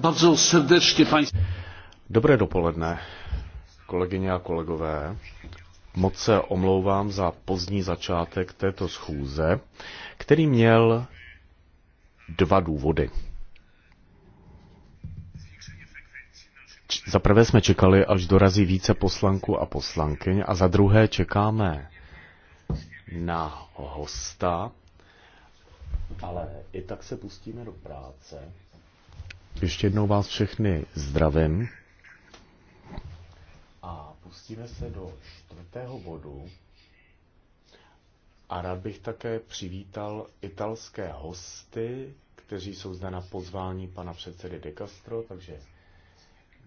Bardzo serdecznie Dobré dopoledne, kolegyně a kolegové. Moc se omlouvám za pozdní začátek této schůze, který měl dva důvody. Za prvé jsme čekali, až dorazí více poslanků a poslankyň, a za druhé čekáme na hosta, ale i tak se pustíme do práce. Ještě jednou vás všechny zdravím. A pustíme se do čtvrtého bodu. A rád bych také přivítal italské hosty, kteří jsou zde na pozvání pana předsedy De Castro, takže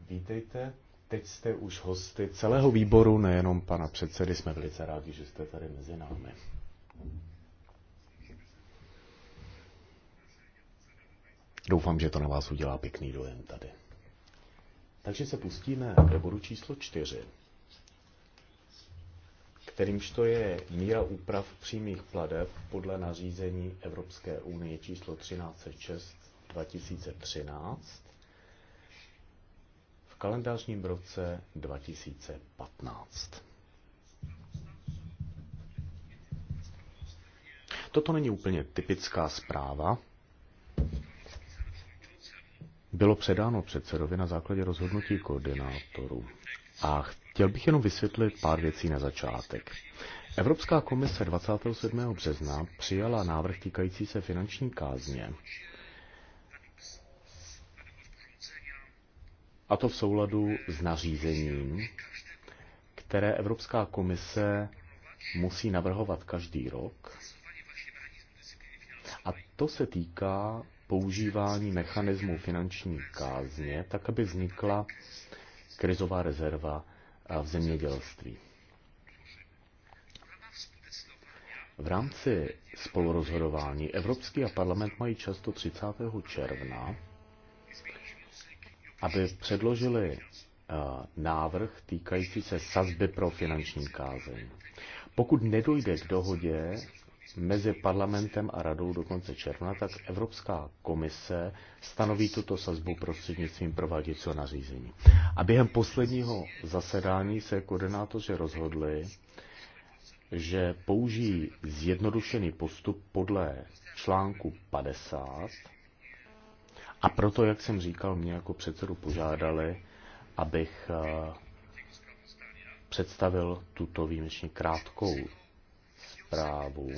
vítejte. Teď jste už hosty celého výboru, nejenom pana předsedy, jsme velice rádi, že jste tady mezi námi. Doufám, že to na vás udělá pěkný dojem tady. Takže se pustíme do bodu číslo čtyři, kterýmž to je míra úprav přímých pladeb podle nařízení Evropské unie číslo 1306 2013 v kalendářním roce 2015. Toto není úplně typická zpráva, bylo předáno předsedovi na základě rozhodnutí koordinátorů. A chtěl bych jenom vysvětlit pár věcí na začátek. Evropská komise 27. března přijala návrh týkající se finanční kázně. A to v souladu s nařízením, které Evropská komise musí navrhovat každý rok. A to se týká používání mechanismu finanční kázně, tak aby vznikla krizová rezerva eh, v zemědělství. V rámci spolurozhodování Evropský a parlament mají často 30. června, aby předložili eh, návrh týkající se sazby pro finanční kázeň. Pokud nedojde k dohodě mezi parlamentem a radou do konce června, tak Evropská komise stanoví tuto sazbu prostřednictvím prováděcího nařízení. A během posledního zasedání se koordinátoři rozhodli, že použijí zjednodušený postup podle článku 50 a proto, jak jsem říkal, mě jako předsedu požádali, abych eh, představil tuto výjimečně krátkou zprávu.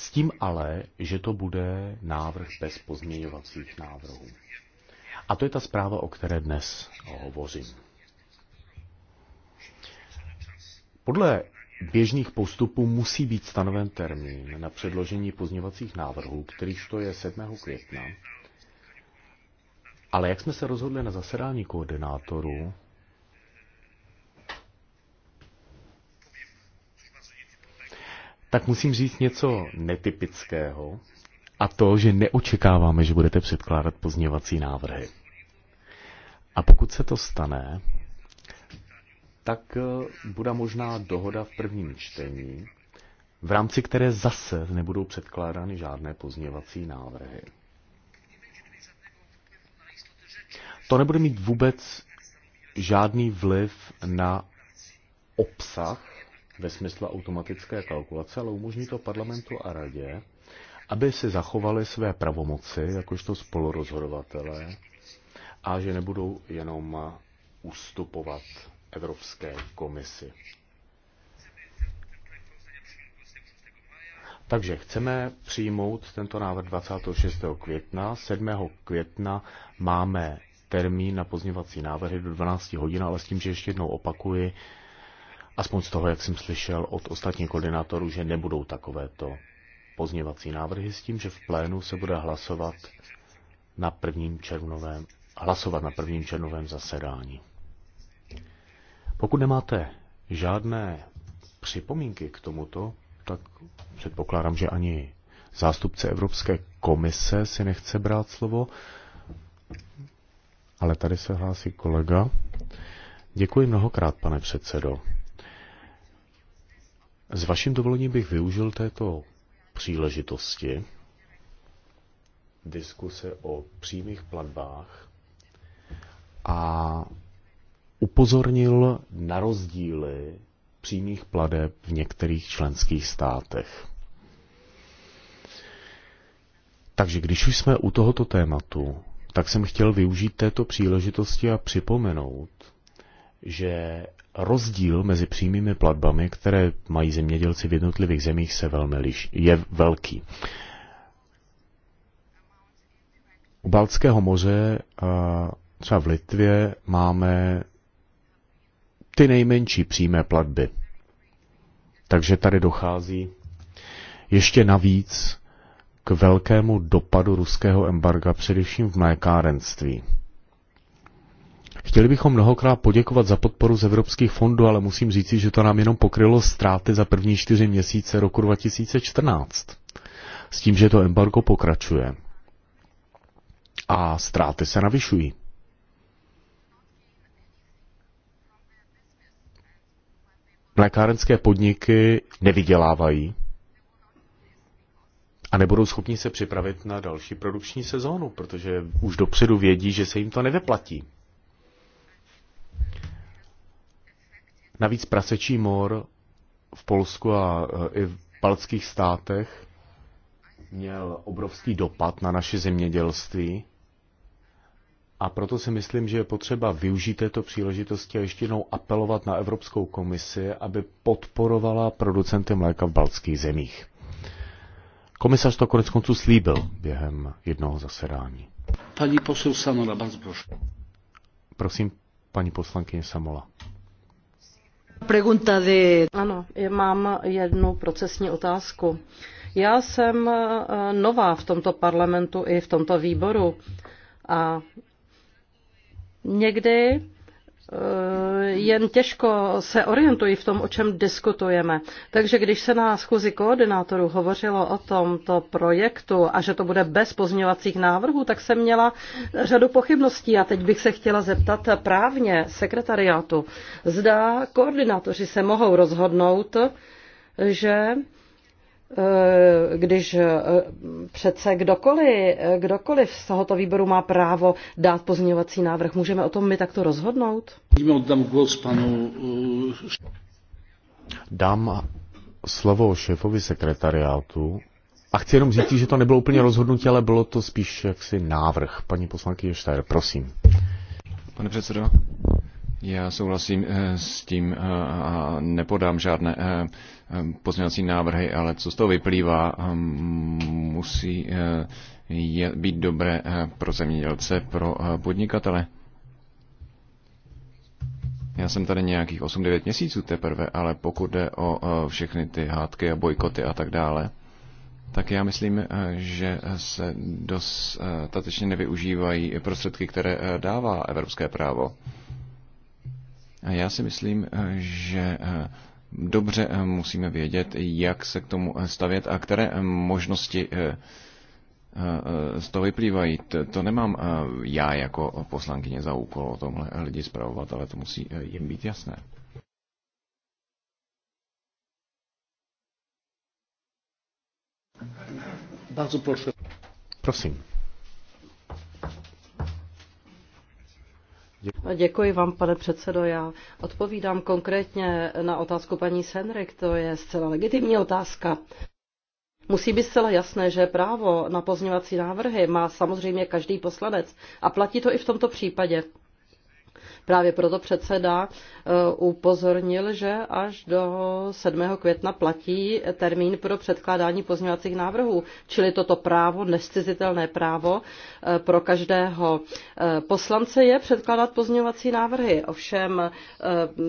S tím ale, že to bude návrh bez pozměňovacích návrhů. A to je ta zpráva, o které dnes hovořím. Podle běžných postupů musí být stanoven termín na předložení pozměňovacích návrhů, kterýž to je 7. května. Ale jak jsme se rozhodli na zasedání koordinátorů, tak musím říct něco netypického a to, že neočekáváme, že budete předkládat pozměňovací návrhy. A pokud se to stane, tak eh, bude možná dohoda v prvním čtení, v rámci které zase nebudou předkládány žádné pozměňovací návrhy. To nebude mít vůbec žádný vliv na obsah ve smyslu automatické kalkulace, ale umožní to parlamentu a radě, aby si zachovali své pravomoci, jakožto spolurozhodovatelé, a že nebudou jenom ustupovat Evropské komisi. Takže chceme přijmout tento návrh 26. května. 7. května máme termín na pozněvací návrhy do 12 hodin, ale s tím, že ještě jednou opakuji, aspoň z toho, jak jsem slyšel od ostatních koordinátorů, že nebudou takovéto pozněvací návrhy s tím, že v plénu se bude hlasovat na prvním červnovém, hlasovat na prvním červnovém zasedání. Pokud nemáte žádné připomínky k tomuto, tak předpokládám, že ani zástupce Evropské komise si nechce brát slovo, ale tady se hlásí kolega. Děkuji mnohokrát, pane předsedo. S vaším dovolením bych využil této příležitosti diskuse o přímých platbách a upozornil na rozdíly přímých pladeb v některých členských státech. Takže když už jsme u tohoto tématu, tak jsem chtěl využít této příležitosti a připomenout, že rozdíl mezi přímými platbami, které mají zemědělci v jednotlivých zemích, se velmi liš, je velký. U Baltského moře, třeba v Litvě, máme ty nejmenší přímé platby. Takže tady dochází ještě navíc k velkému dopadu ruského embarga, především v mlékárenství. Chtěli bychom mnohokrát poděkovat za podporu z evropských fondů, ale musím říci, že to nám jenom pokrylo ztráty za první čtyři měsíce roku 2014. S tím, že to embargo pokračuje. A ztráty se navyšují. Mlékárenské podniky nevydělávají a nebudou schopni se připravit na další produkční sezónu, protože už dopředu vědí, že se jim to nevyplatí. Navíc prasečí mor v Polsku a e, i v palckých státech měl obrovský dopad na naše zemědělství. A proto si myslím, že je potřeba využít této příležitosti a ještě jednou apelovat na Evropskou komisi, aby podporovala producenty mléka v baltských zemích. Komisař to konec konců slíbil během jednoho zasedání. Paní posel Samola, prosím. Prosím, paní poslankyně Samola. Pregunta de... Ano, mám jednu procesní otázku. Já jsem eh, nová v tomto parlamentu i v tomto výboru a někdy Eh, jen těžko se orientují v tom, o čem diskutujeme. Takže když se na schůzi koordinátorů hovořilo o tomto projektu a že to bude bez pozměňovacích návrhů, tak jsem měla řadu pochybností a teď bych se chtěla zeptat právně sekretariátu. Zda koordinátoři se mohou rozhodnout, že Eh, když eh, přece kdokoliv, eh, kdokoliv z tohoto výboru má právo dát pozměňovací návrh, můžeme o tom my takto rozhodnout? Oddám głos panu... Dám slovo šéfovi sekretariátu a chci jenom říct, že to nebylo úplně rozhodnutí, ale bylo to spíš jaksi návrh. Paní poslankyně Štajer, prosím. Pane předsedo, já souhlasím eh, s tím eh, a nepodám žádné eh, pozměňovací návrhy, ale co z toho vyplývá, ehm, musí být dobré pro zemědělce, pro podnikatele. Já jsem tady nějakých 8-9 měsíců teprve, ale pokud jde o všechny ty hádky a bojkoty a tak dále, tak já myslím, že se dostatečně nevyužívají prostředky, které dává evropské právo. Já si myslím, eh, že eh, dobře eh, musíme vědět, jak se k tomu stavět a které možnosti z toho vyplývají. To nemám já jako poslankyně za úkol o tomhle lidi zpravovat, ale to musí jim být jasné. Bardzo proszę. Prosím. Děkuji. vám, pane předsedo. Já odpovídám konkrétně na otázku paní Senrik. To je zcela legitimní otázka. Musí být zcela jasné, že právo na pozměňovací návrhy má samozřejmě každý poslanec a platí to i v tomto případě. Právě proto předseda eh, upozornil, že až do 7. května platí termín pro předkládání pozměňovacích návrhů, čili toto právo, nescizitelné právo eh, pro každého eh, poslance je předkládat pozměňovací návrhy. Ovšem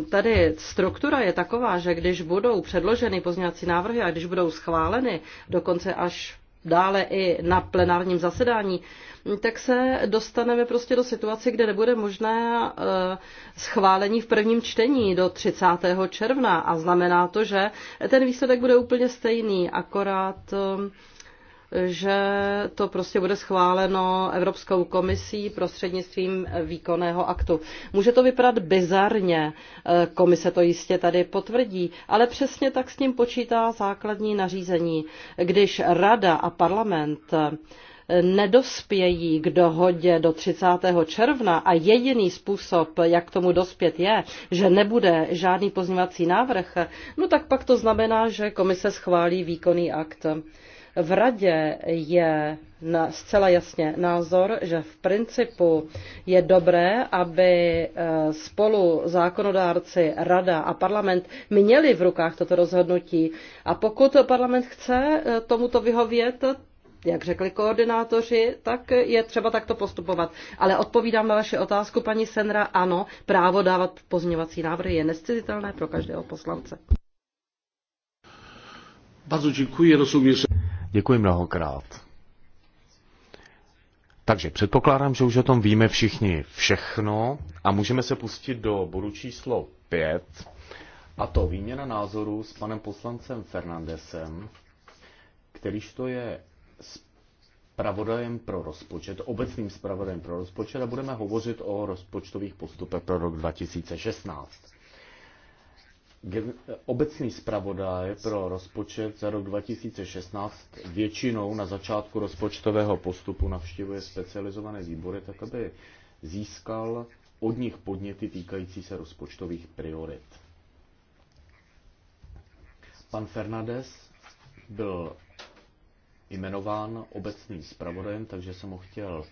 tady struktura je taková, že když budou předloženy pozměňovací návrhy a když budou schváleny dokonce až dále i na plenárním zasedání, tak se dostaneme prostě do situace, kde nebude možné eh, schválení v prvním čtení do 30. června a znamená to, že ten výsledek bude úplně stejný, akorát eh, že to prostě bude schváleno Evropskou komisí prostřednictvím výkonného aktu. Může to vypadat bizarně, eh, komise to jistě tady potvrdí, ale přesně tak s ním počítá základní nařízení. Když rada a parlament eh, nedospějí k dohodě do 30. června a jediný způsob, jak tomu dospět je, že nebude žádný pozměňovací návrh, eh, no tak pak to znamená, že komise schválí výkonný akt. V radě je na, zcela jasně názor, že v principu je dobré, aby eh, spolu zákonodárci, rada a parlament měli v rukách toto rozhodnutí. A pokud parlament chce eh, tomuto vyhovět, jak řekli koordinátoři, tak je třeba takto postupovat. Ale odpovídám na vaši otázku, paní Senra, ano, právo dávat pozměňovací návrhy je nescizitelné pro každého poslance. Bardzo dziękuję, rozumiem, Děkuji mnohokrát. Takže předpokládám, že už o tom víme všichni všechno a můžeme se pustit do bodu číslo 5, a to výměna názoru s panem poslancem Fernandesem, kterýž to je spravodajem pro rozpočet, obecným spravodajem pro rozpočet a budeme hovořit o rozpočtových postupech pro rok 2016 obecný zpravodaj pro rozpočet za rok 2016 většinou na začátku rozpočtového postupu navštěvuje specializované výbory, tak aby získal od nich podněty týkající se rozpočtových priorit. Pan Fernandez byl jmenován obecným zpravodajem, takže jsem ho chtěl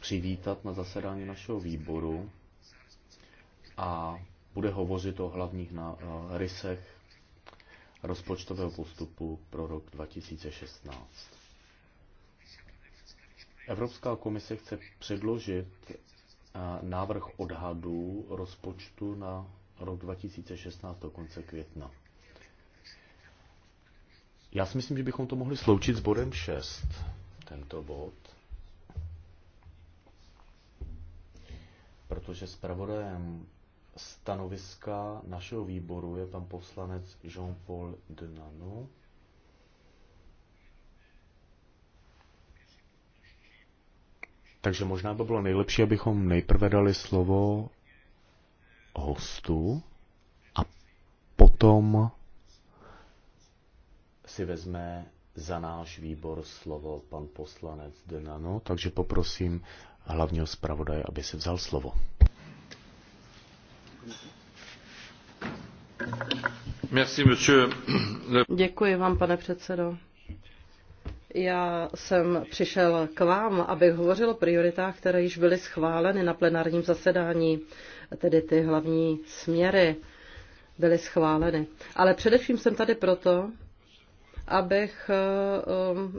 přivítat na zasedání našeho výboru a bude hovořit o hlavních eh, rysech rozpočtového postupu pro rok 2016. Evropská komise chce předložit eh, návrh odhadů rozpočtu na rok 2016 do konce května. Já si myslím, že bychom to mohli sloučit s bodem 6, tento bod, protože zpravodajem stanoviska našeho výboru je tam poslanec Jean-Paul Denano. Takže možná by bylo nejlepší, abychom nejprve dali slovo hostu a potom si vezme za náš výbor slovo pan poslanec Denano, takže poprosím hlavního zpravodaje, aby si vzal slovo. Děkuji vám, pane předsedo. Já jsem přišel k vám, abych hovořil o prioritách, které již byly schváleny na plenárním zasedání, tedy ty hlavní směry byly schváleny. Ale především jsem tady proto, abych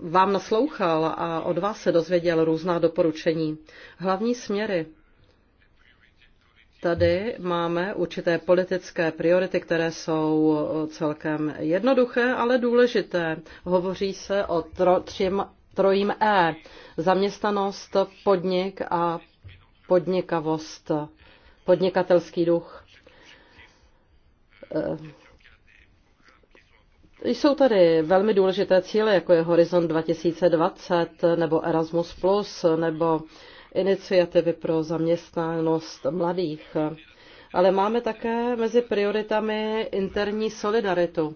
um, vám naslouchal a od vás se dozvěděl různá doporučení. Hlavní směry tady máme určité politické priority, které jsou eh, celkem jednoduché, ale důležité. Hovoří se o tro, třím, trojím E. Zaměstnanost, podnik a podnikavost, podnikatelský duch. Eh, jsou tady velmi důležité cíle, jako je Horizon 2020 nebo Erasmus, nebo iniciativy pro zaměstnanost mladých. Ale máme také mezi prioritami interní solidaritu.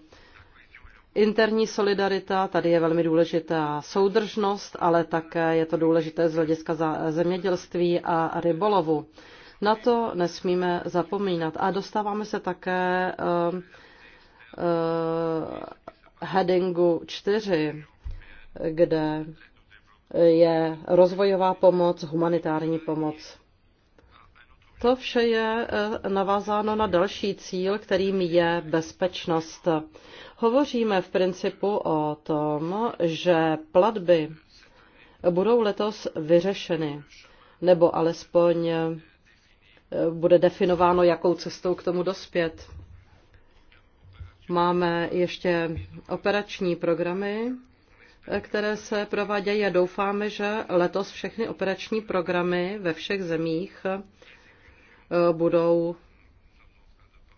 Interní solidarita tady je velmi důležitá soudržnost, ale také je to důležité z hlediska zemědělství a rybolovu. Na to nesmíme zapomínat. A dostáváme se také uh, uh, headingu 4, kde je rozvojová pomoc, humanitární pomoc. To vše je eh, navázáno na další cíl, kterým je bezpečnost. Hovoříme v principu o tom, že platby budou letos vyřešeny, nebo alespoň eh, bude definováno, jakou cestou k tomu dospět. Máme ještě operační programy, které se provádějí a doufáme, že letos všechny operační programy ve všech zemích eh, budou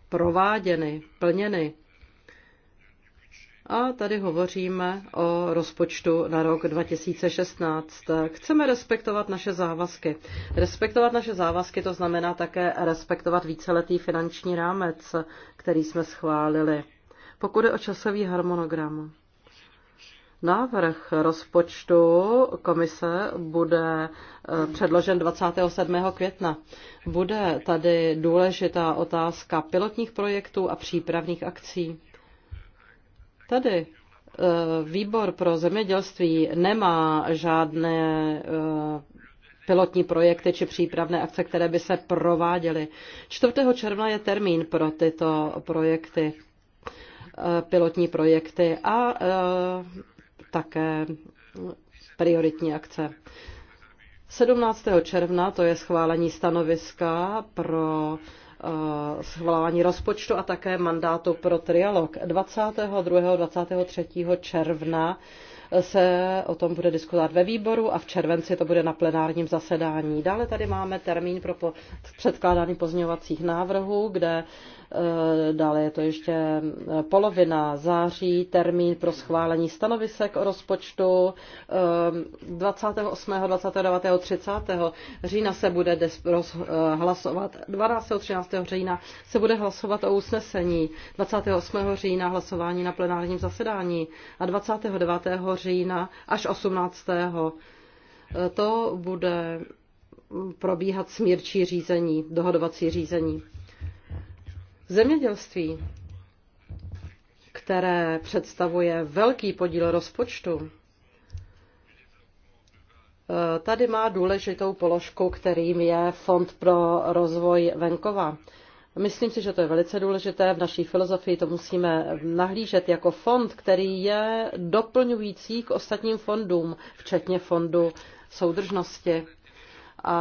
prováděny, plněny. A tady hovoříme o rozpočtu na rok 2016. Chceme respektovat naše závazky. Respektovat naše závazky to znamená také respektovat víceletý finanční rámec, který jsme schválili. Pokud je o časový harmonogram. Návrh rozpočtu komise bude eh, předložen 27. května. Bude tady důležitá otázka pilotních projektů a přípravných akcí. Tady eh, výbor pro zemědělství nemá žádné eh, pilotní projekty či přípravné akce, které by se prováděly. 4. června je termín pro tyto projekty, pilotní projekty a také prioritní akce. 17. června to je schválení stanoviska pro eh, schválení rozpočtu a také mandátu pro trialog. 22. 23. června se o tom bude diskutovat ve výboru a v červenci to bude na plenárním zasedání. Dále tady máme termín pro předkládání pozměňovacích návrhů, kde Eh, dále je to ještě eh, polovina září, termín pro schválení stanovisek o rozpočtu 28. 29. 30. října se bude eh, hlasovat, 12. 13. října se bude hlasovat o usnesení, 28. října hlasování na plenárním zasedání a 29. října až 18. to bude mm, probíhat smírčí řízení, dohodovací řízení. Zemědělství, které představuje velký podíl rozpočtu, eh, tady má důležitou položku, kterým je Fond pro rozvoj venkova. Myslím si, že to je velice důležité. V naší filozofii to musíme nahlížet jako fond, který je doplňující k ostatním fondům, včetně fondu soudržnosti a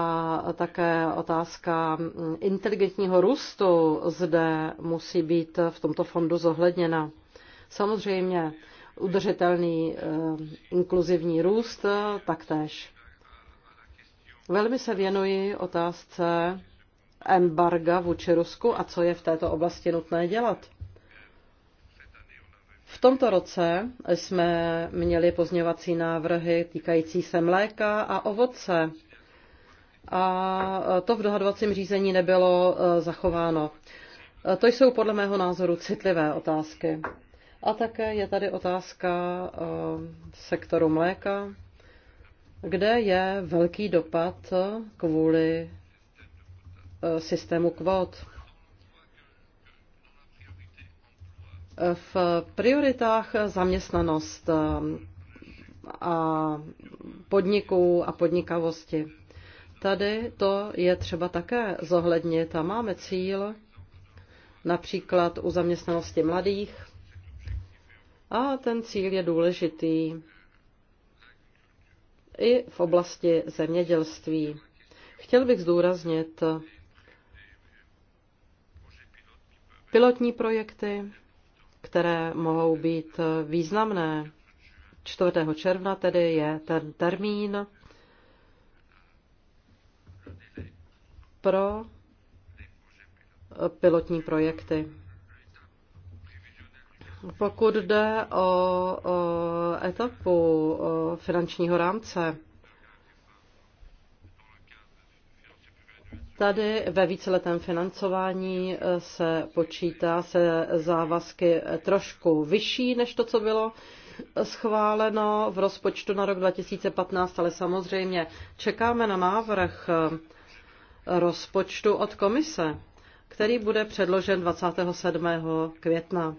také otázka inteligentního růstu zde musí být v tomto fondu zohledněna. Samozřejmě udržitelný eh, inkluzivní růst eh, taktéž. Velmi se věnuji otázce embarga vůči Rusku a co je v této oblasti nutné dělat. V tomto roce jsme měli pozměvací návrhy týkající se mléka a ovoce a e, to v dohadovacím řízení nebylo e, zachováno. E, to jsou podle mého názoru citlivé otázky. A také je tady otázka sektoru mléka, kde je velký dopad kvůli systému kvót. V prioritách zaměstnanost a podniků a podnikavosti. Tady to je třeba také zohlednit a máme cíl například u zaměstnanosti mladých. A ten cíl je důležitý i v oblasti zemědělství. Chtěl bych zdůraznit pilotní projekty, které mohou být významné. 4. června tedy je ten termín pro pilotní projekty. Pokud jde o, o etapu o finančního rámce, Tady ve víceletém financování se počítá se závazky trošku vyšší než to, co bylo schváleno v rozpočtu na rok 2015, ale samozřejmě čekáme na návrh rozpočtu od komise, který bude předložen 27. května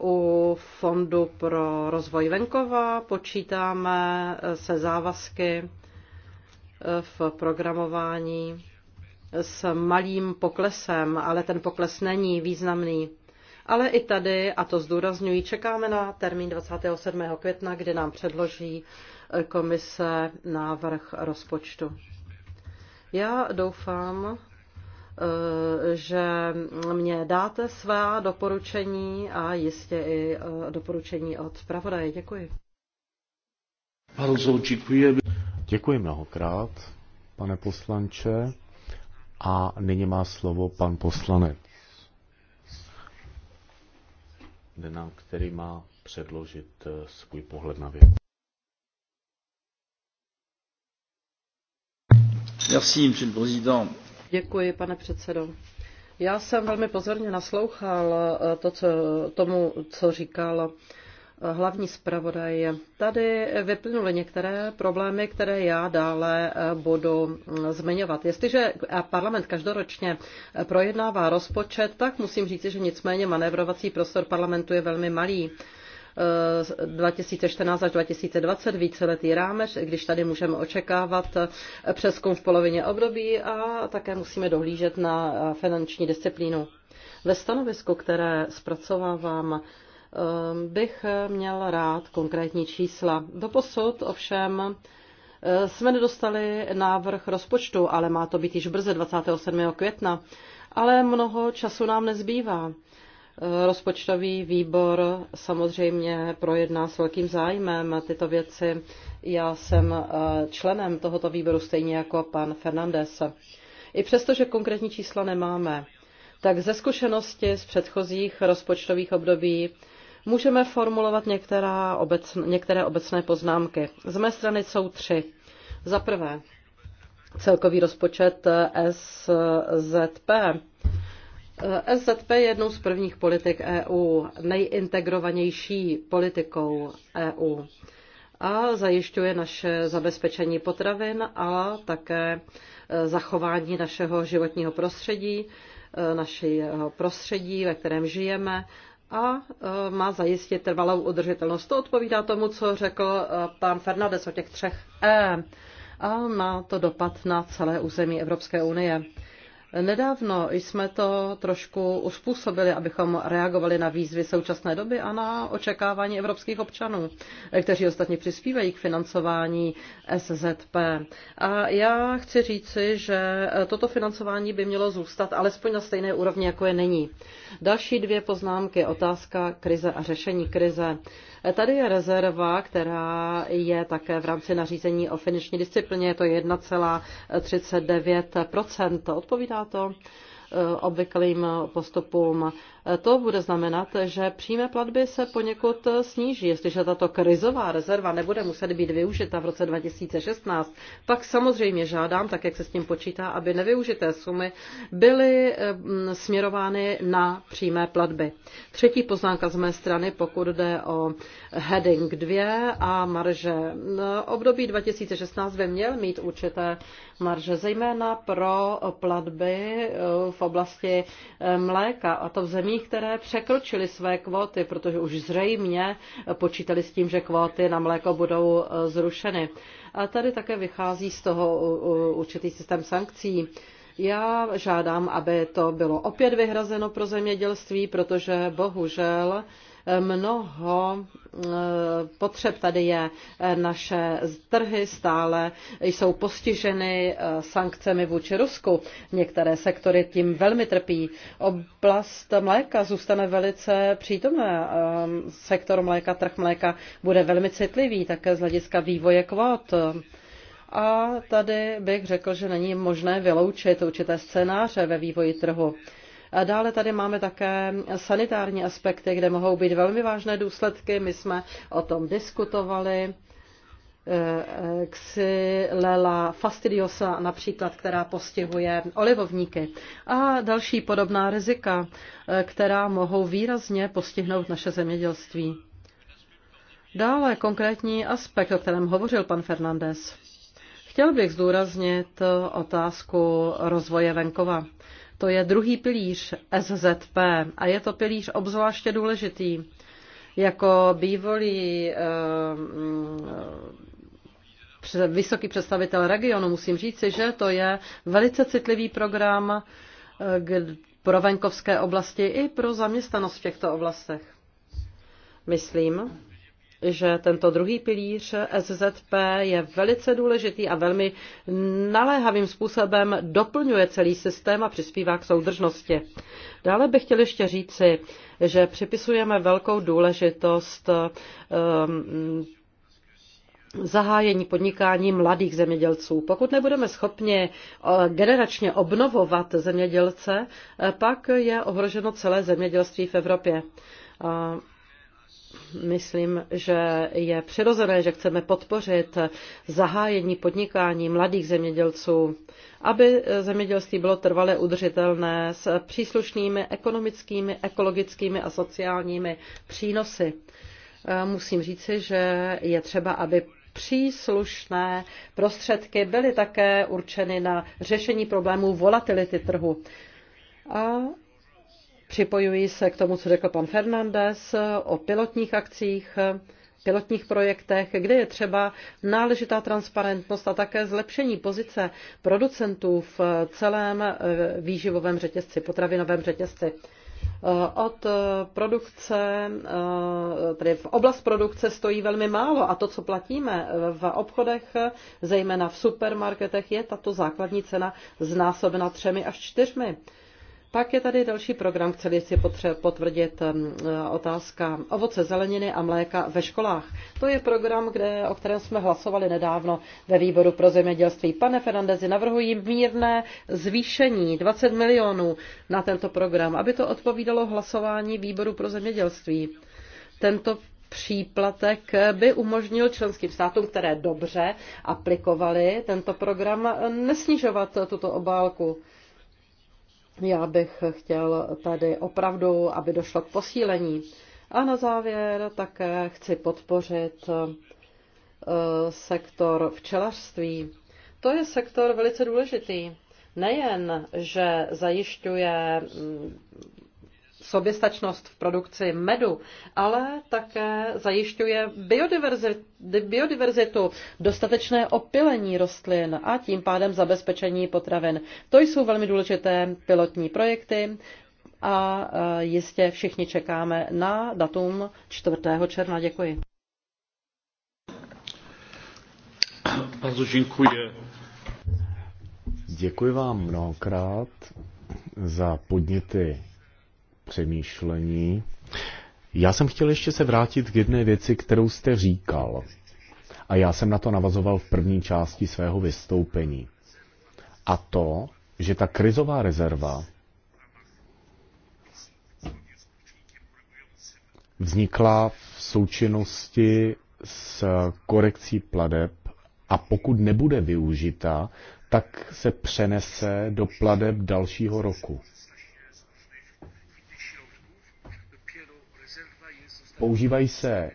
u Fondu pro rozvoj venkova počítáme se závazky eh, v programování s malým poklesem, ale ten pokles není významný. Ale i tady, a to zdůrazňuji, čekáme na termín 27. května, kdy nám předloží komise návrh rozpočtu. Já doufám, eh, že mě dáte svá doporučení a jistě i eh, doporučení od zpravodaje. Děkuji. děkuji. Děkuji mnohokrát, pane poslanče. A nyní má slovo pan poslanec, který má předložit eh, svůj pohled na věc. Děkuji, pane předsedající Já jsem velmi pozorně naslouchal eh, tomu, co říkal eh, hlavní zpravodaj. Tady vyplynuly některé problémy, které já dále eh, budu mm, zmiňovat. Jestliže parlament každoročně projednává rozpočet, tak musím říct, že nicméně manévrovací prostor parlamentu je velmi malý. 2014 eh, až 2020 víceletý rámec, když tady můžeme očekávat eh, přeskum v polovině období a také musíme dohlížet na eh, finanční disciplínu. Ve stanovisku, které zpracovávám, bych měl rád konkrétní čísla. Doposud ovšem jsme nedostali návrh rozpočtu, ale má to být již brze 27. května. Ale mnoho času nám nezbývá. Rozpočtový výbor samozřejmě projedná s velkým zájmem tyto věci. Já jsem eh, členem tohoto výboru stejně jako pan Fernandez. I přesto, že konkrétní čísla nemáme, tak ze zkušenosti z předchozích rozpočtových období můžeme formulovat některá obecn, některé obecné poznámky. Z mé strany jsou tři. Za prvé, celkový rozpočet eh, SZP SZP je jednou z prvních politik EU, nejintegrovanější politikou EU a zajišťuje naše zabezpečení potravin a také e, zachování našeho životního prostředí, e, našeho prostředí, ve kterém žijeme a e, má zajistit trvalou udržitelnost. To odpovídá tomu, co řekl pan Fernandez o těch třech E a má to dopad na celé území Evropské unie. Nedávno jsme to trošku uspůsobili, abychom reagovali na výzvy současné doby a na očekávání evropských občanů, kteří ostatně přispívají k financování SZP. A já chci říci, že toto financování by mělo zůstat alespoň na stejné úrovni, jako je není. Další dvě poznámky. Otázka krize a řešení krize. Tady je rezerva, která je také v rámci nařízení o finanční disciplině, je to 1,39%. Odpovídá to eh, obvyklým postupům to bude znamenat, že přímé platby se poněkud sníží. Jestliže tato krizová rezerva nebude muset být využita v roce 2016, pak samozřejmě žádám, tak jak se s tím počítá, aby nevyužité sumy byly mm, směrovány na přímé platby. Třetí poznámka z mé strany, pokud jde o heading 2 a marže. Období 2016 by měl mít určité marže, zejména pro platby eh, v oblasti eh, mléka, a to v zemí, zemí, které překročily své kvóty, protože už zřejmě počítali s tím, že kvóty na mléko budou e, zrušeny. A tady také vychází z toho určitý systém sankcí. Já žádám, aby to bylo opět vyhrazeno pro zemědělství, protože bohužel Mnoho eh, potřeb tady je. Naše trhy stále jsou postiženy eh, sankcemi vůči Rusku. Některé sektory tím velmi trpí. Oblast mléka zůstane velice přítomná. Eh, sektor mléka, trh mléka bude velmi citlivý také z hlediska vývoje kvót. A tady bych řekl, že není možné vyloučit určité scénáře ve vývoji trhu. A dále tady máme také sanitární aspekty, kde mohou být velmi vážné důsledky. My jsme o tom diskutovali. Eh, eh, Xylella fastidiosa například, která postihuje olivovníky a další podobná rizika, eh, která mohou výrazně postihnout naše zemědělství. Dále konkrétní aspekt, o kterém hovořil pan Fernandez. Chtěl bych zdůraznit otázku rozvoje venkova. To je druhý pilíř SZP a je to pilíř obzvláště důležitý. Jako bývalý eh, mm, vysoký představitel regionu musím říci, že to je velice citlivý program eh, pro venkovské oblasti i pro zaměstnanost v těchto oblastech. Myslím, že tento druhý pilíř SZP je velice důležitý a velmi naléhavým způsobem doplňuje celý systém a přispívá k soudržnosti. Dále bych chtěl ještě říci, že připisujeme velkou důležitost um, zahájení podnikání mladých zemědělců. Pokud nebudeme schopni generačně obnovovat zemědělce, eh, pak je ohroženo celé zemědělství v Evropě. Myslím, že je přirozené, že chceme podpořit zahájení podnikání mladých zemědělců, aby zemědělství bylo trvale udržitelné s příslušnými ekonomickými, ekologickými a sociálními přínosy. Eh, musím říci, že je třeba, aby příslušné prostředky byly také určeny na řešení problémů volatility trhu. A Připojuji se k tomu, co řekl pan Fernandez o pilotních akcích, pilotních projektech, kde je třeba náležitá transparentnost a také zlepšení pozice producentů v celém eh, výživovém řetězci, potravinovém řetězci. Eh, od eh, produkce, tedy v oblast produkce stojí velmi málo a to, co platíme v obchodech, zejména v supermarketech, je tato základní cena znásobena třemi až čtyřmi. Pak je tady další program, který chci potvrdit um, eh, otázka ovoce, zeleniny a mléka ve školách. To je program, kde, o kterém jsme hlasovali nedávno ve výboru pro zemědělství. Pane Fernandezi, navrhuji mírné zvýšení 20 milionů na tento program, aby to odpovídalo hlasování výboru pro zemědělství. Tento příplatek by umožnil členským státům, které dobře aplikovali tento program, nesnižovat tuto obálku. Já bych chtěl tady opravdu, aby došlo k posílení. A na závěr také chci podpořit eh, sektor včelařství. To je sektor velice důležitý. Nejen, že zajišťuje mm, soběstačnost v produkci medu, ale také zajišťuje biodiverzitu, biodiverzitu dostatečné opilení rostlin a tím pádem zabezpečení potravin. To jsou velmi důležité pilotní projekty a e, jistě všichni čekáme na datum 4. června. Děkuji. Bardzo dziękuję. Děkuji vám mnohokrát za podněty přemýšlení. Já jsem chtěl ještě se vrátit k jedné věci, kterou jste říkal. A já jsem na to navazoval v první části svého vystoupení. A to, že ta krizová rezerva vznikla v součinnosti s korekcí pladeb a pokud nebude využita, tak se přenese do pladeb dalšího roku. používají se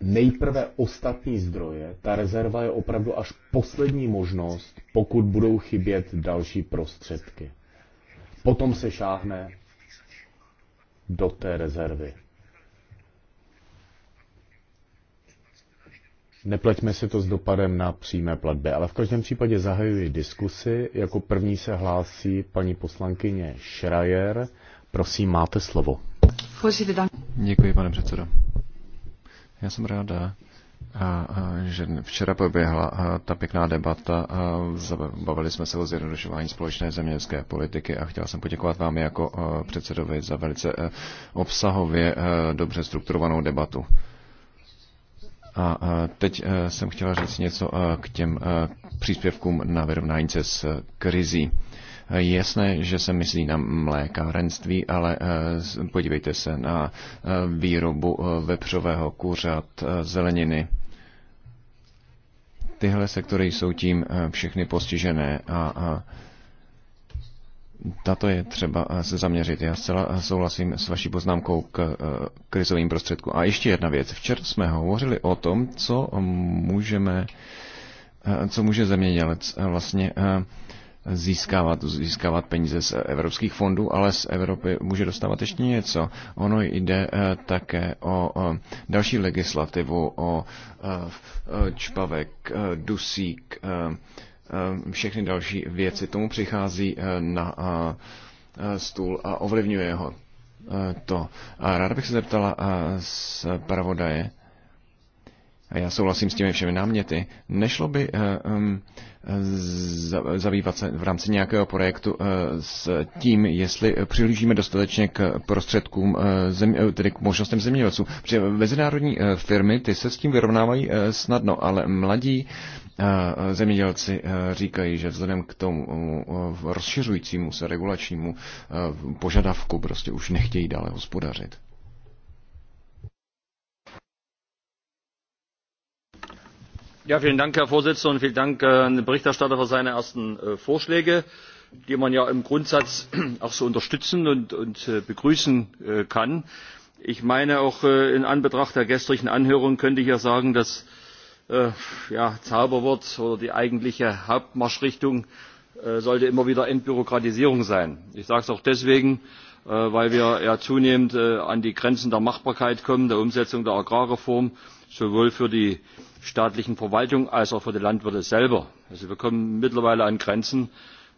nejprve ostatní zdroje. Ta rezerva je opravdu až poslední možnost, pokud budou chybět další prostředky. Potom se šáhne do té rezervy. Nepleťme si to s dopadem na přímé platby, ale v každém případě zahajuji diskusy. Jako první se hlásí paní poslankyně Schreier. Prosím, máte slovo. Děkuji, pane předsedo. Já jsem ráda, že včera proběhla ta pěkná debata, Zabavili jsme se o zjednodušování společné zemědělské politiky a chtěl jsem poděkovat vám jako předsedovi za velice obsahově dobře strukturovanou debatu. A teď jsem chtěla říct něco k těm příspěvkům na vyrovnání se s krizí. Jasné, že se myslí na mlékárenství, ale eh, podívejte se na eh, výrobu eh, vepřového kuřat, zeleniny. Tyhle sektory jsou tím všechny postižené a, tato je třeba se zaměřit. Já zcela souhlasím s vaší poznámkou k krizovým prostředkům. A ještě jedna věc. Včera jsme hovořili o tom, co můžeme, co může zemědělec vlastně získávat, získávat peníze z evropských fondů, ale z Evropy může dostávat ještě něco. Ono jde eh, také o další legislativu, o eh, čpavek, eh, dusík, všechny další věci. Tomu přichází na stůl a ovlivňuje ho to. A ráda bych se zeptala z pravodaje, já souhlasím s těmi všemi náměty, nešlo by eh, zabývat se v rámci nějakého projektu eh, s tím, jestli přihlížíme dostatečně k prostředkům, eh, zem, tedy k možnostem zemědělců. Protože mezinárodní firmy, ty se s tím vyrovnávají snadno, ale mladí zemědělci říkají, že vzhledem k tomu rozšiřujícímu se regulačnímu požadavku prostě už nechtějí dále hospodařit. Herr Präsident, vielen Dank äh, an den Berichterstatter für seine ersten äh, Vorschläge, die man ja im Grundsatz auch so unterstützen und, äh, begrüßen kann. Ich meine auch in Anbetracht der gestrigen Anhörung könnte ich ja sagen, dass Zauberwort oder die eigentliche Hauptmarschrichtung sollte immer wieder Entbürokratisierung sein. Ich sage es auch deswegen, weil wir ja zunehmend an die Grenzen der Machbarkeit kommen, der Umsetzung der Agrarreform sowohl für die staatlichen verwaltungen als auch für die landwirte selber. wir kommen mittlerweile an grenzen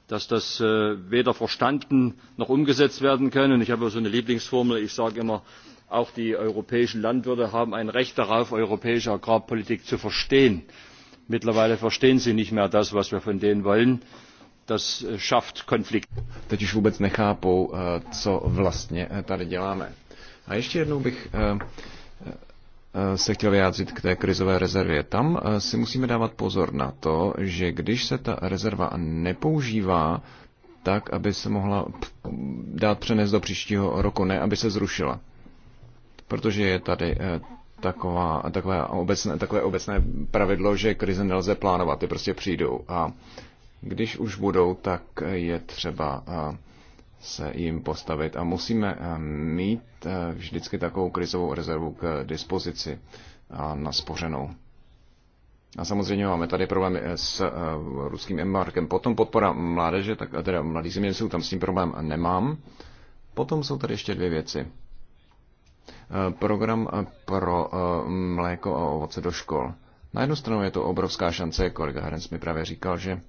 dass das äh, weder verstanden noch umgesetzt werden kann. ich habe so eine lieblingsformel ich sage immer auch die europäischen landwirte haben ein recht darauf europäische agrarpolitik zu verstehen. mittlerweile verstehen sie nicht mehr das was wir von denen wollen. das äh, schafft konflikte. teď už vůbec nechápou äh, co vlastně tady děláme. a ještě jednou bych Eh, se chtěl vyjádřit k té krizové rezervě. Tam eh, si musíme dávat pozor na to, že když se ta rezerva nepoužívá, tak, aby se mohla dát přenést do příštího roku, ne aby se zrušila. Protože je tady eh, taková, takové, obecné, takové obecné pravidlo, že krize nelze plánovat, ty prostě přijdou. A když už budou, tak je třeba se jim postavit a musíme eh, mít eh, vždycky takovou krizovou rezervu k dispozici a naspořenou. A samozřejmě máme tady problémy eh, s ruským embarkem. Potom podpora mládeže, tak teda mladí zeměnců, tam s tím problém nemám. Potom jsou tady ještě dvě věci. Program pro mléko a ovoce do škol. Na jednu stranu je to obrovská šance, kolega Herenc mi právě říkal, že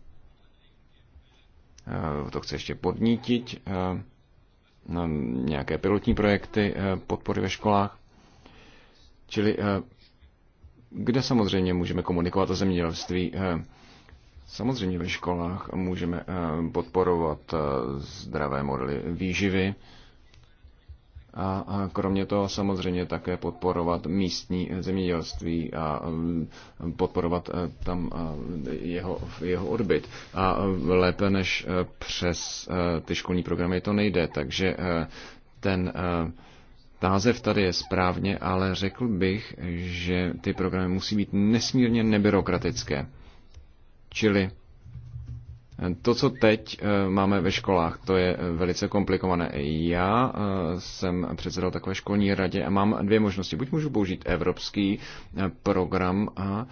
Eh, to chce ještě podnítit, eh, nějaké pilotní projekty eh, podpory ve školách. Čili kde samozřejmě můžeme komunikovat o zemědělství? Samozřejmě ve školách můžeme podporovat zdravé modely výživy, a, kromě toho samozřejmě také podporovat místní zemědělství a um, podporovat eh, tam jeho, jeho odbyt. A eh, lépe než eh, přes ty školní programy to nejde, takže ten název tady je správně, ale řekl bych, že ty programy musí být nesmírně nebyrokratické. Čili to, co teď eh, máme ve školách, to je eh, velice komplikované. Já eh, jsem předsedal takové školní radě a mám dvě možnosti. Buď můžu použít evropský program a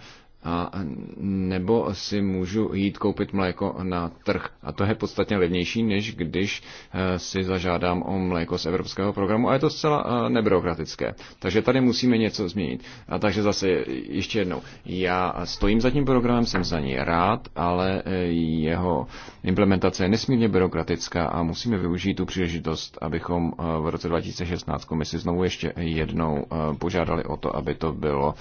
a nebo si můžu jít koupit mléko na trh. A to je podstatně levnější, než když eh, si zažádám o mléko z evropského programu. A je to zcela eh, nebyrokratické. Takže tady musíme něco změnit. A takže zase ještě jednou. Já stojím za tím programem, jsem za ní rád, ale eh, jeho implementace je nesmírně byrokratická a musíme využít tu příležitost, abychom v roce 2016 komisi znovu ještě jednou požádali o to, aby to bylo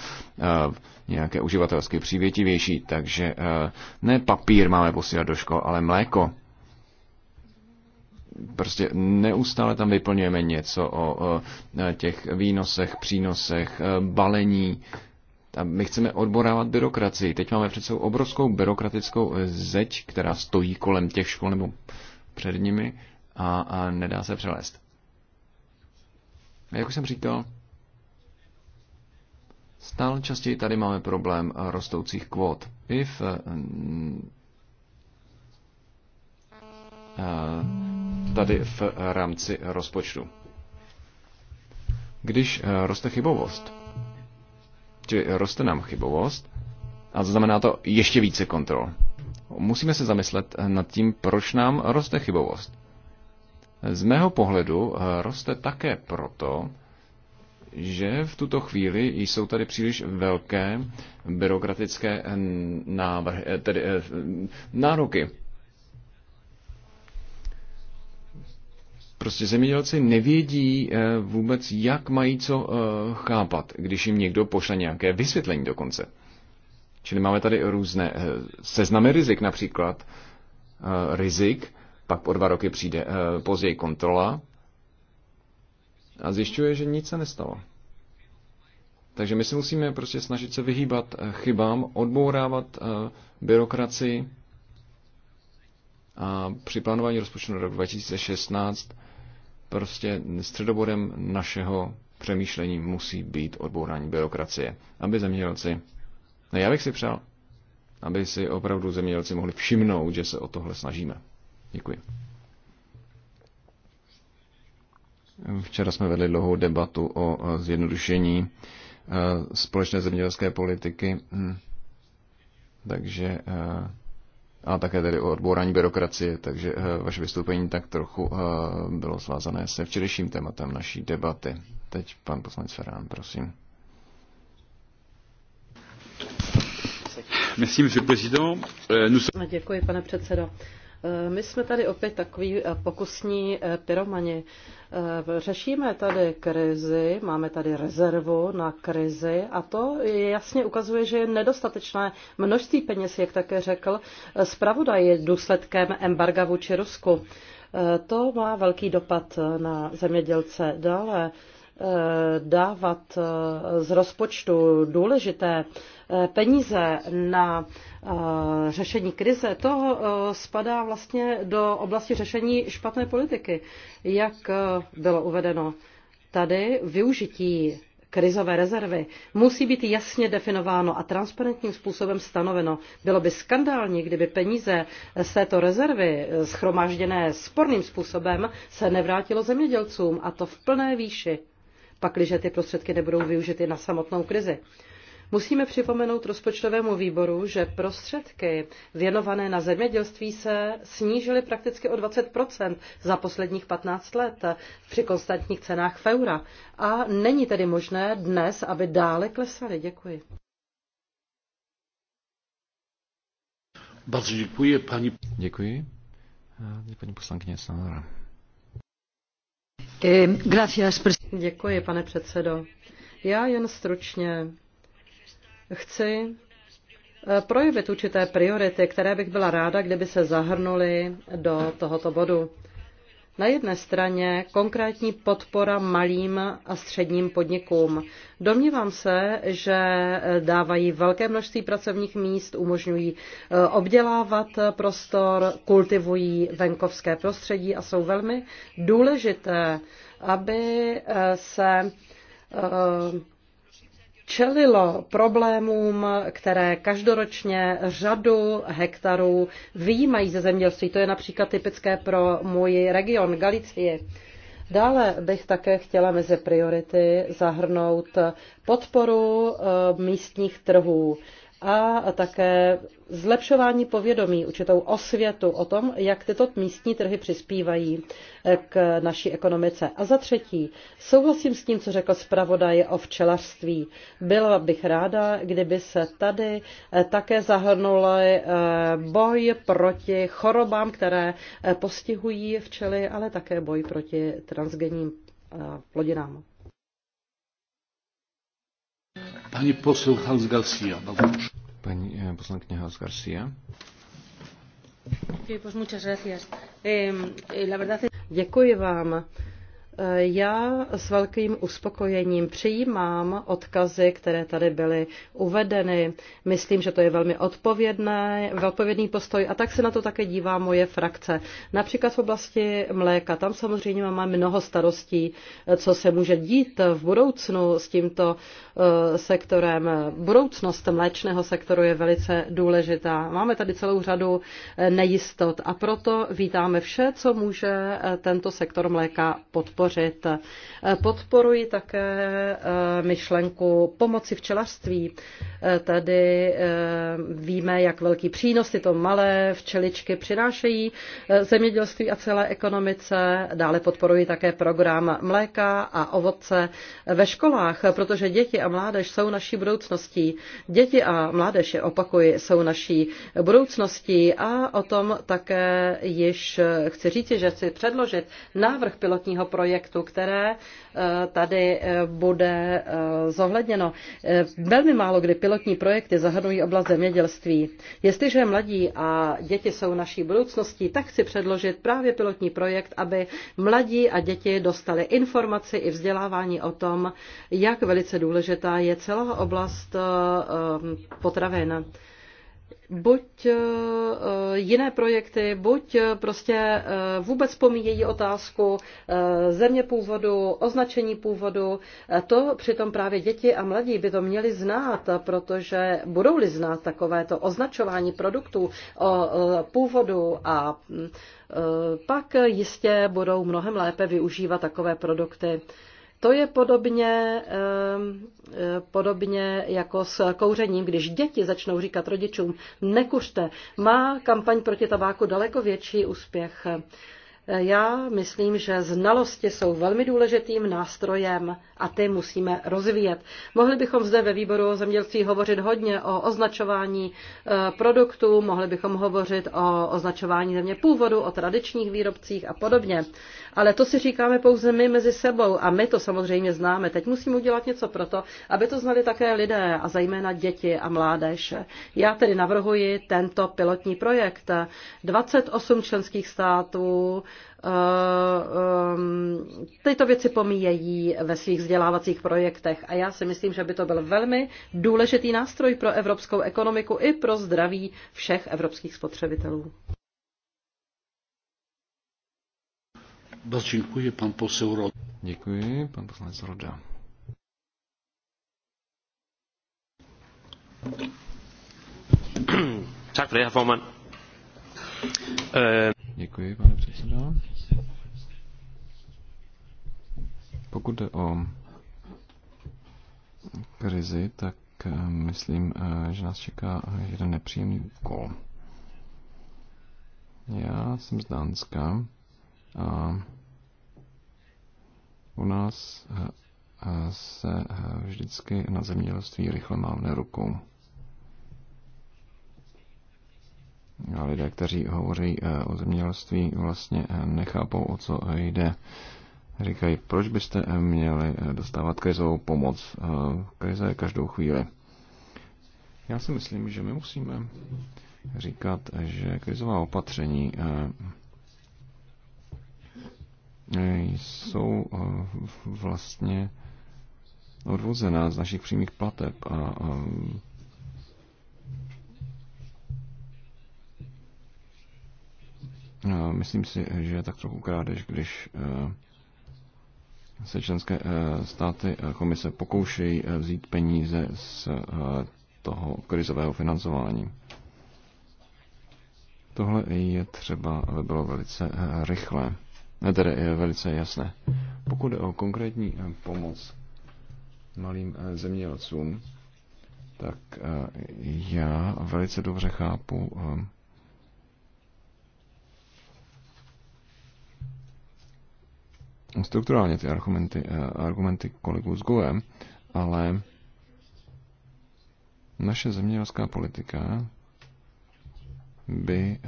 nějaké uživatelsky přívětivější. Takže eh, ne papír máme posílat do škol, ale mléko. Prostě neustále tam vyplňujeme něco o eh, těch výnosech, přínosech, eh, balení, a my chceme odborávat byrokracii. Teď máme před sebou obrovskou byrokratickou zeď, která stojí kolem těch škol nebo před nimi a, a nedá se přelézt. Jak už jsem říkal, Stále častěji tady máme problém rostoucích kvót. I v eh, eh, tady v rámci rozpočtu. Když eh, roste chybovost, či roste nám chybovost, a znamená to ještě více kontrol. Musíme se zamyslet nad tím, proč nám roste chybovost. Z mého pohledu roste také proto, že v tuto chvíli jsou tady příliš velké byrokratické návrhy, eh, tedy, eh, nároky. Prostě zemědělci nevědí eh, vůbec, jak mají co chápat, když jim někdo pošle nějaké vysvětlení dokonce. Čili máme tady různé seznamy rizik například. Rizik, pak po dva roky přijde později kontrola a zjišťuje, že nic se nestalo. Takže my se musíme prostě snažit se vyhýbat eh, chybám, odbourávat eh, byrokracii a při plánování rozpočtu na rok 2016 prostě středobodem našeho přemýšlení musí být odbourání byrokracie, aby zemědělci, no já bych si přál, aby si opravdu zemědělci mohli všimnout, že se o tohle snažíme. Děkuji. Včera jsme vedli dlouhou debatu o eh, zjednodušení Eh, společné zemědělské politiky. Hm. Takže eh, a také tedy o odbourání byrokracie, takže eh, vaše vystoupení tak trochu bylo svázané se včerejším tématem naší debaty. Teď pan poslanec Ferán, prosím. Děkuji, pane předsedo. Eh, my jsme tady opět takový eh, pokusní eh, pyromani. Řešíme tady krizi, máme tady rezervu na krizi a to jasně ukazuje, že je nedostatečné množství peněz, jak také řekl zpravodaj, je důsledkem embarga vůči Rusku. To má velký dopad na zemědělce. Dále Eh, dávat eh, z rozpočtu důležité eh, peníze na řešení krize, to spadá vlastně do oblasti řešení špatné politiky. Jak bylo uvedeno tady, využití krizové rezervy musí být jasně definováno a transparentním způsobem stanoveno. Bylo by skandální, kdyby peníze z této rezervy, schromážděné sporným způsobem, se nevrátilo zemědělcům a to v plné výši pakliže ty prostředky nebudou využity na samotnou krizi. Musíme připomenout rozpočtovému výboru, že prostředky věnované na zemědělství se snížily prakticky o 20 za posledních 15 let při konstantních cenách feura. eura. A není tedy možné dnes, aby dále klesaly. Děkuji. Bardzo děkuji, paní... Děkuji. Paní poslankyně Sanora. Děkuji, pane předsedo. Já jen stručně chci eh, projevit určité priority, které bych byla ráda, kdyby se zahrnuly do tohoto bodu. Na jedné straně konkrétní podpora malým a středním podnikům. Domnívám se, že dávají velké množství pracovních míst, umožňují eh, obdělávat prostor, kultivují venkovské prostředí a jsou velmi důležité, aby eh, se eh, čelilo problémům, které každoročně řadu hektarů výjímají ze zemědělství. To je například typické pro můj region Galicii. Dále bych také chtěla mezi priority zahrnout podporu eh, místních trhů a také zlepšování povědomí, určitou osvětu o tom, jak tyto místní trhy přispívají eh, k naší ekonomice. A za třetí, souhlasím s tím, co řekl zpravodaj o včelařství. Byla bych ráda, kdyby se tady eh, také zahrnul eh, boj proti chorobám, které postihují včely, ale také boj proti transgenním plodinám. Pani poseł Hans Garcia, bardzo Pani e, poslankyně Hans Garcia. Děkuji vám. Já s velkým uspokojením přijímám odkazy, které tady byly uvedeny. Myslím, že to je velmi odpovědné, odpovědný postoj a tak se na to také dívá moje frakce. Například v oblasti mléka. Tam samozřejmě máme mnoho starostí, co se může dít v budoucnu s tímto eh, sektorem. Budoucnost mléčného sektoru je velice důležitá. Máme tady celou řadu eh, nejistot a proto vítáme vše, co může eh, tento sektor mléka podporovat podpořit. Podporuji také eh, myšlenku pomoci včelařství. Eh, tady eh, víme, jak velký přínos tyto malé včeličky přinášejí zemědělství a celé ekonomice. Dále podporuji také program mléka a ovoce ve školách, protože děti a mládež jsou naší budoucností. Děti a mládež, opakuji, jsou naší budoucností a o tom také již chci říct, že chci předložit návrh pilotního projektu projektu, které eh, tady eh, bude eh, zohledněno. Velmi málo kdy pilotní projekty zahrnují oblast zemědělství. Jestliže mladí a děti jsou naší budoucností, tak chci předložit právě pilotní projekt, aby mladí a děti dostali informaci i vzdělávání o tom, jak velice důležitá je celá oblast potravin buď eh, jiné projekty, buď eh, prostě eh, vůbec pomíjejí otázku země původu, označení původu. To přitom právě děti a mladí by to měli znát, protože budou-li znát takovéto označování produktů o původu a mm, pak jistě budou mnohem lépe využívat takové produkty. To je podobně, eh, podobně jako s kouřením, když děti začnou říkat rodičům, nekuřte. Má kampaň proti tabáku daleko větší úspěch. Já myslím, že znalosti jsou velmi důležitým nástrojem a ty musíme rozvíjet. Mohli bychom zde ve výboru o zemědělství hovořit hodně o označování eh, produktů, mohli bychom hovořit o označování země původu, o tradičních výrobcích a podobně. Ale to si říkáme pouze my mezi sebou a my to samozřejmě známe. Teď musíme udělat něco pro to, aby to znali také lidé a zejména děti a mládež. Já tedy navrhuji tento pilotní projekt. 28 členských států Eh, eh, tyto věci pomíjejí ve svých vzdělávacích projektech. A já si myslím, že by to byl velmi důležitý nástroj pro evropskou ekonomiku i pro zdraví všech evropských spotřebitelů. Děkuji, pan posel Roda. Děkuji, pan poslanec Roda. Tak pane det, Děkuji, pane předsedo. Pokud jde o krizi, tak eh, myslím, eh, že nás čeká jeden nepříjemný úkol. Já jsem z Dánska a u nás eh, se vždycky na zemědělství rychle mávne rukou. A lidé, kteří hovoří o zemědělství, vlastně nechápou, o co jde říkají, proč byste měli eh, dostávat krizovou pomoc. Eh, krize je každou chvíli. Já si myslím, že my musíme říkat, že krizová opatření eh, jsou vlastně odvozená z našich přímých plateb a Myslím si, že je tak trochu krádež, když se členské eh, státy komise pokoušejí eh, vzít peníze z eh, toho krizového financování. Tohle je třeba, aby bylo velice rychlé, tedy je velice jasné. Pokud jde o konkrétní pomoc malým zemědělcům, tak já velice dobře chápu strukturálně ty argumenty, eh, argumenty kolegů s Goem, ale naše zemědělská politika by eh,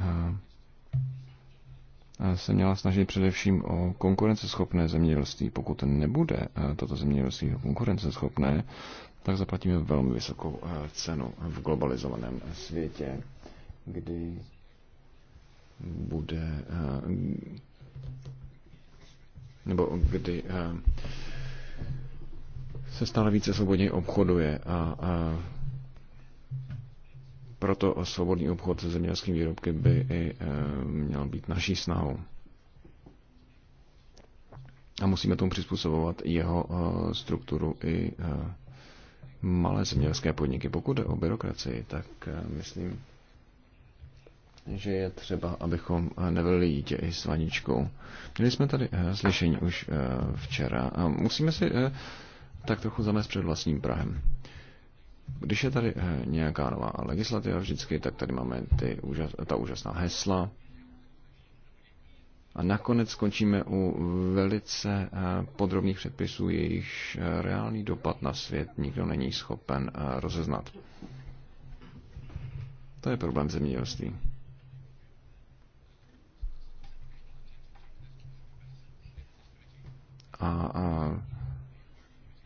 se měla snažit především o konkurenceschopné zemědělství. Pokud nebude eh, toto zemědělství konkurenceschopné, tak zaplatíme velmi vysokou cenu v globalizovaném světě, kdy bude nebo kdy eh, se stále více svobodně obchoduje a, a proto svobodný obchod se zemědělskými výrobky by i eh, měl být naší snahou. A musíme tomu přizpůsobovat jeho eh, strukturu i malé zemědělské podniky. Pokud jde o byrokracii, tak myslím, že je třeba, abychom eh, nevelili dítě i s vaničkou. Měli jsme tady eh, slyšení už eh, včera musíme si tak trochu zamést před vlastním Prahem. Když je tady nějaká nová legislativa vždycky, tak tady máme ty, ta úžasná hesla. A nakonec skončíme u velice podrobných předpisů, jejichž reálný dopad na svět nikdo není schopen rozeznat. To je problém zemědělství. A, a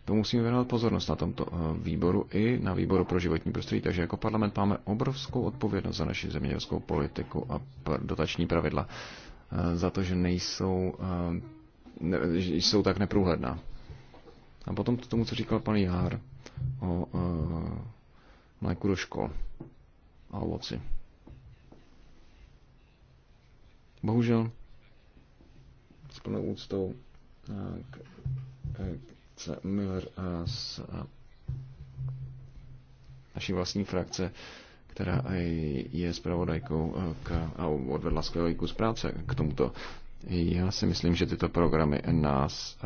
to musíme věnovat pozornost na tomto eh, výboru i na výboru pro životní prostředí. Takže jako parlament máme obrovskou odpovědnost za naši zemědělskou politiku a dotační pravidla. Eh, za to, že nejsou eh, ne, že jsou tak neprůhledná. A potom k tomu, co říkal pan Jár o e, mléku do škol a ovoci. Bohužel, s plnou úctou, Miller z naší vlastní frakce, která je zpravodajkou k, a odvedla skvělý kus práce k tomuto. Já si myslím, že tyto programy nás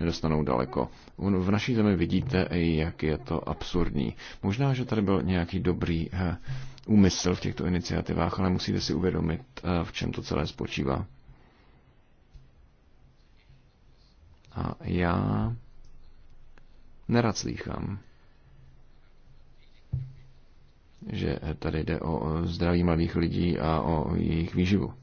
nedostanou daleko. V naší zemi vidíte, jak je to absurdní. Možná, že tady byl nějaký dobrý úmysl v těchto iniciativách, ale musíte si uvědomit, v čem to celé spočívá. A já nerad slýchám, že tady jde o zdraví mladých lidí a o jejich výživu.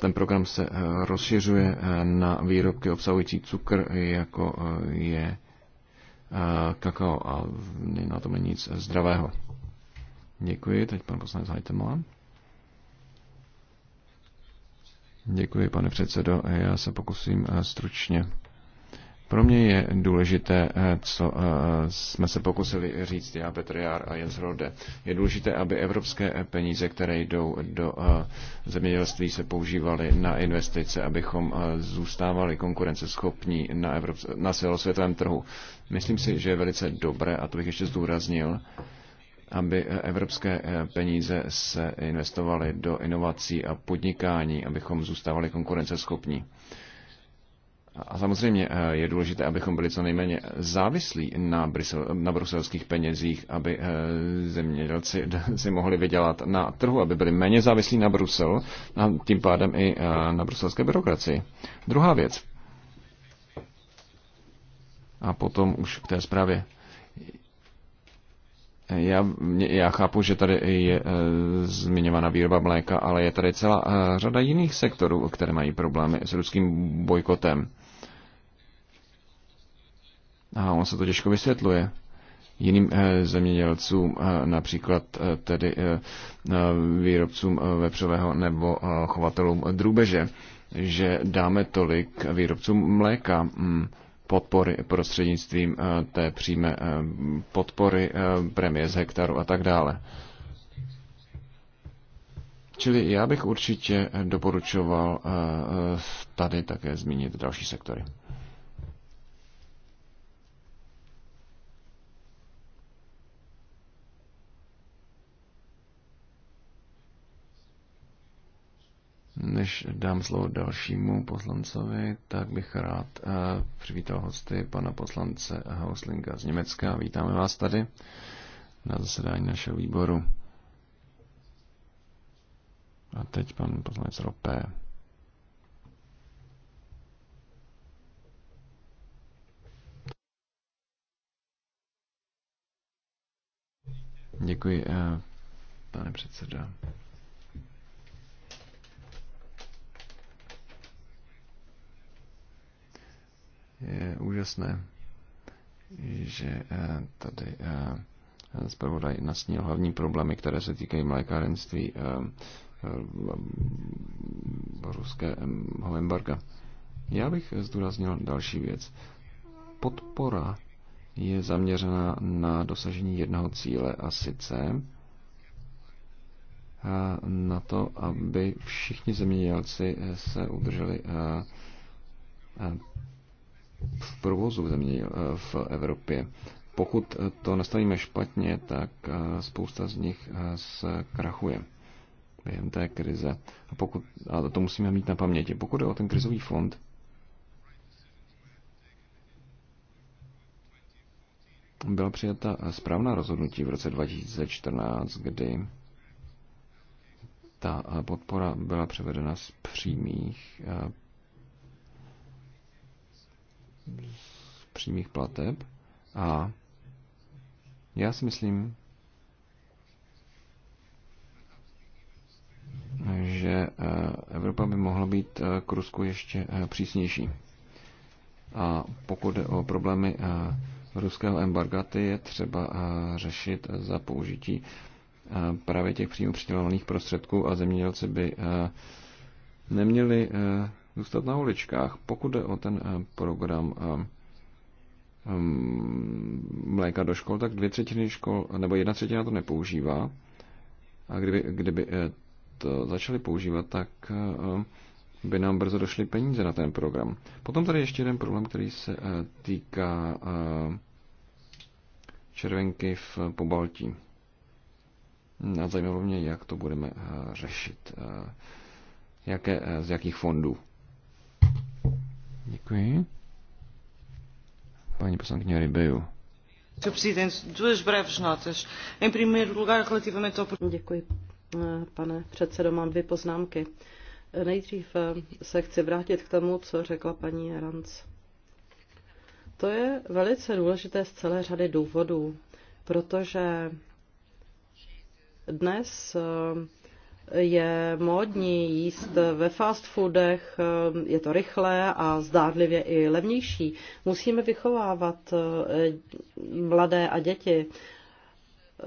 Ten program se eh, rozšiřuje eh, na výrobky obsahující cukr, jako eh, je kakao a na tom není nic zdravého. Děkuji, teď pan poslanec Hajtemala. Děkuji, pane předsedo. Já se pokusím eh, stručně. Pro mě je důležité, eh, co eh, jsme se pokusili říct já, Petr Jár a Jens Rode. Je důležité, aby evropské peníze, které jdou do zemědělství, se používaly na investice, abychom zůstávali konkurenceschopní na, Evrop- na celosvětovém trhu. Myslím si, že je velice dobré, a to bych ještě zdůraznil, aby eh, evropské eh, peníze se investovaly do inovací a podnikání, abychom zůstávali konkurenceschopní. A samozřejmě eh, je důležité, abychom byli co nejméně závislí na, Brysel, na bruselských penězích, aby zemědělci si mohli vydělat na trhu, aby byli méně závislí na Brusel a tím pádem i na bruselské byrokracii. Druhá věc. A potom už k té zprávě. Já, já chápu, že tady je eh, zmiňována výroba mléka, ale je tady celá eh, řada jiných sektorů, které mají problémy s ruským bojkotem. A on se to těžko vysvětluje jiným eh, zemědělcům, například tedy výrobcům vepřového nebo chovatelům drůbeže, že dáme tolik výrobcům mléka hmm podpory prostřednictvím eh, té přímé eh, podpory eh, premie z hektaru a tak dále. Čili já bych určitě doporučoval tady také zmínit další sektory. Než dám slovo dalšímu poslancovi, tak bych rád eh, přivítal hosty pana poslance Hauslinga z Německa. Vítáme vás tady na zasedání našeho výboru. A teď pan poslanec Ropé. Děkuji, eh, pane předseda. je úžasné, že eh, tady eh, zpravodaj nasnil hlavní problémy, které se týkají mlékárenství eh, ruského embarga. Já bych zdůraznil další věc. Podpora je zaměřena na dosažení jednoho cíle a sice na to, aby všichni zemědělci se udrželi v provozu v, země, eh, v Evropě. Pokud to nastavíme špatně, tak eh, spousta z nich zkrachuje eh, během té krize. A, pokud, a to musíme mít na paměti. Pokud je o ten krizový fond, byla přijata správná rozhodnutí v roce 2014, kdy ta podpora byla převedena z přímých z přímých plateb a já si myslím, že eh, Evropa by mohla být eh, k Rusku ještě eh, přísnější. A pokud jde o problémy ruského embarga, ty je třeba řešit za použití právě těch přímo přidělovaných prostředků a zemědělci by neměli zůstat na uličkách. Pokud jde o ten eh, program eh, mléka do škol, tak dvě třetiny škol, nebo jedna třetina to nepoužívá. A kdyby, kdyby eh, to začali používat, tak by nám brzo došly peníze na ten program. Potom tady ještě jeden problém, který se týká červenky v Pobaltí. A zajímalo mě, jak to budeme řešit. Jaké, z jakých fondů. Děkuji. Paní poslankyně ao... Děkuji, pane předsedo. Mám dvě poznámky. Eh, nejdřív eh, se chci vrátit k tomu, co řekla paní Ranc. To je velice důležité z celé řady důvodů, protože dnes eh, je módní jíst ve fast foodech, je to rychlé a zdárlivě i levnější. Musíme vychovávat eh, mladé a děti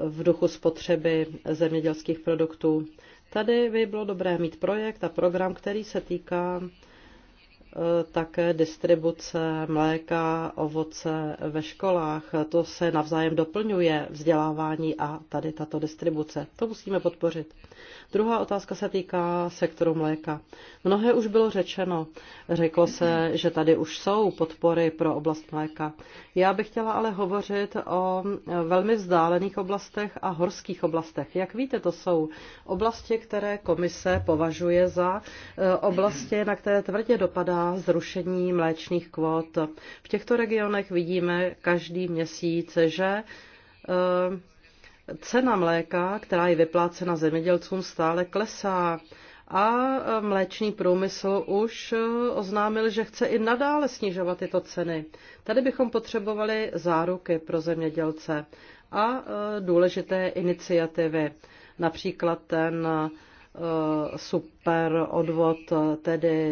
v duchu spotřeby zemědělských produktů. Tady by bylo dobré mít projekt a program, který se týká Eh, také distribuce mléka, ovoce ve školách. To se navzájem doplňuje vzdělávání a tady tato distribuce. To musíme podpořit. Druhá otázka se týká sektoru mléka. Mnohé už bylo řečeno. Řeklo se, že tady už jsou podpory pro oblast mléka. Já bych chtěla ale hovořit o velmi vzdálených oblastech a horských oblastech. Jak víte, to jsou oblasti, které komise považuje za eh, oblasti, na které tvrdě dopadá zrušení mléčných kvót. V těchto regionech vidíme každý měsíc, že eh, cena mléka, která je vyplácena zemědělcům, stále klesá. A eh, mléčný průmysl už eh, oznámil, že chce i nadále snižovat tyto ceny. Tady bychom potřebovali záruky pro zemědělce a důležité iniciativy, například ten super odvod, tedy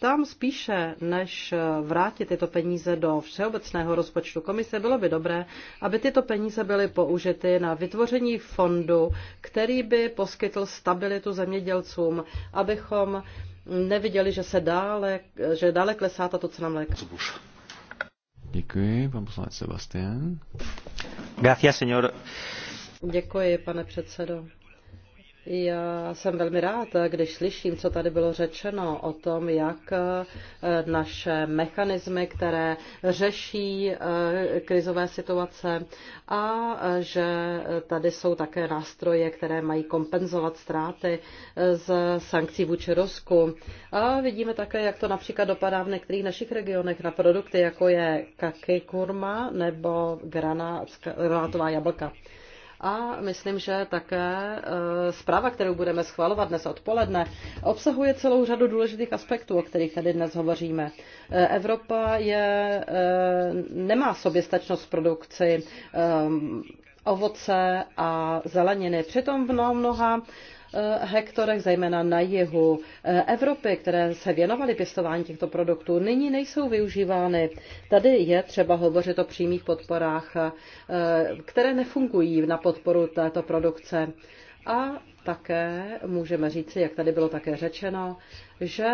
tam spíše, než vrátit tyto peníze do všeobecného rozpočtu komise, bylo by dobré, aby tyto peníze byly použity na vytvoření fondu, který by poskytl stabilitu zemědělcům, abychom neviděli, že se dále, že dále klesá tato cena mléka. Děkuji, pan poslanec Sebastian. Gracias, señor. Děkuji, pane předsedo. Já jsem velmi rád, když slyším, co tady bylo řečeno o tom, jak eh, naše mechanismy, které řeší eh, krizové situace a eh, že tady jsou také nástroje, které mají kompenzovat ztráty z sankcí vůči Rusku. A vidíme také, jak to například dopadá v některých našich regionech na produkty, jako je kaky kurma nebo granátová jablka a myslím, že také eh, zpráva, kterou budeme schvalovat dnes odpoledne, obsahuje celou řadu důležitých aspektů, o kterých tady dnes hovoříme. Eh, Evropa je, eh, nemá soběstačnost v produkci ovoce a zeleniny. Přitom v no- mnoha Eh, hektarech, zejména na jihu eh, Evropy, které se věnovaly pěstování těchto produktů, nyní nejsou využívány. Tady je třeba hovořit o přímých podporách, eh, které nefungují na podporu této produkce. A také můžeme říci, jak tady bylo také řečeno, že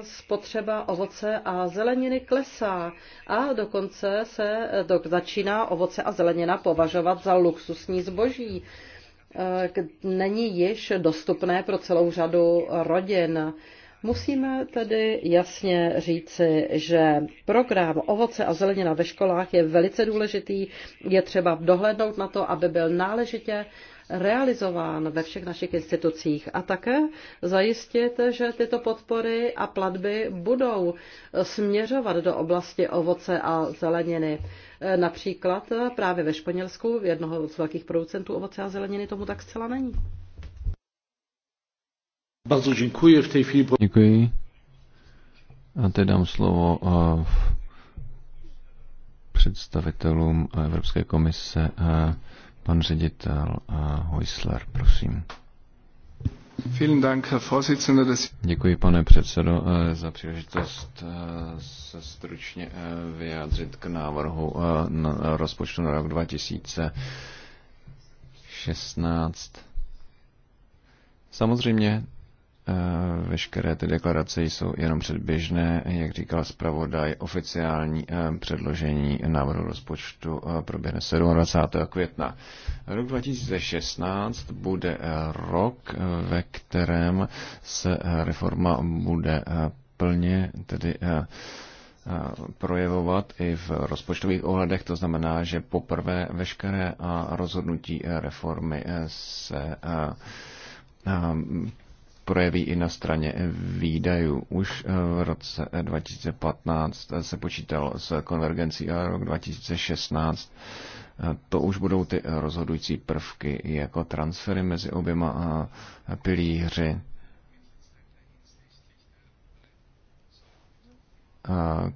spotřeba ovoce a zeleniny klesá a dokonce se začíná ovoce a zelenina považovat za luxusní zboží. Eh, není již dostupné pro celou řadu rodin. Musíme tedy jasně říci, že program ovoce a zelenina ve školách je velice důležitý. Je třeba dohlednout na to, aby byl náležitě realizován ve všech našich institucích a také zajistit, že tyto podpory a platby budou směřovat do oblasti ovoce a zeleniny. Eh, například eh, právě ve Španělsku, jednoho z velkých producentů ovoce a zeleniny, tomu tak zcela není. Bardzo dziękuję v tej chwili. Děkuji. A teď dám slovo eh, představitelům Evropské komise, pan ředitel Heusler, prosím. Děkuji, pane předsedo, eh, za příležitost eh, se stručně eh, vyjádřit k návrhu na rozpočtu na rok 2016. Samozřejmě Eh, veškeré ty deklarace jsou jenom předběžné, jak říkal zpravodaj, oficiální eh, předložení návrhu rozpočtu eh, proběhne 27. května. Rok 2016 bude rok, ve kterém se reforma bude plně tedy projevovat i v rozpočtových ohledech. To znamená, že poprvé veškeré rozhodnutí reformy se projeví i na straně výdajů. Už eh, v roce 2015 eh, eh, se počítal s konvergencí a rok 2016 to už budou ty rozhodující prvky jako transfery mezi oběma pilíři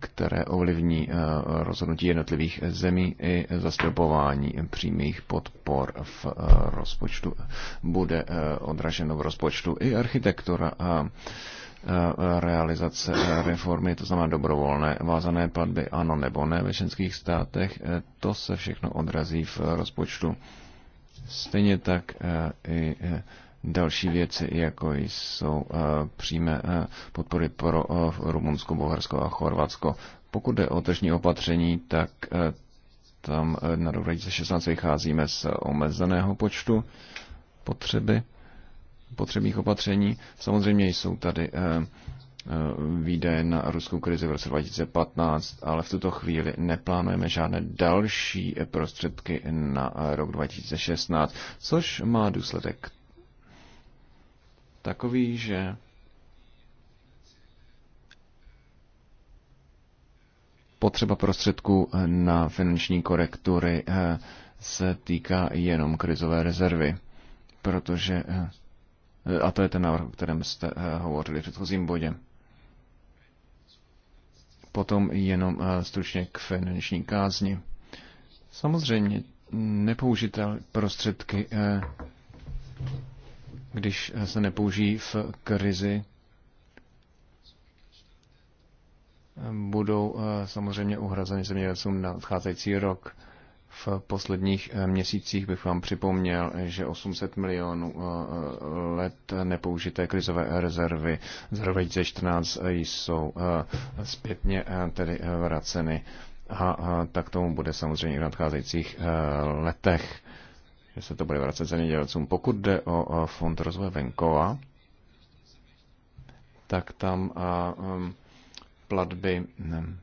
které ovlivní rozhodnutí jednotlivých zemí i zastropování přímých podpor v rozpočtu. Bude odraženo v rozpočtu i architektura a realizace reformy, to znamená dobrovolné vázané platby, ano nebo ne ve členských státech, e, to se všechno odrazí v rozpočtu. Stejně tak e, i e, další věci, jako jsou eh, přímé eh, podpory pro eh, Rumunsko, Bulharsko a Chorvatsko. Pokud jde o tržní opatření, tak tam na rok 2016 vycházíme z omezeného počtu potřeby, potřebných opatření. Samozřejmě jsou tady výdaje na ruskou krizi v roce 2015, ale v tuto chvíli neplánujeme žádné další prostředky na rok 2016, což má důsledek takový, že potřeba prostředků na finanční korektury eh, se týká jenom krizové rezervy, protože eh, a to je ten návrh, o kterém jste eh, hovořili v předchozím bodě. Potom jenom stručně k finanční kázni. Samozřejmě nepoužitel prostředky když se nepoužijí v krizi, budou eh, samozřejmě uhrazeny zemědělcům na odcházející rok. V posledních eh, měsících bych vám připomněl, že 800 milionů eh, let nepoužité krizové rezervy z 2014 jsou zpětně tedy vraceny. A tak tomu bude samozřejmě v nadcházejících letech že se to bude vracet zemědělcům. Pokud jde o Fond rozvoje venkova, tak tam um, platby um,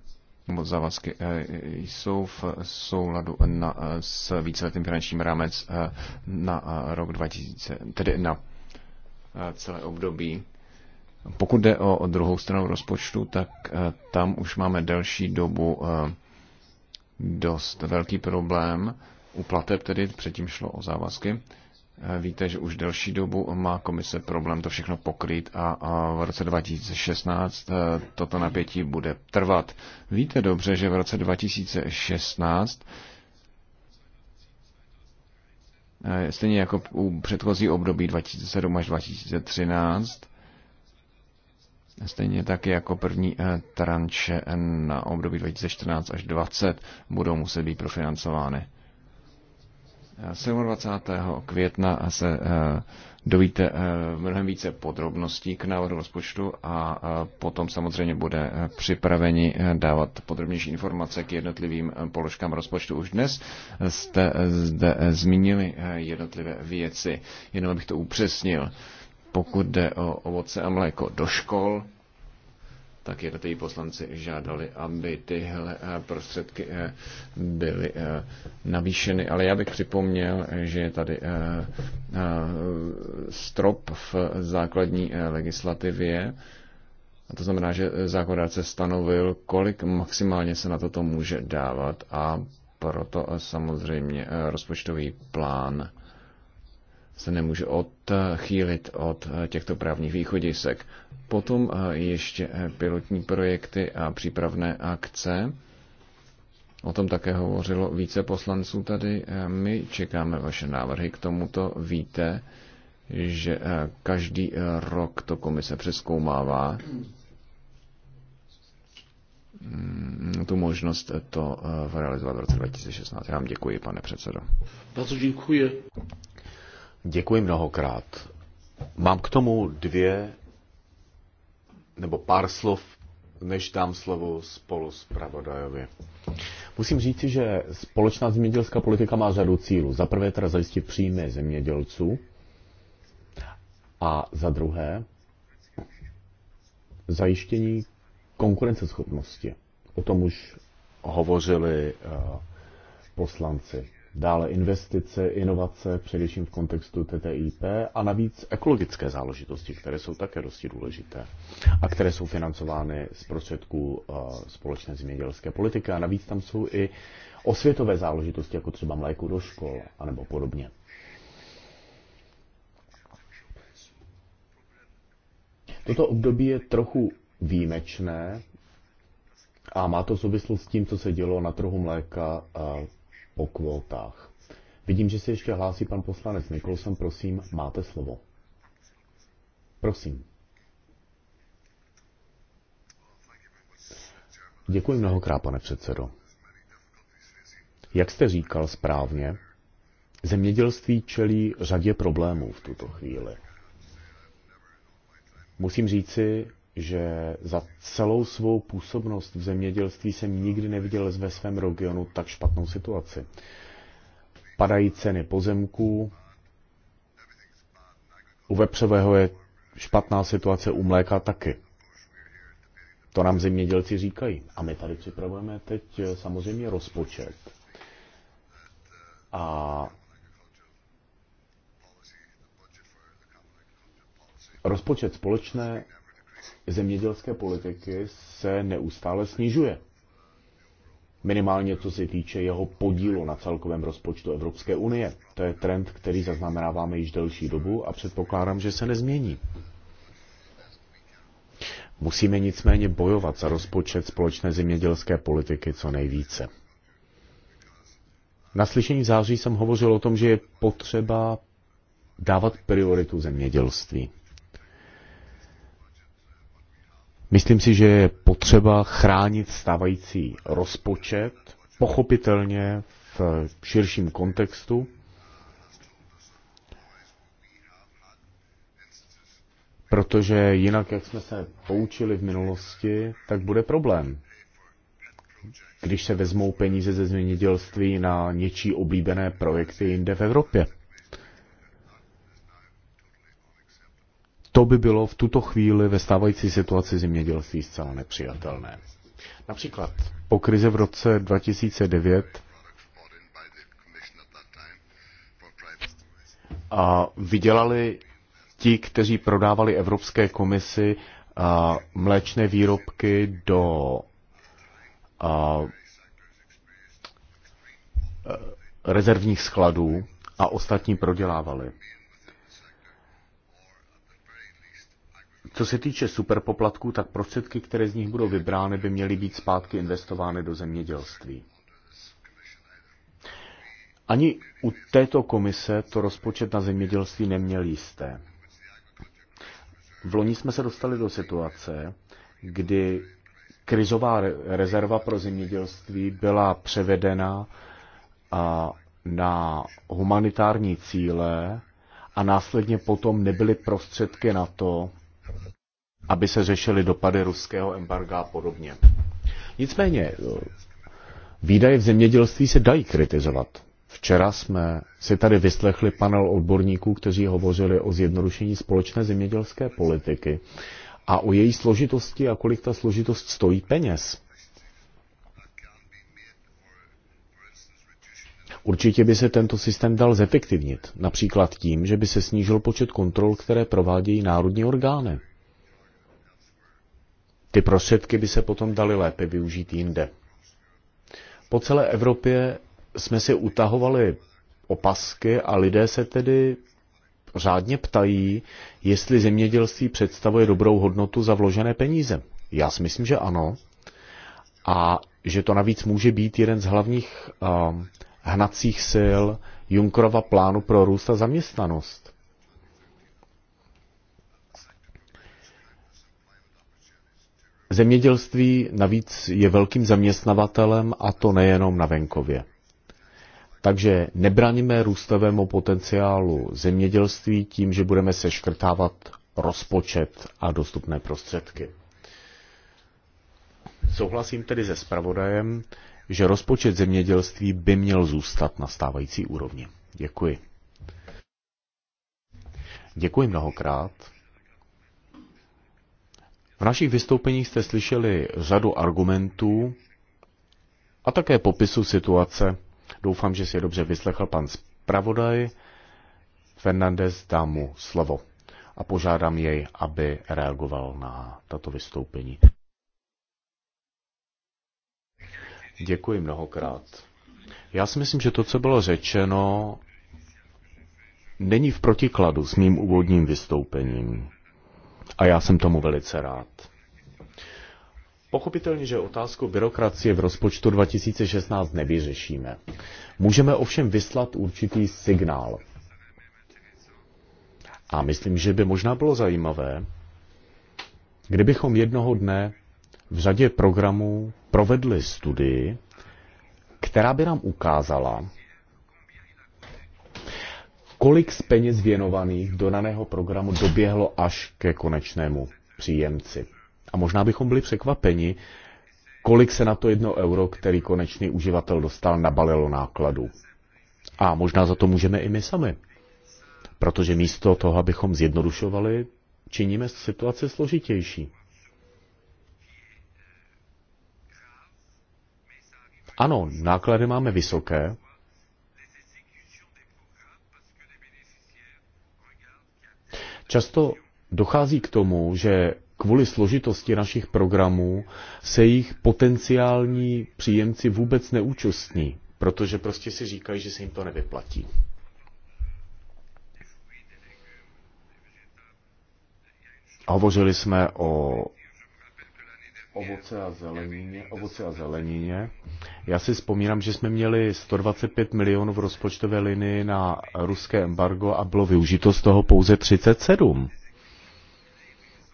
nebo závazky e, jsou v souladu na, e, s víceletým finančním rámec e, na rok 2000, tedy na celé období. Pokud jde o druhou stranu rozpočtu, tak tam už máme delší dobu dost velký problém u plateb tedy předtím šlo o závazky. Eh, víte, že už delší dobu má komise problém to všechno pokrýt a, v roce 2016 eh, toto napětí bude trvat. Víte dobře, že v roce 2016 eh, stejně jako u předchozí období 2007 až 2013, stejně tak jako první tranše na období 2014 až 2020 budou muset být profinancovány. 27. Eh, května se eh, dovíte eh, mnohem více podrobností k návrhu rozpočtu a potom samozřejmě bude připraveni dávat podrobnější informace k jednotlivým položkám rozpočtu. Už dnes jste zde zmínili jednotlivé věci, jenom abych to upřesnil. Pokud jde o ovoce a mléko do škol, tak jednotliví poslanci žádali, aby tyhle eh, prostředky eh, byly eh, navýšeny. Ale já bych připomněl, že je tady strop v základní legislativě, a to znamená, že zákonodárce stanovil, kolik maximálně se na toto může dávat a proto samozřejmě rozpočtový plán se nemůže odchýlit od těchto právních východisek potom eh, ještě eh, pilotní projekty a přípravné akce. O tom také hovořilo více poslanců tady. Eh, my čekáme vaše návrhy k tomuto. Víte, že každý rok to komise přeskoumává mm, tu možnost to realizovat v roce 2016. Já vám děkuji, pane předsedo. Bardzo děkuji. Děkuji mnohokrát. Mám k tomu dvě nebo pár slov, než dám slovo spolu s pravodajově. Musím říci, že společná zemědělská politika má řadu cílů. Za prvé teda zajistit příjmy zemědělců a za druhé zajištění konkurenceschopnosti. O tom už hovořili eh, poslanci dále investice, inovace, především v kontextu TTIP a navíc ekologické záležitosti, které jsou také dosti důležité a které jsou financovány z prostředků eh, společné zemědělské politiky a navíc tam jsou i osvětové záležitosti, jako třeba mléku do škol a nebo podobně. Toto období je trochu výjimečné a má to souvislost s tím, co se dělo na trhu mléka eh, o kvótách. Vidím, že se ještě hlásí pan poslanec Nikolson, prosím, máte slovo. Prosím. Děkuji mnohokrát, pane předsedo. Jak jste říkal správně, zemědělství čelí řadě problémů v tuto chvíli. Musím říci, že za celou svou působnost v zemědělství jsem nikdy neviděl ve svém regionu tak špatnou situaci. Padají ceny pozemků, u vepřového je špatná situace, u mléka taky. To nám zemědělci říkají. A my tady připravujeme teď eh, samozřejmě rozpočet. A rozpočet společné zemědělské politiky se neustále snižuje. Minimálně co se týče jeho podílu na celkovém rozpočtu Evropské unie. To je trend, který zaznamenáváme již delší dobu a předpokládám, že se nezmění. Musíme nicméně bojovat za rozpočet společné zemědělské politiky co nejvíce. Na slyšení v září jsem hovořil o tom, že je potřeba dávat prioritu zemědělství. Myslím si, že je potřeba chránit stávající rozpočet, pochopitelně v širším kontextu. Protože jinak, jak jsme se poučili v minulosti, tak bude problém. Když se vezmou peníze ze zemědělství na něčí oblíbené projekty jinde v Evropě. to by bylo v tuto chvíli ve stávající situaci zemědělství zcela nepřijatelné. Například po krize v roce 2009 a vydělali ti, kteří prodávali Evropské komisi a mléčné výrobky do a, rezervních skladů a ostatní prodělávali. Co se týče superpoplatků, tak prostředky, které z nich budou vybrány, by měly být zpátky investovány do zemědělství. Ani u této komise to rozpočet na zemědělství neměl jisté. V loni jsme se dostali do situace, kdy krizová rezerva pro zemědělství byla převedena na humanitární cíle a následně potom nebyly prostředky na to, aby se řešily dopady ruského embarga a podobně. Nicméně, výdaje v zemědělství se dají kritizovat. Včera jsme si tady vyslechli panel odborníků, kteří hovořili o zjednodušení společné zemědělské politiky a o její složitosti a kolik ta složitost stojí peněz. Určitě by se tento systém dal zefektivnit, například tím, že by se snížil počet kontrol, které provádějí národní orgány. Ty prostředky by se potom daly lépe využít jinde. Po celé Evropě jsme si utahovali opasky a lidé se tedy řádně ptají, jestli zemědělství představuje dobrou hodnotu za vložené peníze. Já si myslím, že ano. A že to navíc může být jeden z hlavních uh, hnacích sil Junkrova plánu pro růst a zaměstnanost. Zemědělství navíc je velkým zaměstnavatelem a to nejenom na venkově. Takže nebraníme růstovému potenciálu zemědělství tím, že budeme seškrtávat rozpočet a dostupné prostředky. Souhlasím tedy se spravodajem, že rozpočet zemědělství by měl zůstat na stávající úrovni. Děkuji. Děkuji mnohokrát. V našich vystoupeních jste slyšeli řadu argumentů a také popisu situace. Doufám, že si je dobře vyslechl pan zpravodaj. Fernandez dá mu slovo a požádám jej, aby reagoval na tato vystoupení. Děkuji mnohokrát. Já si myslím, že to, co bylo řečeno, není v protikladu s mým úvodním vystoupením a já jsem tomu velice rád. Pochopitelně, že otázku byrokracie v rozpočtu 2016 nevyřešíme. Můžeme ovšem vyslat určitý signál. A myslím, že by možná bylo zajímavé, kdybychom jednoho dne v řadě programů provedli studii, která by nám ukázala, kolik z peněz věnovaných do daného programu doběhlo až ke konečnému příjemci. A možná bychom byli překvapeni, kolik se na to jedno euro, který konečný uživatel dostal, nabalilo nákladu. A možná za to můžeme i my sami. Protože místo toho, abychom zjednodušovali, činíme situaci složitější. Ano, náklady máme vysoké, Často dochází k tomu, že kvůli složitosti našich programů se jich potenciální příjemci vůbec neúčastní, protože prostě si říkají, že se jim to nevyplatí. Hovořili jsme o ovoce a zelenině. Ovoce a zelenině. Já si vzpomínám, že jsme měli 125 milionů v rozpočtové linii na ruské embargo a bylo využito z toho pouze 37.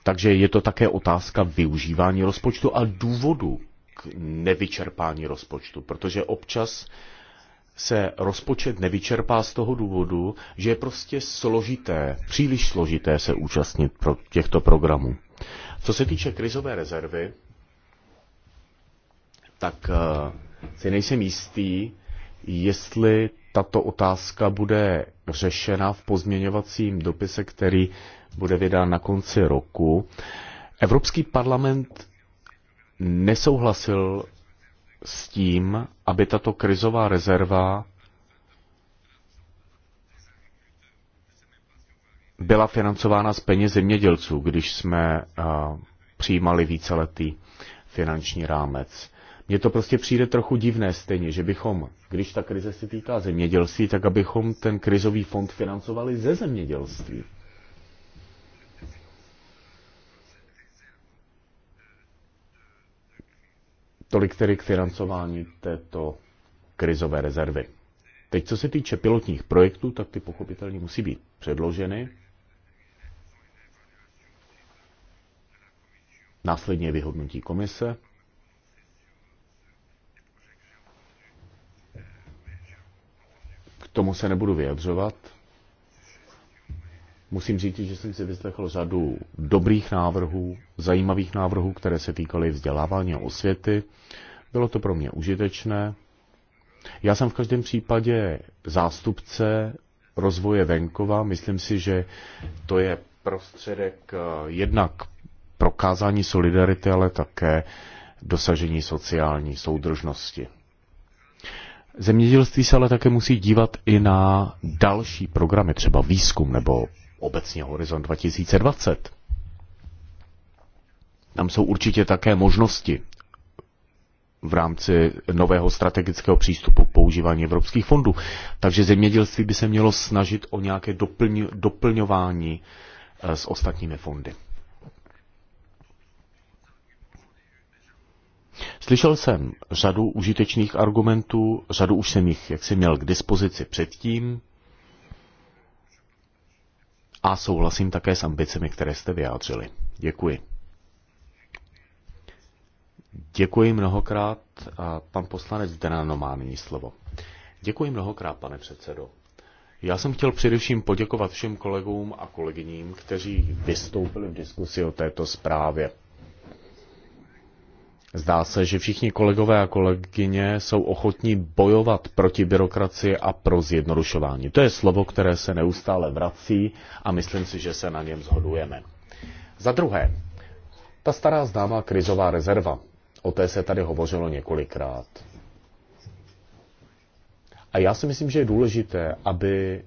Takže je to také otázka využívání rozpočtu a důvodu k nevyčerpání rozpočtu, protože občas se rozpočet nevyčerpá z toho důvodu, že je prostě složité, příliš složité se účastnit pro těchto programů. Co se týče krizové rezervy, tak eh, si nejsem jistý, jestli tato otázka bude řešena v pozměňovacím dopise, který bude vydán na konci roku. Evropský parlament nesouhlasil s tím, aby tato krizová rezerva byla financována z peněz zemědělců, když jsme eh, přijímali víceletý finanční rámec. Mně to prostě přijde trochu divné stejně, že bychom, když ta krize se týká zemědělství, tak abychom ten krizový fond financovali ze zemědělství. Tolik tedy k financování této krizové rezervy. Teď, co se týče pilotních projektů, tak ty pochopitelně musí být předloženy. Následně vyhodnotí komise tomu se nebudu vyjadřovat. Musím říct, že jsem si vyslechl řadu dobrých návrhů, zajímavých návrhů, které se týkaly vzdělávání a osvěty. Bylo to pro mě užitečné. Já jsem v každém případě zástupce rozvoje venkova. Myslím si, že to je prostředek eh, jednak prokázání solidarity, ale také dosažení sociální soudržnosti. Zemědělství se ale také musí dívat i na další programy, třeba výzkum nebo obecně Horizon 2020. Tam jsou určitě také možnosti v rámci nového strategického přístupu k používání evropských fondů. Takže zemědělství by se mělo snažit o nějaké doplň, doplňování eh, s ostatními fondy. Slyšel jsem řadu užitečných argumentů, řadu už jsem jich jaksi měl k dispozici předtím a souhlasím také s ambicemi, které jste vyjádřili. Děkuji. Děkuji mnohokrát. A pan poslanec Denano má nyní slovo. Děkuji mnohokrát, pane předsedo. Já jsem chtěl především poděkovat všem kolegům a kolegyním, kteří vystoupili v diskusi o této zprávě. Zdá se, že všichni kolegové a kolegyně jsou ochotní bojovat proti byrokracii a pro zjednodušování. To je slovo, které se neustále vrací a myslím si, že se na něm zhodujeme. Za druhé, ta stará známá krizová rezerva. O té se tady hovořilo několikrát. A já si myslím, že je důležité, aby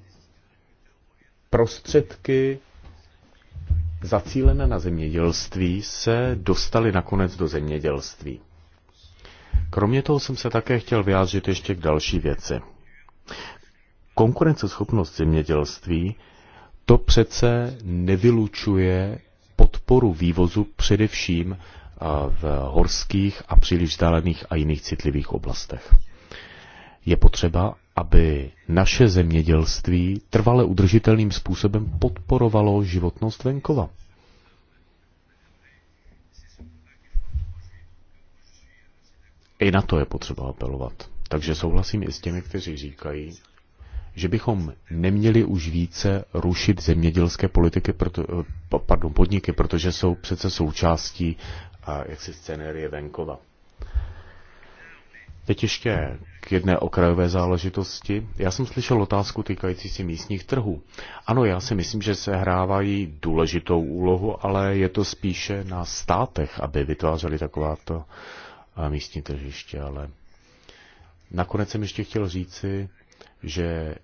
prostředky zacílené na zemědělství se dostaly nakonec do zemědělství. Kromě toho jsem se také chtěl vyjádřit ještě k další věci. Konkurenceschopnost zemědělství to přece nevylučuje podporu vývozu především v horských a příliš vzdálených a jiných citlivých oblastech. Je potřeba, aby naše zemědělství trvale udržitelným způsobem podporovalo životnost venkova. I na to je potřeba apelovat. Takže souhlasím i s těmi, kteří říkají, že bychom neměli už více rušit zemědělské politiky, proto, eh, pardon, podniky, protože jsou přece součástí eh, jaksi scenérie venkova. Teď ještě k jedné okrajové záležitosti. Já jsem slyšel otázku týkající si místních trhů. Ano, já si myslím, že se hrávají důležitou úlohu, ale je to spíše na státech, aby vytvářeli takováto eh, místní tržiště, ale nakonec jsem ještě chtěl říci, že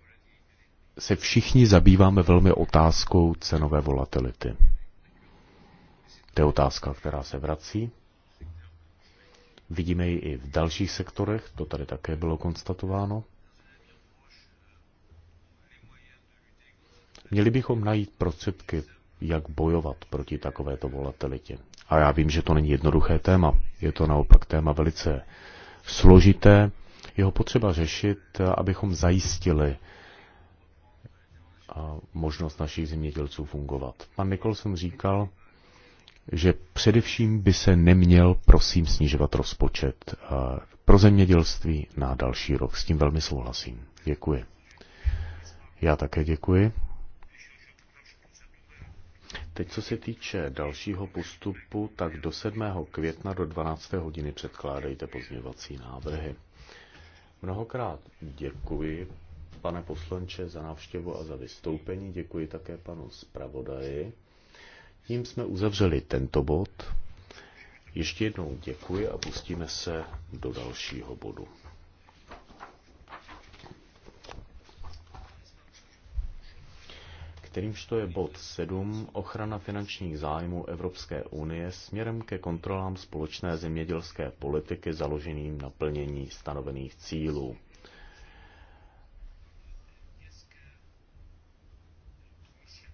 se všichni zabýváme velmi otázkou cenové volatility. To je otázka, která se vrací Vidíme ji i v dalších sektorech, to tady také bylo konstatováno. Měli bychom najít prostředky, jak bojovat proti takovéto volatilitě. A já vím, že to není jednoduché téma. Je to naopak téma velice složité. Jeho potřeba řešit, abychom zajistili možnost našich zemědělců fungovat. Pan Nicholson říkal, že především by se neměl, prosím, snižovat rozpočet eh, pro zemědělství na další rok. S tím velmi souhlasím. Děkuji. Já také děkuji. Teď, co se týče dalšího postupu, tak do 7. května do 12. hodiny předkládejte pozměvací návrhy. Mnohokrát děkuji, pane poslanče, za návštěvu a za vystoupení. Děkuji také panu zpravodaji. Tím jsme uzavřeli tento bod. Ještě jednou děkuji a pustíme se do dalšího bodu. kterýmž to je bod 7, ochrana finančních zájmů Evropské unie směrem ke kontrolám společné zemědělské politiky založeným na plnění stanovených cílů.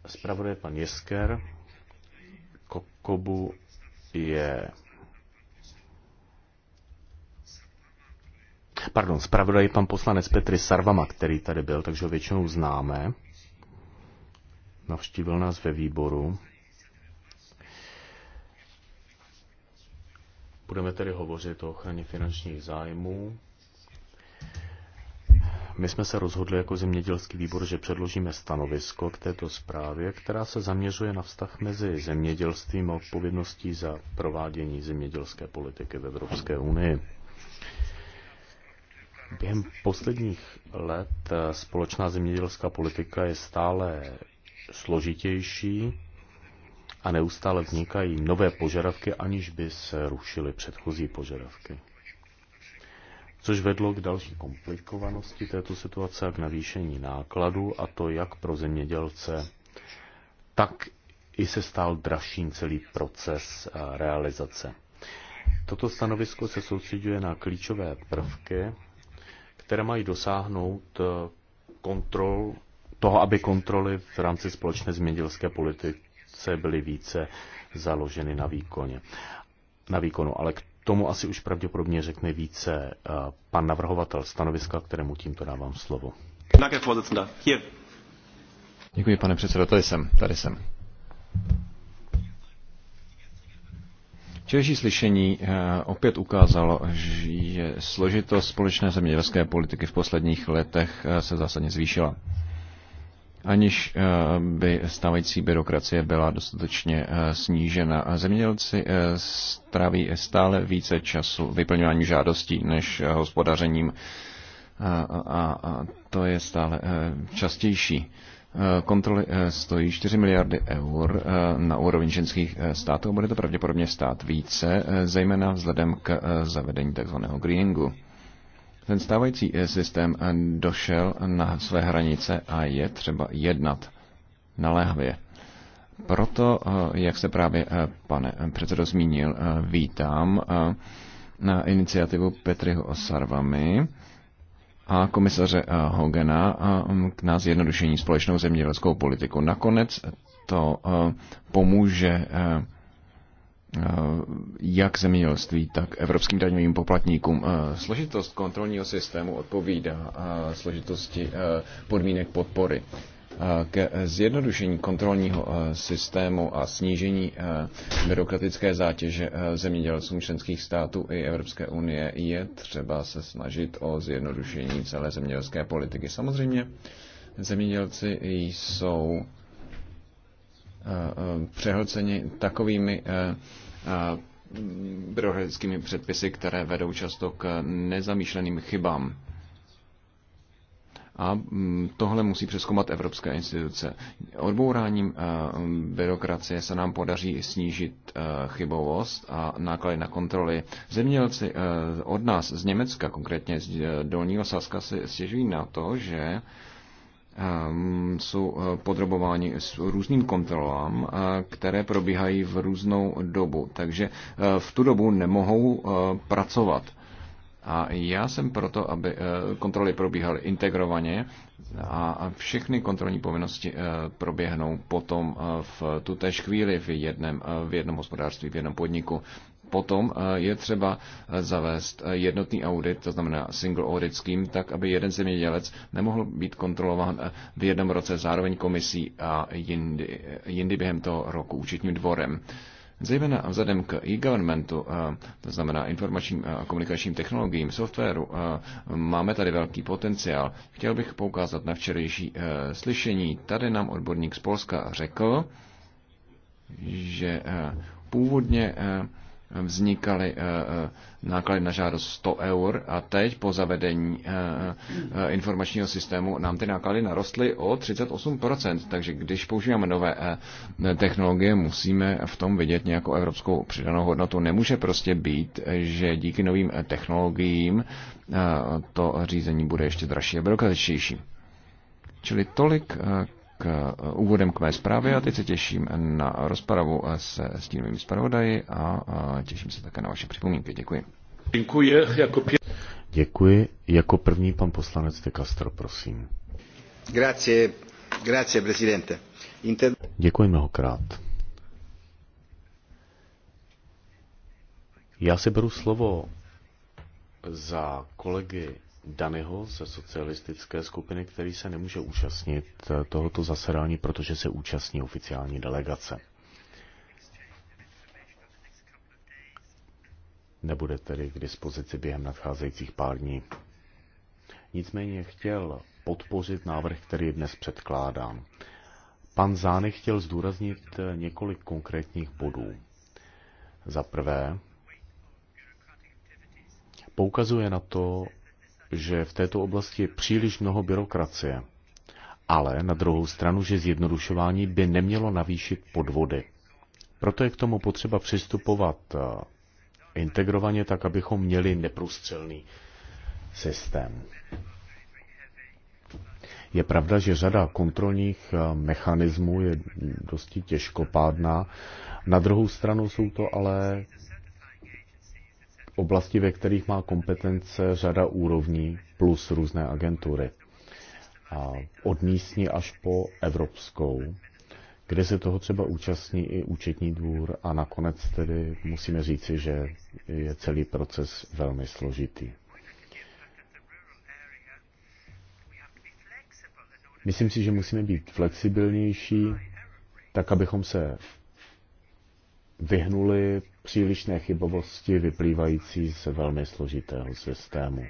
Zpravodaj pan Jesker. Kokobu je Pardon, zpravodaj pan poslanec Petry Sarvama, který tady byl, takže ho většinou známe. Navštívil nás ve výboru. Budeme tedy hovořit o ochraně finančních zájmů. My jsme se rozhodli jako zemědělský výbor, že předložíme stanovisko k této zprávě, která se zaměřuje na vztah mezi zemědělstvím a odpovědností za provádění zemědělské politiky v Evropské unii. Během posledních let společná zemědělská politika je stále složitější a neustále vznikají nové požadavky, aniž by se rušily předchozí požadavky což vedlo k další komplikovanosti této situace a k navýšení nákladů, a to jak pro zemědělce, tak i se stál dražším celý proces eh, realizace. Toto stanovisko se soustředuje na klíčové prvky, které mají dosáhnout eh, kontrol, toho, aby kontroly v rámci společné zemědělské politice byly více založeny na výkoně. Na výkonu, ale k tomu asi už pravděpodobně řekne více eh, pan navrhovatel stanoviska, kterému tímto dávám slovo. Děkuji, pane předsedo, tady jsem, tady jsem. Včerejší slyšení eh, opět ukázalo, že složitost společné zemědělské politiky v posledních letech eh, se zásadně zvýšila aniž eh, by stávající byrokracie byla dostatečně eh, snížena. Zemědělci eh, stráví stále více času vyplňováním žádostí než hospodařením a to je stále častější. Kontroly stojí 4 miliardy eur na úrovni ženských států, bude to pravděpodobně stát více, zejména vzhledem k zavedení tzv. greeningu. Ten stávající eh, systém eh, došel na své hranice a je třeba jednat naléhavě. Proto, eh, jak se právě pane předsedo zmínil, vítám na iniciativu Petriho Osarvami a komisaře Hogena nás jednodušení společnou zemědělskou politiku. Nakonec to pomůže Eh, jak zemědělství, tak evropským daňovým poplatníkům. Eh, složitost kontrolního systému odpovídá eh, složitosti podmínek podpory. K zjednodušení kontrolního systému a snížení byrokratické zátěže zemědělcům členských států i Evropské unie je třeba se snažit o zjednodušení celé zemědělské politiky. Samozřejmě zemědělci jsou Eh, přehlceni takovými eh, eh, byrokratickými předpisy, které vedou často k nezamýšleným chybám. A mm, tohle musí přeskoumat evropské instituce. Odbouráním byrokracie se nám podaří snížit chybovost a náklady na kontroly. Zemědělci od nás z Německa, konkrétně z Dolního Saska, si stěžují na to, že Ehm, jsou eh, podrobováni s různým kontrolám, eh, které probíhají v různou dobu. Takže eh, v tu dobu nemohou pracovat. A já jsem proto, aby kontroly probíhaly integrovaně a všechny kontrolní povinnosti proběhnou potom v tutéž chvíli v jednom, v jednom hospodářství, v jednom podniku potom eh, je třeba eh, zavést eh, jednotný audit, to znamená single audit scheme, tak, aby jeden zemědělec nemohl být kontrolován v jednom roce zároveň komisí a jindy, jindy během toho roku účetním dvorem zejména vzhledem k e-governmentu, to znamená informačním a komunikačním technologiím, softwaru, máme tady velký potenciál. Chtěl bych poukázat na včerejší slyšení. Tady nám odborník z Polska řekl, že původně vznikaly eh, eh, náklady na žádost 100 eur a teď po zavedení eh, informačního systému nám ty náklady narostly o 38%. Takže když používáme nové technologie, musíme v tom vidět nějakou evropskou přidanou hodnotu. Nemůže prostě být, že díky novým technologiím to řízení bude ještě dražší a byrokratičtější. Čili tolik k uh, úvodem k mé zprávě a teď se těším na rozpravu se stínovými zpravodaji a těším se také na vaše připomínky. Děkuji. Děkuji. Jako, pě- Děkuji. jako první pan poslanec De Castro, prosím. Grazie, grazie, presidente. Inter- Děkuji mnohokrát. Já si beru slovo za kolegy Daniho ze socialistické skupiny, který se nemůže účastnit eh, tohoto zasedání, protože se účastní oficiální delegace. Nebude tedy k dispozici během nadcházejících pár dní. Nicméně chtěl podpořit návrh, který dnes předkládám. Pan Zány chtěl zdůraznit eh, několik konkrétních bodů. Za prvé, poukazuje na to, že v této oblasti je příliš mnoho byrokracie, ale na druhou stranu, že zjednodušování by nemělo navýšit podvody. Proto je k tomu potřeba přistupovat eh, integrovaně, tak abychom měli neprůstřelný systém. Je pravda, že řada kontrolních eh, mechanismů je dosti těžkopádná. Na druhou stranu jsou to ale oblasti, ve kterých má kompetence řada úrovní plus různé agentury. A od místní až po evropskou, kde se toho třeba účastní i účetní dvůr a nakonec tedy musíme říci, že je celý proces velmi složitý. Myslím si, že musíme být flexibilnější, tak abychom se vyhnuli přílišné chybovosti vyplývající z velmi složitého systému.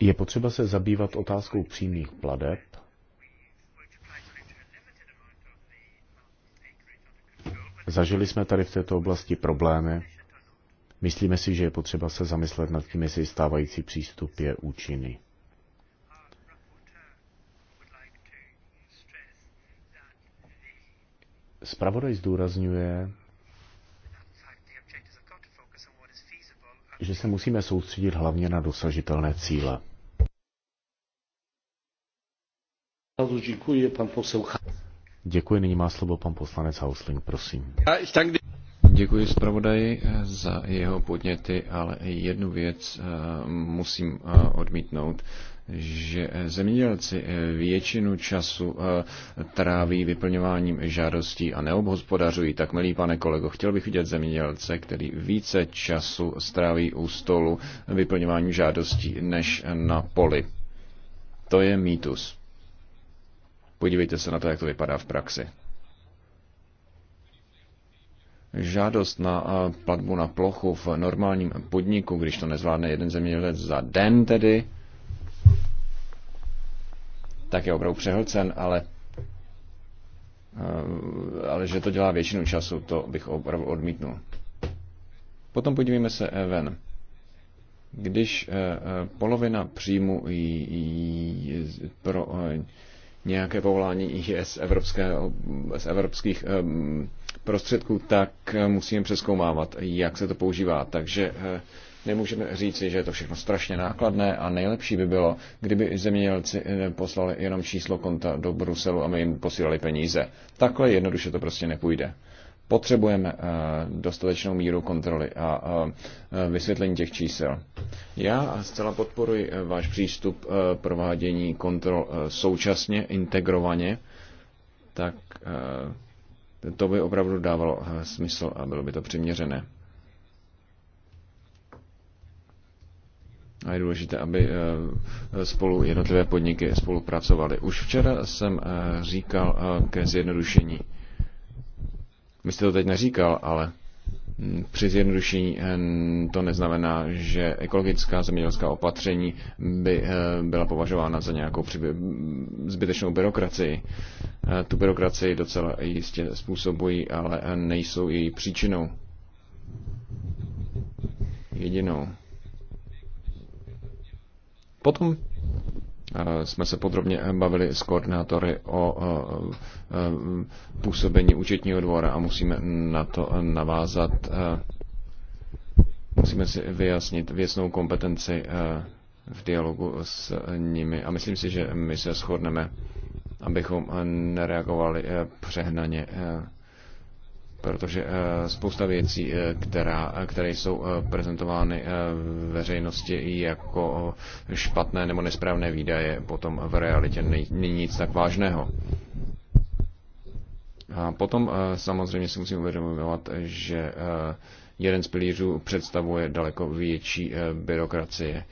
Je potřeba se zabývat otázkou přímých pladeb, Zažili jsme tady v této oblasti problémy. Myslíme si, že je potřeba se zamyslet nad tím, jestli stávající přístup je účinný. Spravodaj zdůrazňuje, že se musíme soustředit hlavně na dosažitelné cíle. Děkuji, nyní má slovo pan poslanec Hausling, prosím. Děkuji zpravodaji eh, za jeho podněty, ale jednu věc eh, musím eh, odmítnout že zemědělci většinu času tráví vyplňováním žádostí a neobhospodařují. Tak, milý pane kolego, chtěl bych vidět zemědělce, který více času stráví u stolu vyplňováním žádostí než na poli. To je mýtus. Podívejte se na to, jak to vypadá v praxi žádost na platbu na plochu v normálním podniku, když to nezvládne jeden zemědělec za den tedy, tak je opravdu přehlcen, ale ale že to dělá většinu času, to bych opravdu odmítnul. Potom podívejme se eh, ven. Když eh, eh, polovina příjmu pro nějaké povolání je z, evropské, z evropských prostředků, tak eh, musíme přeskoumávat, jak se to používá. Takže eh, nemůžeme říci, že je to všechno strašně nákladné a nejlepší by bylo, kdyby zemědělci eh, poslali jenom číslo konta do Bruselu a my jim posílali peníze. Takhle jednoduše to prostě nepůjde. Potřebujeme dostatečnou míru kontroly a vysvětlení těch čísel. Já zcela podporuji váš přístup provádění kontrol současně, integrovaně, tak to by opravdu dávalo eh, smysl a bylo by to přiměřené. A je důležité, aby eh, spolu jednotlivé podniky spolupracovaly. Už včera jsem eh, říkal ke zjednodušení. Vy jste to teď neříkal, ale při zjednodušení eh, to neznamená, že ekologická zemědělská opatření by eh, byla považována za nějakou zbytečnou byrokracii. Eh, tu byrokracii docela jistě způsobují, ale nejsou její příčinou. Jedinou. Potom Eh, jsme se podrobně eh, bavili s koordinátory o eh, působení účetního dvora a musíme na to navázat. Musíme si vyjasnit věcnou kompetenci v dialogu s nimi a myslím si, že my se shodneme, abychom nereagovali přehnaně protože eh, spousta věcí, eh, která, eh, které jsou prezentovány veřejnosti jako špatné nebo nesprávné výdaje, potom v realitě není nic tak vážného. A potom samozřejmě si musím uvědomovat, že jeden z pilířů představuje daleko větší byrokracie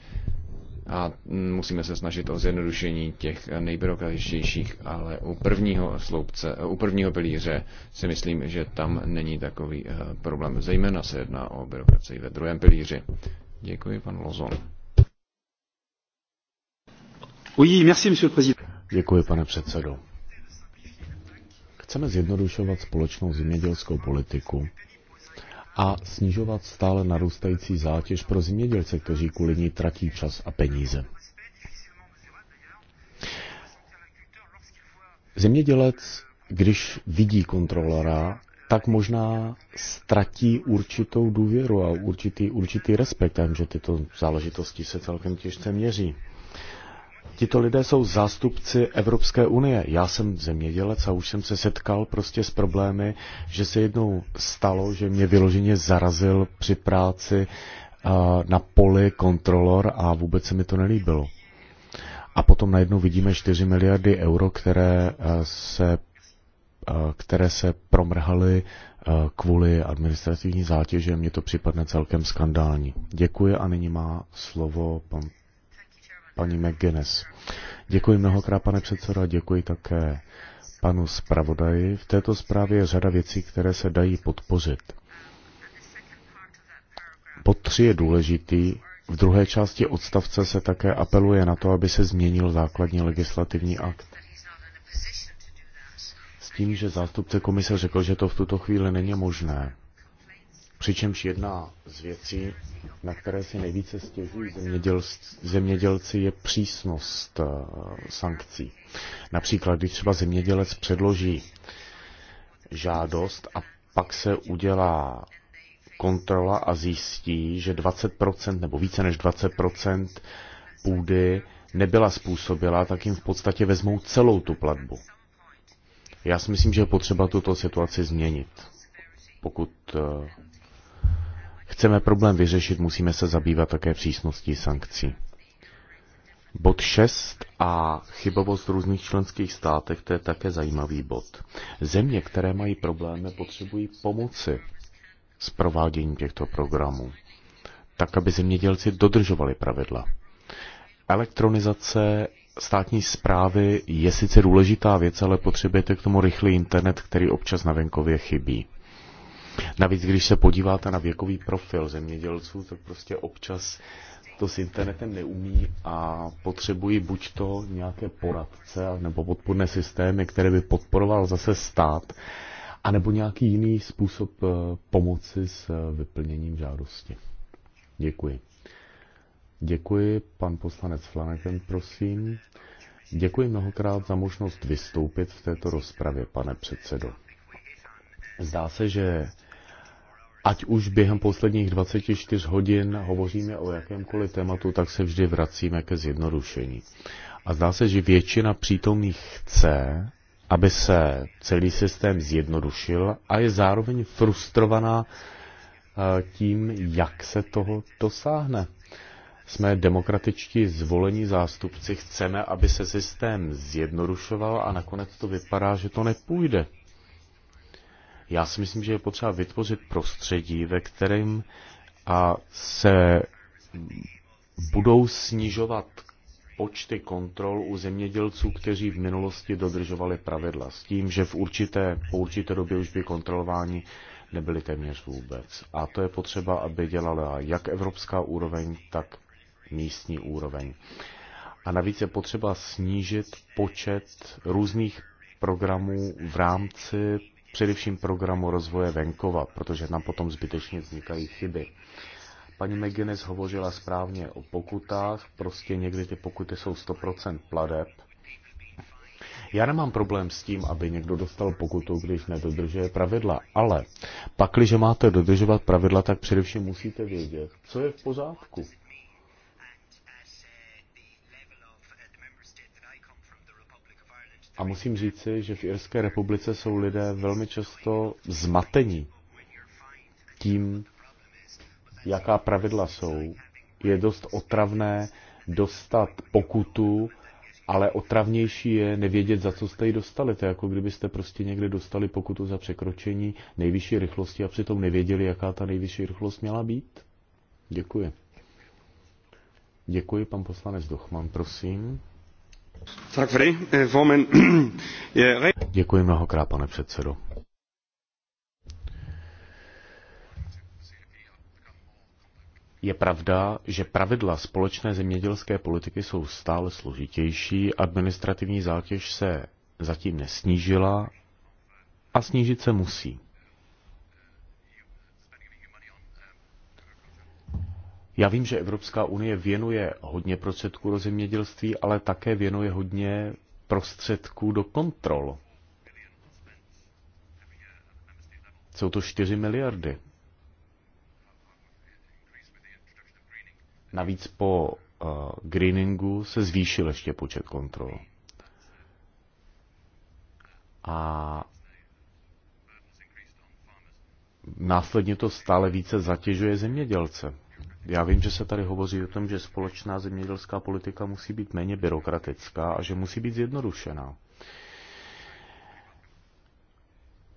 a musíme se snažit o zjednodušení těch nejbyrokratičtějších, ale u prvního sloupce, u prvního pilíře si myslím, že tam není takový eh, problém. Zejména se jedná o byrokracii ve druhém pilíři. Děkuji, pan Lozon. Oui, merci, monsieur le président. Děkuji, pane předsedo. Chceme zjednodušovat společnou zemědělskou politiku a snižovat stále narůstající zátěž pro zemědělce, kteří kvůli ní tratí čas a peníze. Zemědělec, když vidí kontrolora, tak možná ztratí určitou důvěru a určitý, určitý respekt, že tyto záležitosti se celkem těžce měří. Tito lidé jsou zástupci Evropské unie. Já jsem zemědělec a už jsem se setkal prostě s problémy, že se jednou stalo, že mě vyloženě zarazil při práci eh, na poli kontrolor a vůbec se mi to nelíbilo. A potom najednou vidíme 4 miliardy euro, které eh, se, eh, které se promrhaly kvůli administrativní zátěže. Mně to připadne celkem skandální. Děkuji a nyní má slovo pan paní McGuinness. Děkuji mnohokrát, pane předsedo, a děkuji také panu zpravodaji. V této zprávě je řada věcí, které se dají podpořit. Pod tři je důležitý. V druhé části odstavce se také apeluje na to, aby se změnil základní legislativní akt. S tím, že zástupce komise řekl, že to v tuto chvíli není možné. Přičemž jedna z věcí, na které si nejvíce stěžují zemědělci, je přísnost eh, sankcí. Například, když třeba zemědělec předloží žádost a pak se udělá kontrola a zjistí, že 20% nebo více než 20% půdy nebyla způsobila, tak jim v podstatě vezmou celou tu platbu. Já si myslím, že je potřeba tuto situaci změnit, pokud eh, chceme problém vyřešit, musíme se zabývat také přísností sankcí. Bod 6 a chybovost v různých členských státech, to je také zajímavý bod. Země, které mají problémy, potřebují pomoci s prováděním těchto programů, tak aby zemědělci dodržovali pravidla. Elektronizace státní zprávy je sice důležitá věc, ale potřebujete k tomu rychlý internet, který občas na venkově chybí. Navíc, když se podíváte na věkový profil zemědělců, tak prostě občas to s internetem neumí a potřebují buď to nějaké poradce nebo podpůrné systémy, které by podporoval zase stát, anebo nějaký jiný způsob eh, pomoci s eh, vyplněním žádosti. Děkuji. Děkuji, pan poslanec Flanagan, prosím. Děkuji mnohokrát za možnost vystoupit v této rozpravě, pane předsedo. Zdá se, že Ať už během posledních 24 hodin hovoříme o jakémkoliv tématu, tak se vždy vracíme ke zjednodušení. A zdá se, že většina přítomných chce, aby se celý systém zjednodušil a je zároveň frustrovaná eh, tím, jak se toho dosáhne. Jsme demokratičtí zvolení zástupci, chceme, aby se systém zjednodušoval a nakonec to vypadá, že to nepůjde. Já si myslím, že je potřeba vytvořit prostředí, ve kterém a se budou snižovat počty kontrol u zemědělců, kteří v minulosti dodržovali pravidla, s tím, že v určité, po určité době už by kontrolování nebyli téměř vůbec. A to je potřeba, aby dělala jak evropská úroveň, tak místní úroveň. A navíc je potřeba snížit počet různých programů v rámci především programu rozvoje venkova, protože tam potom zbytečně vznikají chyby. Paní McGuinness hovořila správně o pokutách, prostě někdy ty pokuty jsou 100% pladeb. Já nemám problém s tím, aby někdo dostal pokutu, když nedodržuje pravidla, ale pakliže máte dodržovat pravidla, tak především musíte vědět, co je v pořádku. A musím říci, že v Irské republice jsou lidé velmi často zmatení tím, jaká pravidla jsou. Je dost otravné dostat pokutu, ale otravnější je nevědět, za co jste ji dostali. To je jako kdybyste prostě někde dostali pokutu za překročení nejvyšší rychlosti a přitom nevěděli, jaká ta nejvyšší rychlost měla být. Děkuji. Děkuji, pan poslanec Dochman, prosím. Eh, Děkuji mnohokrát, pane předsedo. Je pravda, že pravidla společné zemědělské politiky jsou stále složitější, administrativní zátěž se zatím nesnížila a snížit se musí. Já vím, že Evropská unie věnuje hodně prostředků do zemědělství, ale také věnuje hodně prostředků do kontrol. Jsou to 4 miliardy. Navíc po uh, greeningu se zvýšil ještě počet kontrol. A následně to stále více zatěžuje zemědělce. Já vím, že se tady hovoří o tom, že společná zemědělská politika musí být méně byrokratická a že musí být zjednodušená.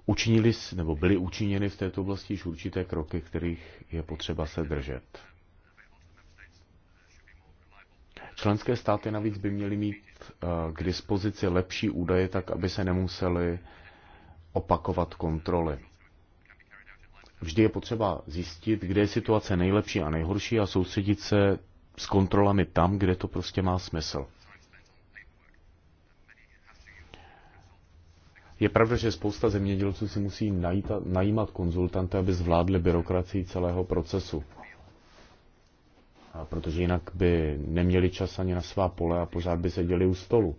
Učinili, nebo byly učiněny v této oblasti již určité kroky, kterých je potřeba se držet. Členské státy navíc by měly mít eh, k dispozici lepší údaje, tak aby se nemuseli opakovat kontroly. Vždy je potřeba zjistit, kde je situace nejlepší a nejhorší a soustředit se s kontrolami tam, kde to prostě má smysl. Je pravda, že spousta zemědělců si musí najít, najímat konzultanty, aby zvládli byrokracii celého procesu. A protože jinak by neměli čas ani na svá pole a pořád by seděli u stolu.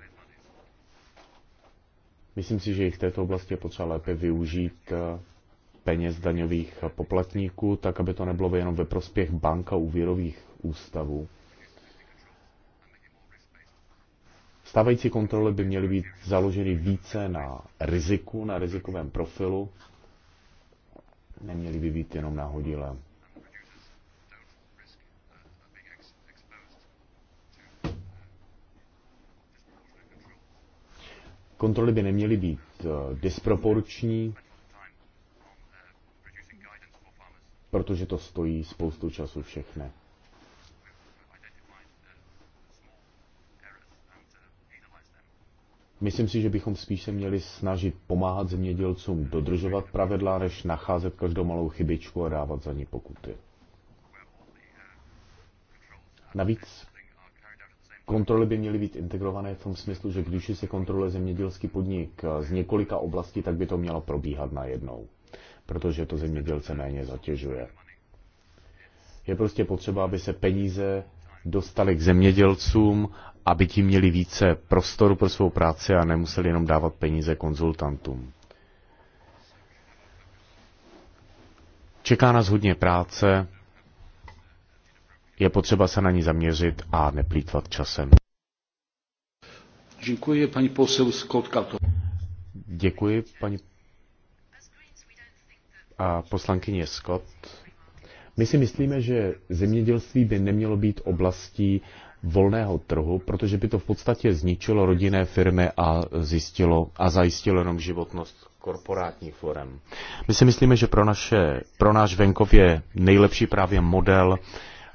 Myslím si, že i v této oblasti je potřeba lépe využít eh, peněz daňových poplatníků, tak aby to nebylo jenom ve prospěch bank a úvěrových ústavů. Stávající kontroly by měly být založeny více na riziku, na rizikovém profilu, neměly by být jenom hodile. Kontroly by neměly být eh, disproporční, protože to stojí spoustu času všechny. Myslím si, že bychom spíš se měli snažit pomáhat zemědělcům dodržovat pravidla, než nacházet každou malou chybičku a dávat za ní pokuty. Navíc kontroly by měly být integrované v tom smyslu, že když se kontroluje zemědělský podnik z několika oblastí, tak by to mělo probíhat najednou protože to zemědělce méně zatěžuje. Je prostě potřeba, aby se peníze dostali k zemědělcům, aby ti měli více prostoru pro svou práci a nemuseli jenom dávat peníze konzultantům. Čeká nás hodně práce, je potřeba se na ní zaměřit a neplýtvat časem. Děkuji, paní posel Scott Děkuji, paní a poslankyně Scott. My si myslíme, že zemědělství by nemělo být oblastí volného trhu, protože by to v podstatě zničilo rodinné firmy a, zjistilo, a zajistilo jenom životnost korporátních forem. My si myslíme, že pro, naše, pro náš venkov je nejlepší právě model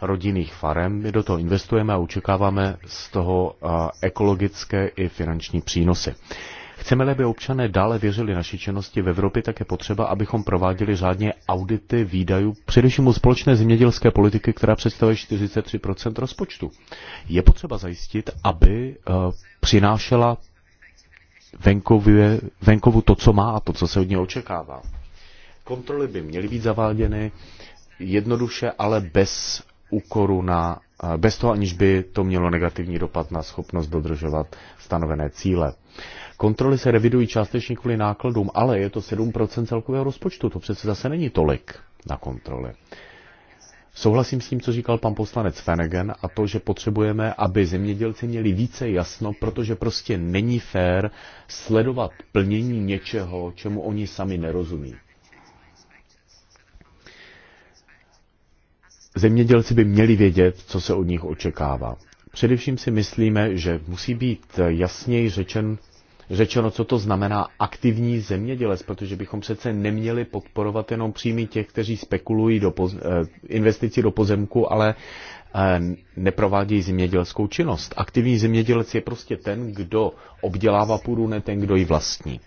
rodinných farem. My do toho investujeme a očekáváme z toho ekologické i finanční přínosy. Chceme-li, aby občané dále věřili naší činnosti v Evropě, tak je potřeba, abychom prováděli řádně audity výdajů, především u společné zemědělské politiky, která představuje 43 rozpočtu. Je potřeba zajistit, aby eh, přinášela venkově, venkovu to, co má a to, co se od něj očekává. Kontroly by měly být zaváděny jednoduše, ale bez úkoru na, eh, bez toho, aniž by to mělo negativní dopad na schopnost dodržovat stanovené cíle. Kontroly se revidují částečně kvůli nákladům, ale je to 7% celkového rozpočtu. To přece zase není tolik na kontroly. Souhlasím s tím, co říkal pan poslanec Fenegen a to, že potřebujeme, aby zemědělci měli více jasno, protože prostě není fér sledovat plnění něčeho, čemu oni sami nerozumí. Zemědělci by měli vědět, co se od nich očekává. Především si myslíme, že musí být jasněji řečen řečeno, co to znamená aktivní zemědělec, protože bychom přece neměli podporovat jenom příjmy těch, kteří spekulují do poz, eh, investici do pozemku, ale eh, neprovádějí zemědělskou činnost. Aktivní zemědělec je prostě ten, kdo obdělává půdu, ne ten, kdo ji vlastní.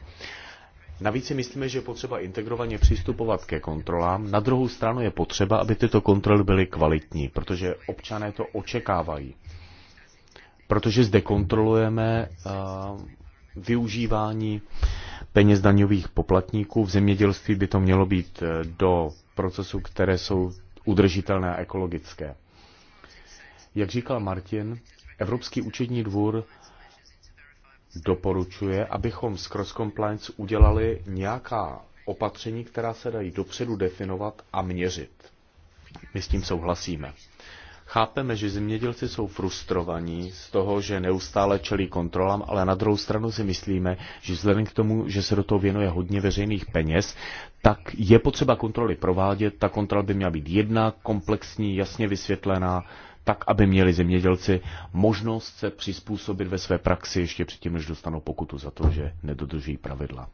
Navíc si myslíme, že je potřeba integrovaně přistupovat ke kontrolám. Na druhou stranu je potřeba, aby tyto kontroly byly kvalitní, protože občané to očekávají. Protože zde kontrolujeme uh, eh, využívání peněz daňových poplatníků. V zemědělství by to mělo být eh, do procesů, které jsou udržitelné a ekologické. Jak říkal Martin, Evropský účetní dvůr doporučuje, abychom z cross compliance udělali nějaká opatření, která se dají dopředu definovat a měřit. My s tím souhlasíme. Chápeme, že zemědělci jsou frustrovaní z toho, že neustále čelí kontrolám, ale na druhou stranu si myslíme, že vzhledem k tomu, že se do toho věnuje hodně veřejných peněz, tak je potřeba kontroly provádět. Ta kontrola by měla být jedna, komplexní, jasně vysvětlená, tak, aby měli zemědělci možnost se přizpůsobit ve své praxi ještě předtím, než dostanou pokutu za to, že nedodržují pravidla.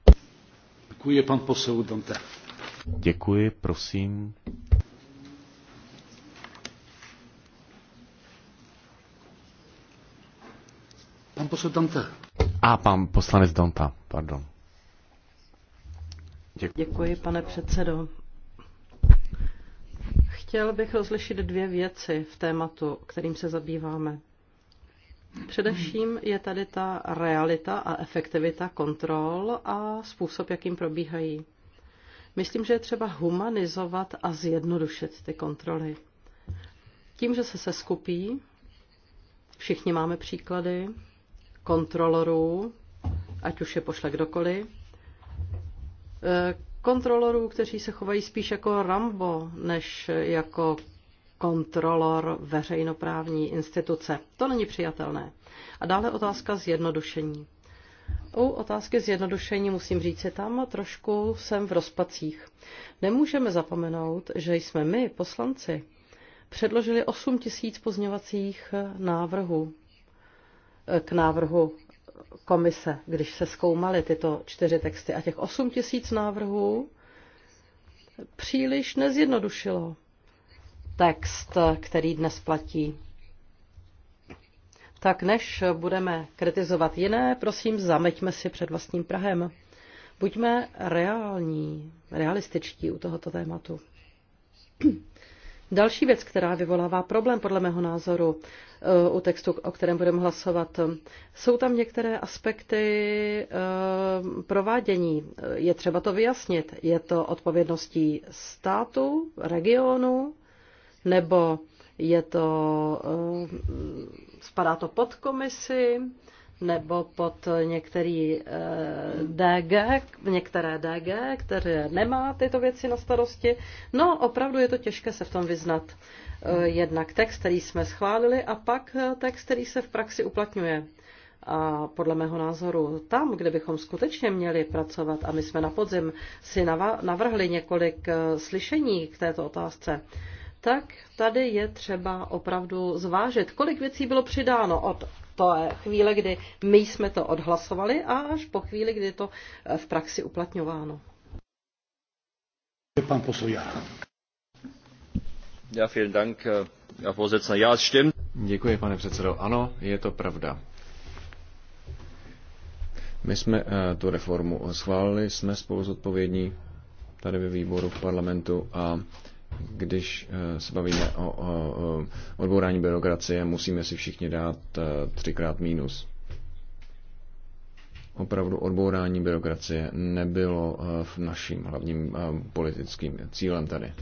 Děkuji, pan posel Dante. Děkuji, prosím. Pan poslanec Danta. A pan poslanec Danta, pardon. Děkuji. Děkuji, pane předsedo. Chtěl bych rozlišit dvě věci v tématu, kterým se zabýváme. Především je tady ta realita a efektivita kontrol a způsob, jakým probíhají. Myslím, že je třeba humanizovat a zjednodušit ty kontroly. Tím, že se seskupí, všichni máme příklady kontrolorů, ať už je pošle kdokoliv, eh, kontrolorů, kteří se chovají spíš jako Rambo, než jako kontrolor veřejnoprávní instituce. To není přijatelné. A dále otázka zjednodušení. U otázky zjednodušení musím říct, že tam trošku jsem v rozpacích. Nemůžeme zapomenout, že jsme my, poslanci, předložili 8 tisíc pozněvacích návrhů k návrhu komise, když se zkoumaly tyto čtyři texty a těch 8 tisíc návrhů příliš nezjednodušilo text, který dnes platí. Tak než budeme kritizovat jiné, prosím, zameťme si před vlastním Prahem. Buďme reální, realističtí u tohoto tématu. Další věc, která vyvolává problém podle mého názoru eh, u textu, o kterém budeme hlasovat, jsou tam některé aspekty eh, provádění. Je třeba to vyjasnit. Je to odpovědností státu, regionu, nebo je to, eh, spadá to pod komisi, nebo pod některý eh, DG, některé DG, které nemá tyto věci na starosti. No, opravdu je to těžké se v tom vyznat. Eh, jednak text, který jsme schválili, a pak eh, text, který se v praxi uplatňuje. A podle mého názoru tam, kde bychom skutečně měli pracovat, a my jsme na podzim si navrhli několik slyšení k této otázce, tak tady je třeba opravdu zvážit, kolik věcí bylo přidáno od to je chvíle, kdy my jsme to odhlasovali a až po chvíli, kdy je to eh, v praxi uplatňováno. Pan posluchá. Ja, vielen Dank, eh, Herr Vorsitzender. Ja, es stimmt. Děkuji, pane předsedo. Ano, je to pravda. My jsme eh, tu reformu schválili, jsme spolu zodpovědní tady ve výboru v parlamentu a když eh, se bavíme o, o, o odbourání byrokracie, musíme si všichni dát eh, třikrát mínus. Opravdu odbourání byrokracie nebylo eh, v naším hlavním politickým cílem tady.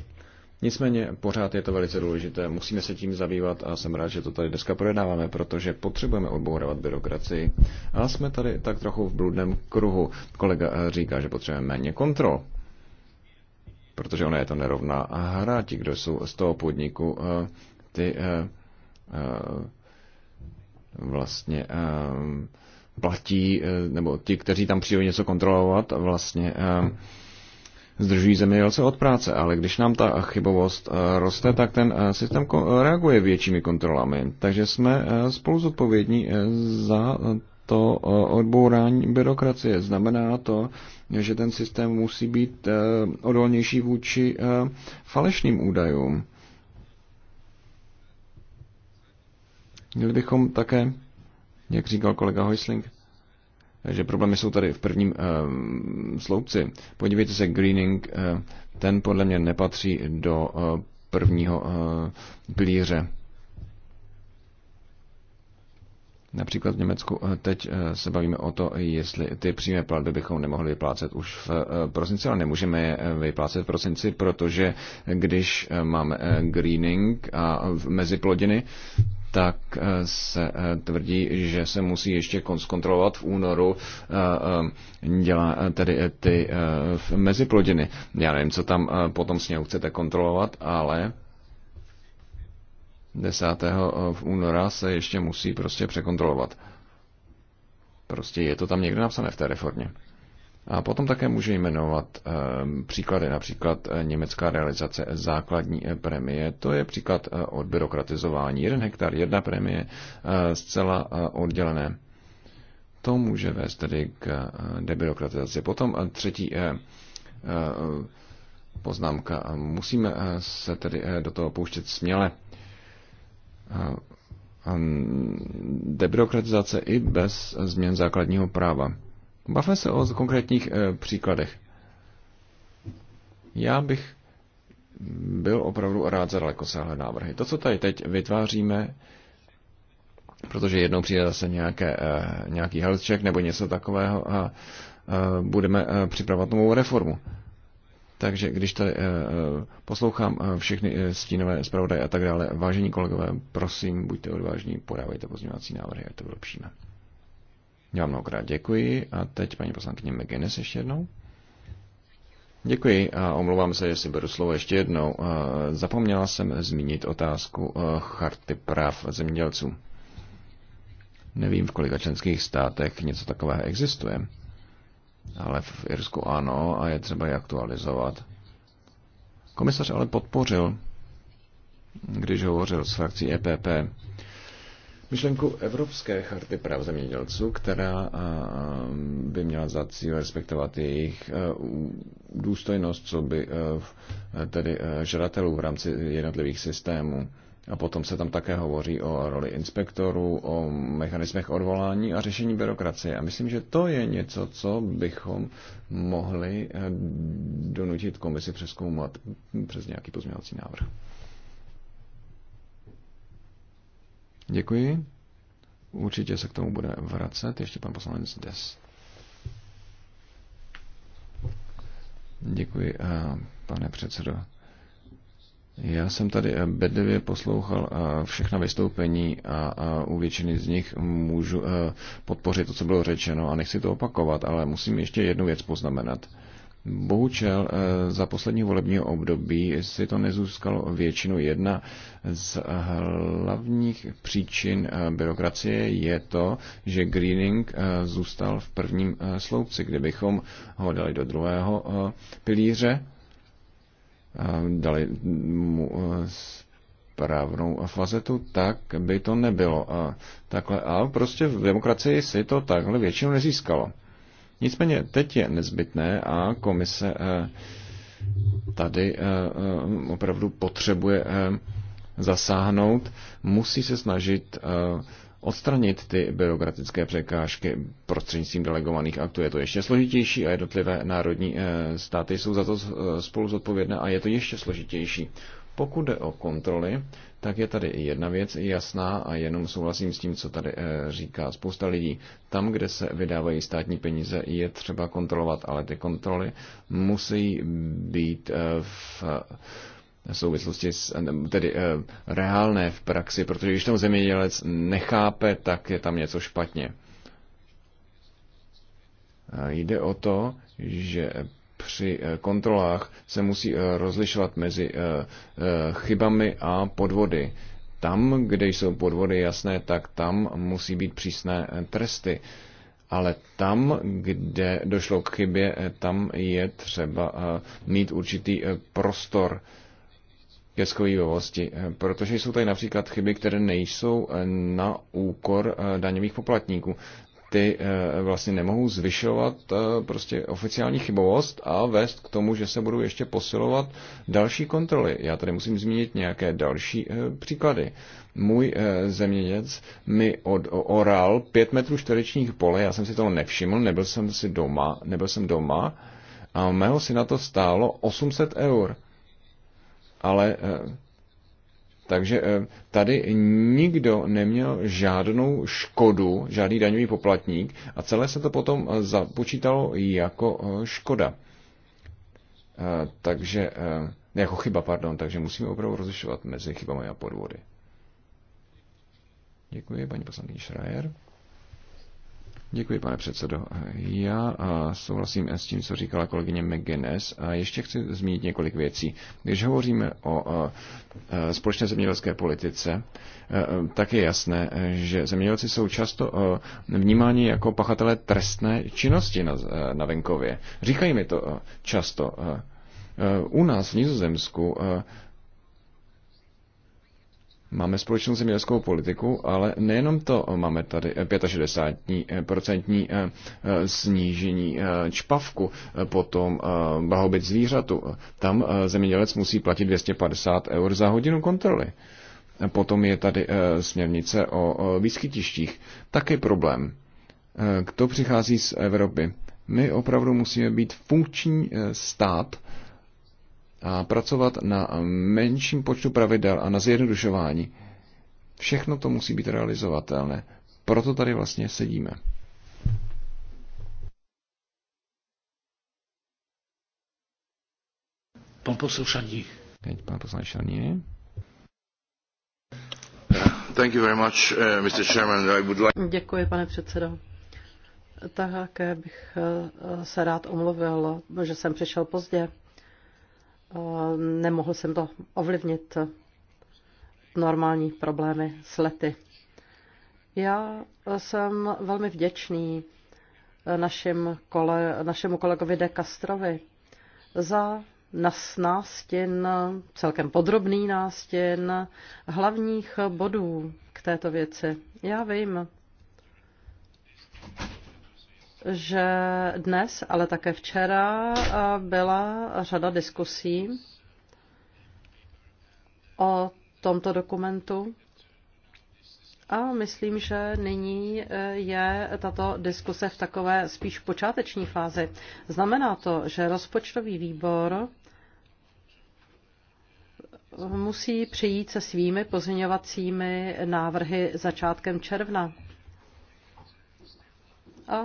Nicméně pořád je to velice důležité, musíme se tím zabývat a jsem rád, že to tady dneska projednáváme, protože potřebujeme odbourovat byrokracii. A jsme tady tak trochu v bludném kruhu. Kolega říká, že potřebujeme méně kontrol protože ona je to nerovná a hra. Ti, kdo jsou z toho podniku, eh, ty eh, eh, vlastně platí, nebo ti, kteří tam přijdou něco kontrolovat, vlastně zdržují zemědělce od práce, ale když nám ta chybovost roste, tak ten systém reaguje většími kontrolami. Takže jsme spolu zodpovědní za to odbourání byrokracie. Znamená to, že ten systém musí být eh, odolnější vůči eh, falešným údajům. Měli bychom také, jak říkal kolega Hoisling, že problémy jsou tady v prvním uh, sloupci. Podívejte se, greening, uh, ten podle mě nepatří do uh, prvního uh, blíře. Například v Německu eh, teď eh, se bavíme o to, jestli ty přímé platby bychom nemohli vyplácet už v eh, prosinci, ale nemůžeme je vyplácet v prosinci, protože když máme greening a mezi plodiny, tak se tvrdí, že se musí ještě zkontrolovat v únoru dělá tedy ty meziplodiny. Já nevím, co tam potom sněhu chcete kontrolovat, ale 10. Eh, v února se ještě musí prostě překontrolovat. Prostě je to tam někde napsané v té reformě. A potom také může jmenovat eh, příklady, například eh, německá realizace základní premie. To je příklad odbyrokratizování. Jeden hektar, jedna premie, zcela oddělené. To může vést tedy k debyrokratizaci. Potom třetí poznámka. Musíme se tedy do toho pouštět směle debrokratizace i bez změn základního práva. Bavme se o konkrétních e, příkladech. Já bych byl opravdu rád za dalekosáhlé návrhy. To, co tady teď vytváříme, protože jednou přijde zase nějaké, e, nějaký health check nebo něco takového a e, budeme připravovat novou reformu. Takže když tady eh, eh, poslouchám eh, všechny stínové zpravodaje a tak dále, vážení kolegové, prosím, buďte odvážní, podávejte pozměňovací návrhy, ať to vylepšíme. Já vám mnohokrát děkuji a teď paní poslankyně McGuinness ještě jednou. Děkuji a omlouvám se, jestli beru slovo ještě jednou. Zapomněla jsem zmínit otázku charty práv zemědělců. Nevím, v kolika členských státech něco takového existuje ale v Irsku ano a je třeba ji aktualizovat. Komisař ale podpořil, když hovořil s frakcí EPP, myšlenku Evropské charty práv zemědělců, která by měla za cíl respektovat jejich e, důstojnost, co by e, tedy e, žadatelů v rámci jednotlivých systémů. A potom se tam také hovoří o roli inspektorů, o mechanismech odvolání a řešení byrokracie. A myslím, že to je něco, co bychom mohli eh, donutit komisi přeskoumat přes nějaký pozměňovací návrh. Děkuji. Určitě se k tomu bude vracet. Ještě pan poslanec Des. Děkuji, eh, pane předsedo. Já jsem tady eh, bedlivě poslouchal eh, všechna vystoupení a u většiny z nich můžu eh, podpořit to, co bylo řečeno a nechci to opakovat, ale musím ještě jednu věc poznamenat. Bohužel za poslední volebního období si to nezůstalo většinu. Jedna z hlavních příčin byrokracie je to, že greening zůstal v prvním sloupci. Kdybychom ho dali do druhého pilíře, dali mu e, správnou fazetu, tak by to nebylo. A takhle, ale prostě v demokracii si to takhle většinou nezískalo. Nicméně teď je nezbytné a komise e, tady e, opravdu potřebuje zasáhnout, musí se snažit odstranit ty byrokratické překážky prostřednictvím delegovaných aktů. Je to ještě složitější a jednotlivé národní eh, státy jsou za to eh, spolu zodpovědné a je to ještě složitější. Pokud jde o kontroly, tak je tady jedna věc jasná a jenom souhlasím s tím, co tady eh, říká spousta lidí. Tam, kde se vydávají státní peníze, je třeba kontrolovat, ale ty kontroly musí být v souvislosti, s, tedy eh, reálné v praxi, protože když tomu zemědělec nechápe, tak je tam něco špatně. Eh, jde o to, že při eh, kontrolách se musí rozlišovat mezi chybami a podvody. Tam, kde jsou podvody jasné, tak tam musí být přísné tresty. Ale tam, kde došlo k chybě, tam je třeba mít určitý prostor ke skojivosti, eh, protože jsou tady například chyby, které nejsou eh, na úkor eh, daňových poplatníků. Ty vlastně nemohou zvyšovat prostě oficiální chybovost a vést k tomu, že se budou ještě posilovat další kontroly. Já tady musím zmínit nějaké další příklady. Můj zeměděc mi od, oral 5 metrů čtverečních pole, já jsem si toho nevšiml, nebyl jsem si doma, nebyl jsem doma a mého na to stálo 800 eur ale eh, takže eh, tady nikdo neměl žádnou škodu, žádný daňový poplatník a celé se to potom eh, započítalo jako škoda. Takže, jako chyba, pardon, takže musíme opravdu rozlišovat mezi chybami a podvody. Děkuji, paní poslankyně Schreier. Děkuji, pane předsedo. Já souhlasím eh, s tím, co říkala kolegyně McGuinness a ještě chci zmínit několik věcí. Když hovoříme o společné zemědělské politice, tak je jasné, že zemědělci jsou často vnímáni jako pachatelé trestné činnosti na venkově. Říkají mi to často. U nás v Nizozemsku Máme společnou zemědělskou politiku, ale nejenom to, máme tady 65% eh, eh, eh, snížení čpavku, potom blahobyt zvířatu. Tam zemědělec musí platit 250 eur za hodinu kontroly. Potom je tady směrnice o výskytištích. Taky problém. Kdo přichází z Evropy? My opravdu musíme být funkční stát, a pracovat na menším počtu pravidel a na zjednodušování. Všechno to musí být realizovatelné. Proto tady vlastně sedíme. Pan poslušaní. Teď pan Thank you very much, uh, eh, Mr. Chairman. I would like... Děkuji, pane předsedo. Tak eh, bych eh, se rád omluvil, že jsem přišel pozdě nemohl jsem to ovlivnit normální problémy s lety. Já jsem velmi vděčný našim kole, našemu kolegovi De Castrovi za nas, nástin, celkem podrobný nástin hlavních bodů k této věci. Já vím, že dnes, ale také včera eh, byla řada diskusí o tomto dokumentu. A myslím, že nyní eh, je tato diskuse v takové spíš počáteční fázi. Znamená to, že rozpočtový výbor musí přijít se svými pozměňovacími návrhy začátkem června. A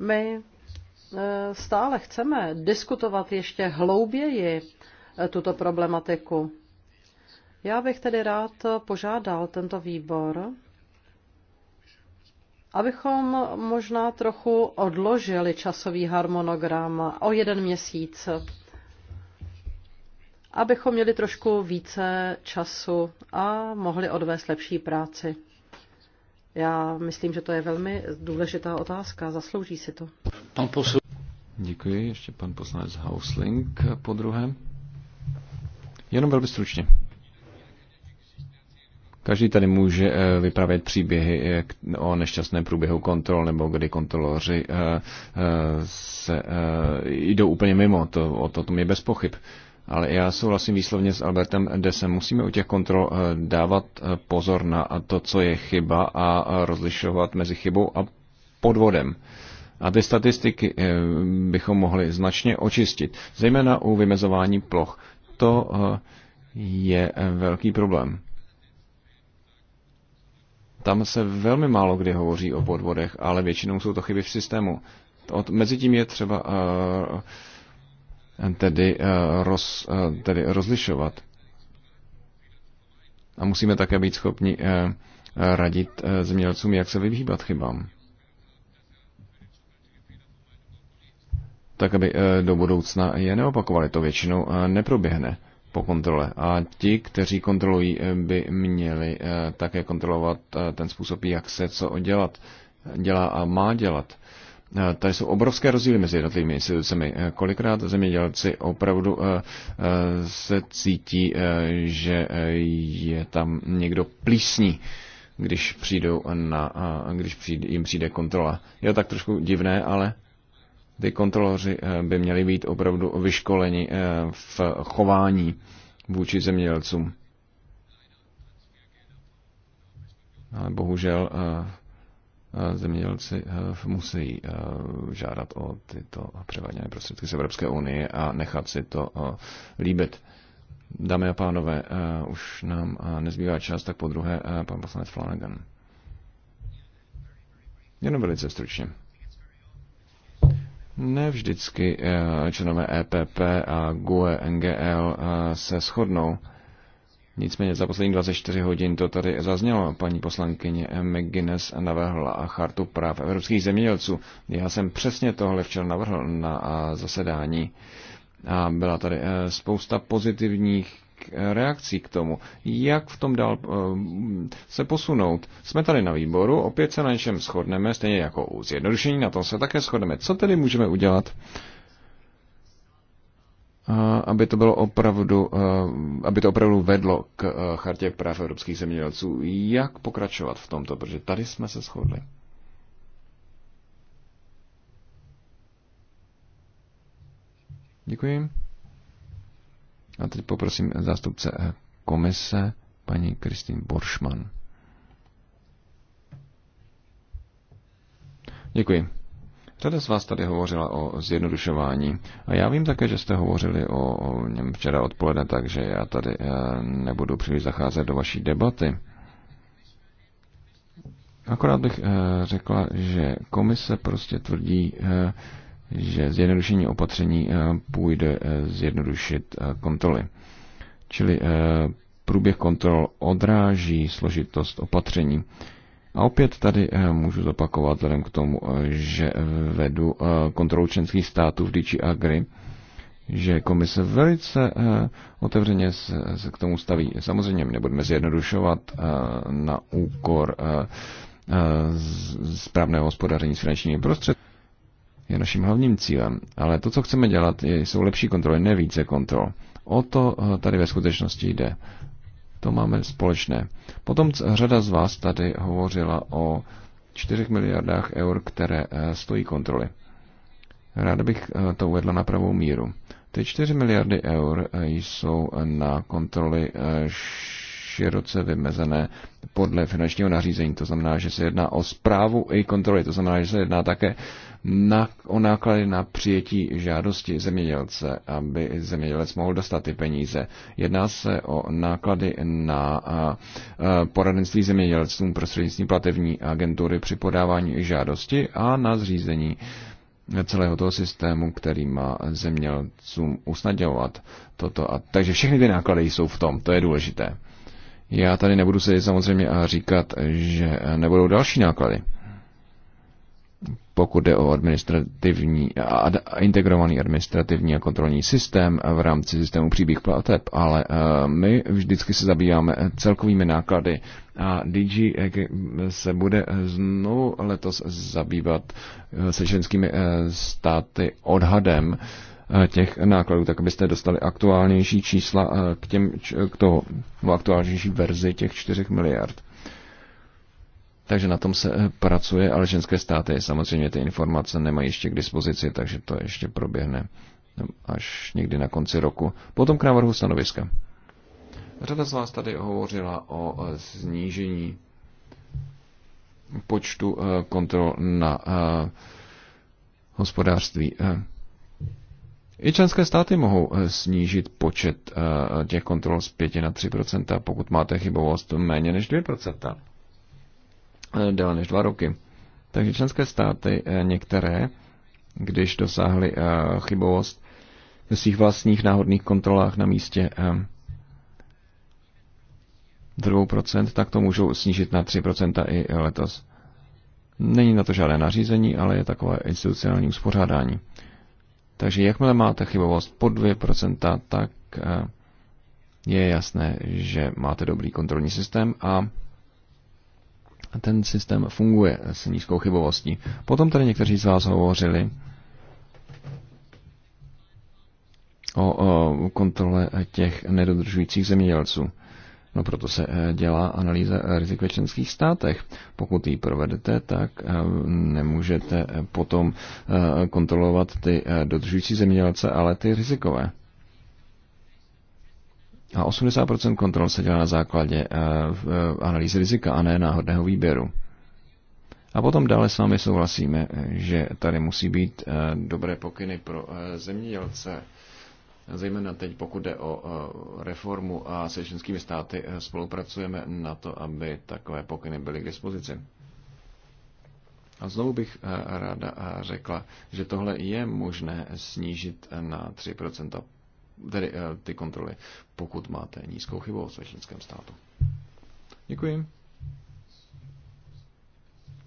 my eh, stále chceme diskutovat ještě hlouběji eh, tuto problematiku. Já bych tedy rád požádal tento výbor, abychom možná trochu odložili časový harmonogram o jeden měsíc, abychom měli trošku více času a mohli odvést lepší práci. Já myslím, že to je velmi důležitá otázka, zaslouží si to. Pan posl... Děkuji, ještě pan poslanec Hausling po druhé. Jenom velmi stručně. Každý tady může eh, vyprávět příběhy eh, o nešťastném průběhu kontrol, nebo kdy kontroloři eh, se jdou úplně mimo, to, o tom je bez pochyb. Ale já souhlasím výslovně s Albertem Desem. Musíme u těch kontrol eh, dávat eh, pozor na to, co je chyba a eh, rozlišovat mezi chybou a podvodem. A ty statistiky bychom mohli značně očistit, zejména u vymezování ploch. To je velký problém. Tam se velmi málo kdy hovoří o podvodech, ale většinou jsou to chyby v systému. Mezitím mezi tím je třeba uh, tedy, eh, roz, eh, tedy rozlišovat. A musíme také být schopni eh, radit zemědělcům, jak se vyhýbat chybám. Tak, aby do budoucna je neopakovali. To většinou neproběhne po kontrole. A ti, kteří kontrolují, by měli také kontrolovat ten způsob, jak se co dělat, dělá a má dělat. Eh, tady jsou obrovské rozdíly mezi jednotlivými institucemi. Eh, kolikrát zemědělci opravdu eh, se cítí, že je tam někdo plísní, když, přijdou na, když přijde, jim přijde kontrola. Je to tak trošku divné, ale ty kontroloři by měli být opravdu vyškoleni v chování vůči zemědělcům. Ale bohužel zemědělci eh, musí eh, žádat o tyto převádněné prostředky z Evropské unie a nechat si to eh, líbit. Dámy a pánové, už nám nezbývá čas, tak po druhé pan poslanec Flanagan. Jenom velice stručně. Ne vždycky členové EPP a GUE NGL se shodnou Nicméně za poslední 24 hodin to tady zaznělo. Paní poslankyně McGuinness navrhla chartu práv evropských zemědělců. Já jsem přesně tohle včera navrhl na zasedání a byla tady e, spousta pozitivních e, reakcí k tomu, jak v tom dál e, se posunout. Jsme tady na výboru, opět se na něčem shodneme, stejně jako u zjednodušení, na tom se také shodneme. Co tedy můžeme udělat? aby to bylo opravdu, aby to opravdu vedlo k chartě práv evropských zemědělců. Jak pokračovat v tomto, protože tady jsme se shodli. Děkuji. A teď poprosím zástupce komise, paní Kristýn Boršman. Děkuji. Řada z vás tady hovořila o zjednodušování a já vím také, že jste hovořili o, o něm včera odpoledne, takže já tady eh, nebudu příliš zacházet do vaší debaty. Akorát bych eh, řekla, že komise prostě tvrdí, eh, že zjednodušení opatření půjde zjednodušit kontroly. Čili průběh kontrol odráží složitost opatření. A opět tady eh, můžu zopakovat, vzhledem k tomu, eh, že vedu eh, kontrolu členských států v DG Agri, že komise velice otevřeně se k tomu staví. Samozřejmě my nebudeme zjednodušovat na úkor správného hospodaření s finančními prostředky. Je naším hlavním cílem. Ale to, co chceme dělat, jsou lepší kontroly, ne více kontrol. O to tady ve skutečnosti jde to máme společné. Potom řada z vás tady hovořila o 4 miliardách eur, které eh, stojí kontroly. Rád bych eh, to uvedla na pravou míru. Ty 4 miliardy eur eh, jsou na kontroly široce vymezené podle finančního nařízení. To znamená, že se jedná o zprávu i kontroly. To znamená, že se jedná také na, o náklady na přijetí žádosti zemědělce, aby zemědělec mohl dostat ty peníze. Jedná se o náklady na poradenství zemědělcům prostřednictvím platební agentury při podávání žádosti a na zřízení celého toho systému, který má zemědělcům usnadňovat toto. A, takže všechny ty náklady jsou v tom, to je důležité. Já tady nebudu se samozřejmě a říkat, že nebudou další náklady pokud jde o administrativní a integrovaný administrativní a kontrolní systém v rámci systému příběh plateb, ale eh, my vždycky se zabýváme celkovými náklady a DG e se bude znovu letos zabývat eh, se členskými eh, státy odhadem těch nákladů, tak abyste dostali aktuálnější čísla k, těm, k toho, no, aktuálnější verzi těch 4 miliard. Takže na tom se eh, pracuje, ale ženské státy samozřejmě ty informace nemají ještě k dispozici, takže to ještě proběhne eh, až někdy na konci roku. Potom k návrhu stanoviska. Řada z vás tady hovořila o eh, snížení počtu kontrol na hospodářství. I členské státy mohou snížit počet těch kontrol z 5 na 3 pokud máte chybovost méně než 2 Eh, déle než dva roky. Takže členské státy eh, některé, když dosáhly eh, chybovost ve svých vlastních náhodných kontrolách na místě 2%, tak to můžou snížit na 3% i letos. Není na to žádné nařízení, ale je takové institucionální uspořádání. Takže jakmile máte chybovost pod 2%, tak je jasné, že máte dobrý kontrolní systém a ten systém funguje s nízkou chybovostí. Potom tady někteří z vás hovořili o, o kontrole těch nedodržujících zemědělců. No proto se eh, dělá analýza rizik ve členských státech. Pokud ji provedete, tak eh, nemůžete potom eh, kontrolovat ty dodržující zemědělce, ale ty rizikové. A 80% kontrol se dělá na základě eh, eh, analýzy rizika a ne náhodného výběru. A potom dále s vámi souhlasíme, eh, že tady musí být dobré pokyny pro zemědělce, zejména teď, pokud jde o reformu a se členskými státy spolupracujeme na to, aby takové pokyny byly k dispozici. A znovu bych ráda řekla, že tohle je možné snížit na 3% tedy eh, ty kontroly, pokud máte nízkou chybovost ve členském státu. Děkuji.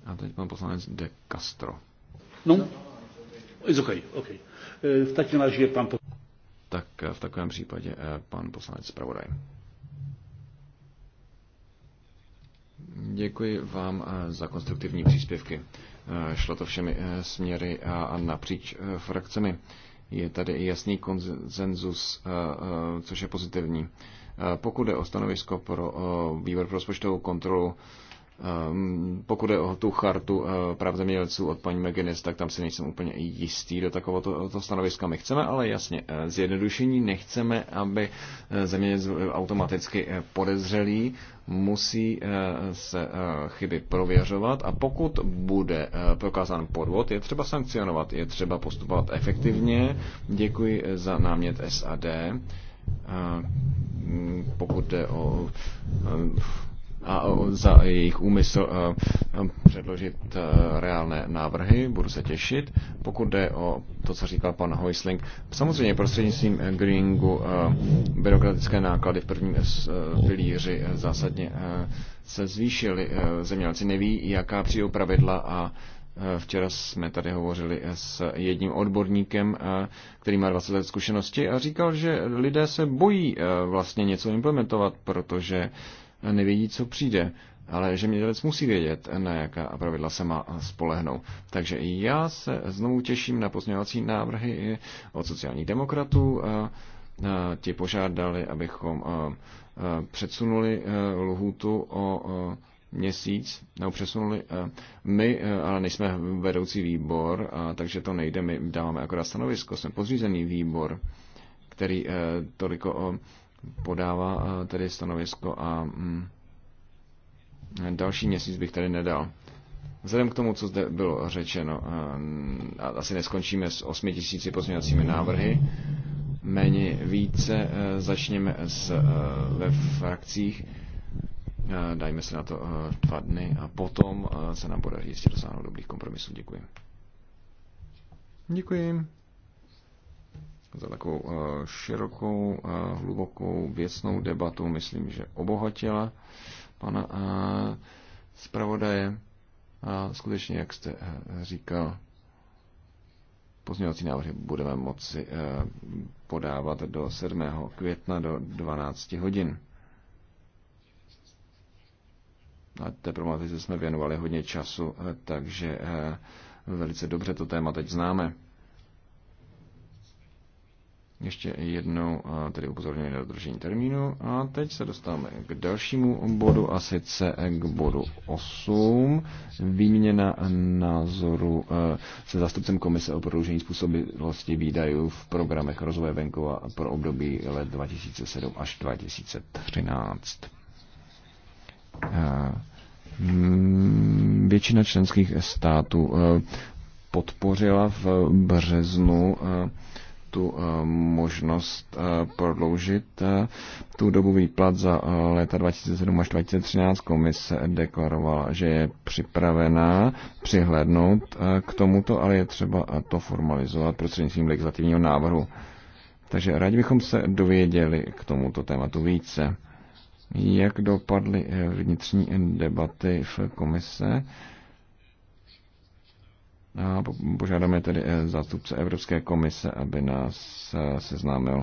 A teď pan poslanec De Castro. No, it's okay, okay. Eh, v takém razie pan Tak eh, v takovém případě pan poslanec zpravodaj. Děkuji vám za konstruktivní příspěvky. Šlo to všemi směry a napříč frakcemi je tady i jasný konsenzus, eh, eh, což je pozitivní. Eh, pokud je o stanovisko pro výbor pro rozpočtovou kontrolu, Ehm, pokud je o tu chartu eh, práv zemědělců od paní McGinnis, tak tam si nejsem úplně jistý do takového eh, to stanoviska. My chceme ale jasně eh, zjednodušení, nechceme, aby zemědělec automaticky podezřelý, musí se chyby prověřovat a pokud bude prokázán podvod, je třeba sankcionovat, je třeba postupovat efektivně. Děkuji za námět SAD. Pokud jde o a za jejich úmysl eh, eh, předložit eh, reálné návrhy. Budu se těšit. Pokud jde o to, co říkal pan Hoisling, samozřejmě prostřednictvím greeningu byrokratické náklady v prvním pilíři zásadně se zvýšily. Zemědělci neví, jaká přijou pravidla a Včera jsme tady hovořili s jedním odborníkem, který má 20 let zkušenosti a říkal, že lidé se bojí vlastně něco implementovat, protože nevědí, co přijde. Ale že mědělec musí vědět, na jaká pravidla se má spolehnout. Takže i já se znovu těším na pozměňovací návrhy od sociálních demokratů. Ti požádali, abychom předsunuli lhůtu o měsíc, nebo přesunuli. My ale nejsme vedoucí výbor, takže to nejde, my dáváme akorát stanovisko, jsme podřízený výbor, který toliko podává eh, tedy stanovisko a mm, eh, další měsíc bych tady nedal. Vzhledem k tomu, co zde bylo řečeno, eh, asi neskončíme s 8 tisíci pozměňovacími návrhy, méně více začněme s, ve frakcích, dajme se na to dva dny a potom se nám podaří jistě dosáhnout dobrých kompromisů. Děkuji. Děkuji za takovou eh, širokou, hlubokou, věcnou debatu. Myslím, že obohatila pana eh, zpravodaje. A skutečně, jak jste eh, říkal, pozměňovací návrhy budeme moci podávat do 7. května do 12 hodin. A té problematice jsme věnovali hodně času, takže velice dobře to téma teď známe ještě jednou tedy upozorňuji na dodržení termínu. A teď se dostáváme k dalšímu bodu, a sice k bodu 8. Výměna názoru e, se zástupcem Komise o prodloužení způsobilosti výdajů v programech rozvoje venkova pro období let 2007 až 2013. E, většina členských států e, podpořila v březnu tu eh, možnost eh, prodloužit eh, tu dobu výplat za léta 2007 až 2013. Komise deklarovala, že je připravená přihlednout k tomuto, ale je třeba to formalizovat prostřednictvím legislativního návrhu. Takže rádi bychom se dověděli k tomuto tématu více. Jak dopadly vnitřní debaty v komise? A požádáme tedy eh, zástupce Evropské komise, aby nás eh, seznámil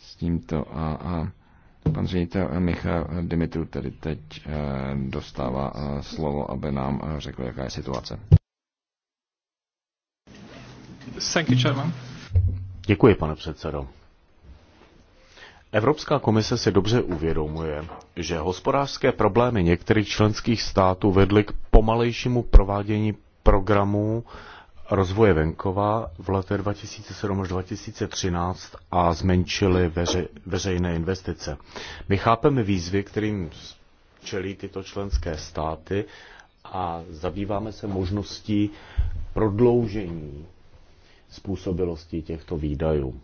s tímto a, a pan ředitel Michal Dimitru tedy teď eh, dostává slovo, aby nám řekl, jaká je situace. Thank you, Děkuji, pane předsedo. Evropská komise si dobře uvědomuje, že hospodářské problémy některých členských států vedly k pomalejšímu provádění programů rozvoje venkova v letech 2007 až 2013 a zmenšily veře, veřejné investice. My chápeme výzvy, kterým čelí tyto členské státy a zabýváme se možností prodloužení způsobilosti těchto výdajů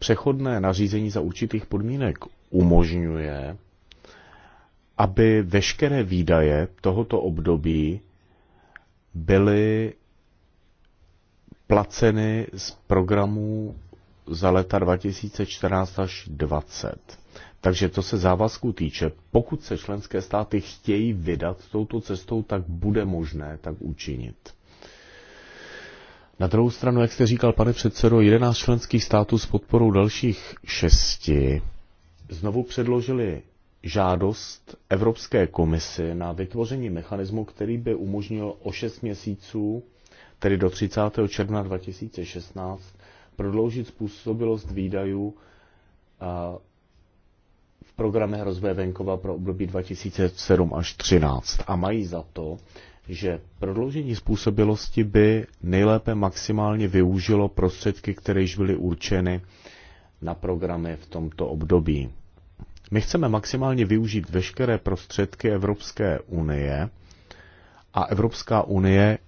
přechodné nařízení za určitých podmínek umožňuje, aby veškeré výdaje tohoto období byly placeny z programů za leta 2014 až 2020. Takže to se závazku týče, pokud se členské státy chtějí vydat touto cestou, tak bude možné tak učinit. Na druhou stranu, jak jste říkal, pane předsedo, 11 členských států s podporou dalších šesti znovu předložili žádost Evropské komisi na vytvoření mechanismu, který by umožnil o 6 měsíců, tedy do 30. června 2016, prodloužit způsobilost výdajů v programe rozvoje venkova pro období 2007 až 2013 a mají za to, že prodloužení způsobilosti by nejlépe maximálně využilo prostředky, které již byly určeny na programy v tomto období. My chceme maximálně využít veškeré prostředky Evropské unie a Evropská unie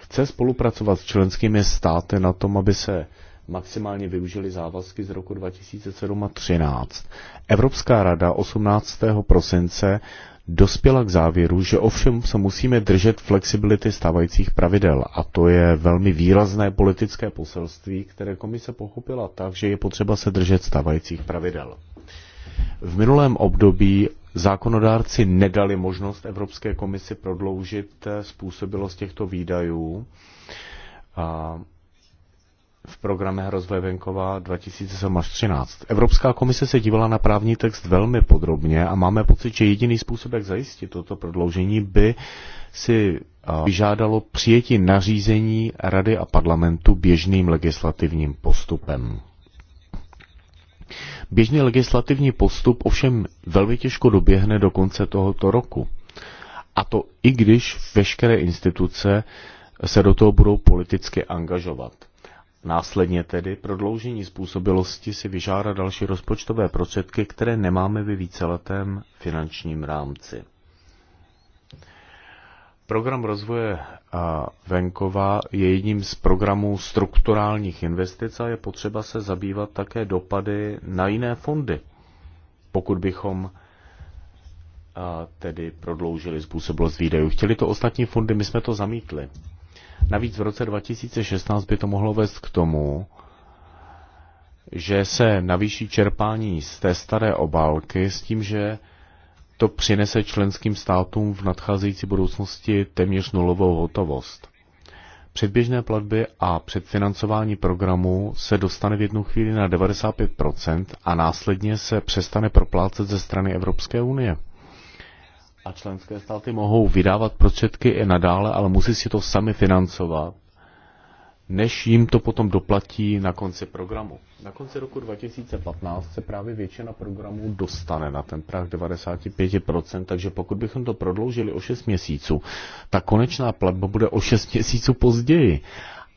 chce spolupracovat s členskými státy na tom, aby se maximálně využili závazky z roku 2007 a 2013. Evropská rada 18. prosince dospěla k závěru, že ovšem se musíme držet flexibility stávajících pravidel. A to je velmi výrazné politické poselství, které komise pochopila tak, že je potřeba se držet stávajících pravidel. V minulém období zákonodárci nedali možnost Evropské komisi prodloužit způsobilost těchto výdajů. A v programe rozvoje venkova 2013. Evropská komise se dívala na právní text velmi podrobně a máme pocit, že jediný způsob, jak zajistit toto prodloužení, by si vyžádalo přijetí nařízení Rady a parlamentu běžným legislativním postupem. Běžný legislativní postup ovšem velmi těžko doběhne do konce tohoto roku. A to i když veškeré instituce se do toho budou politicky angažovat. Následně tedy prodloužení způsobilosti si vyžádá další rozpočtové prostředky, které nemáme ve víceletém finančním rámci. Program rozvoje venkova je jedním z programů strukturálních investic a je potřeba se zabývat také dopady na jiné fondy, pokud bychom tedy prodloužili způsobilost výdajů. Chtěli to ostatní fondy, my jsme to zamítli. Navíc v roce 2016 by to mohlo vést k tomu, že se navýší čerpání z té staré obálky s tím, že to přinese členským státům v nadcházející budoucnosti téměř nulovou hotovost. Předběžné platby a předfinancování programu se dostane v jednu chvíli na 95% a následně se přestane proplácet ze strany Evropské unie a členské státy mohou vydávat prostředky i nadále, ale musí si to sami financovat, než jim to potom doplatí na konci programu. Na konci roku 2015 se právě většina programů dostane na ten prach 95%, takže pokud bychom to prodloužili o 6 měsíců, ta konečná platba bude o 6 měsíců později.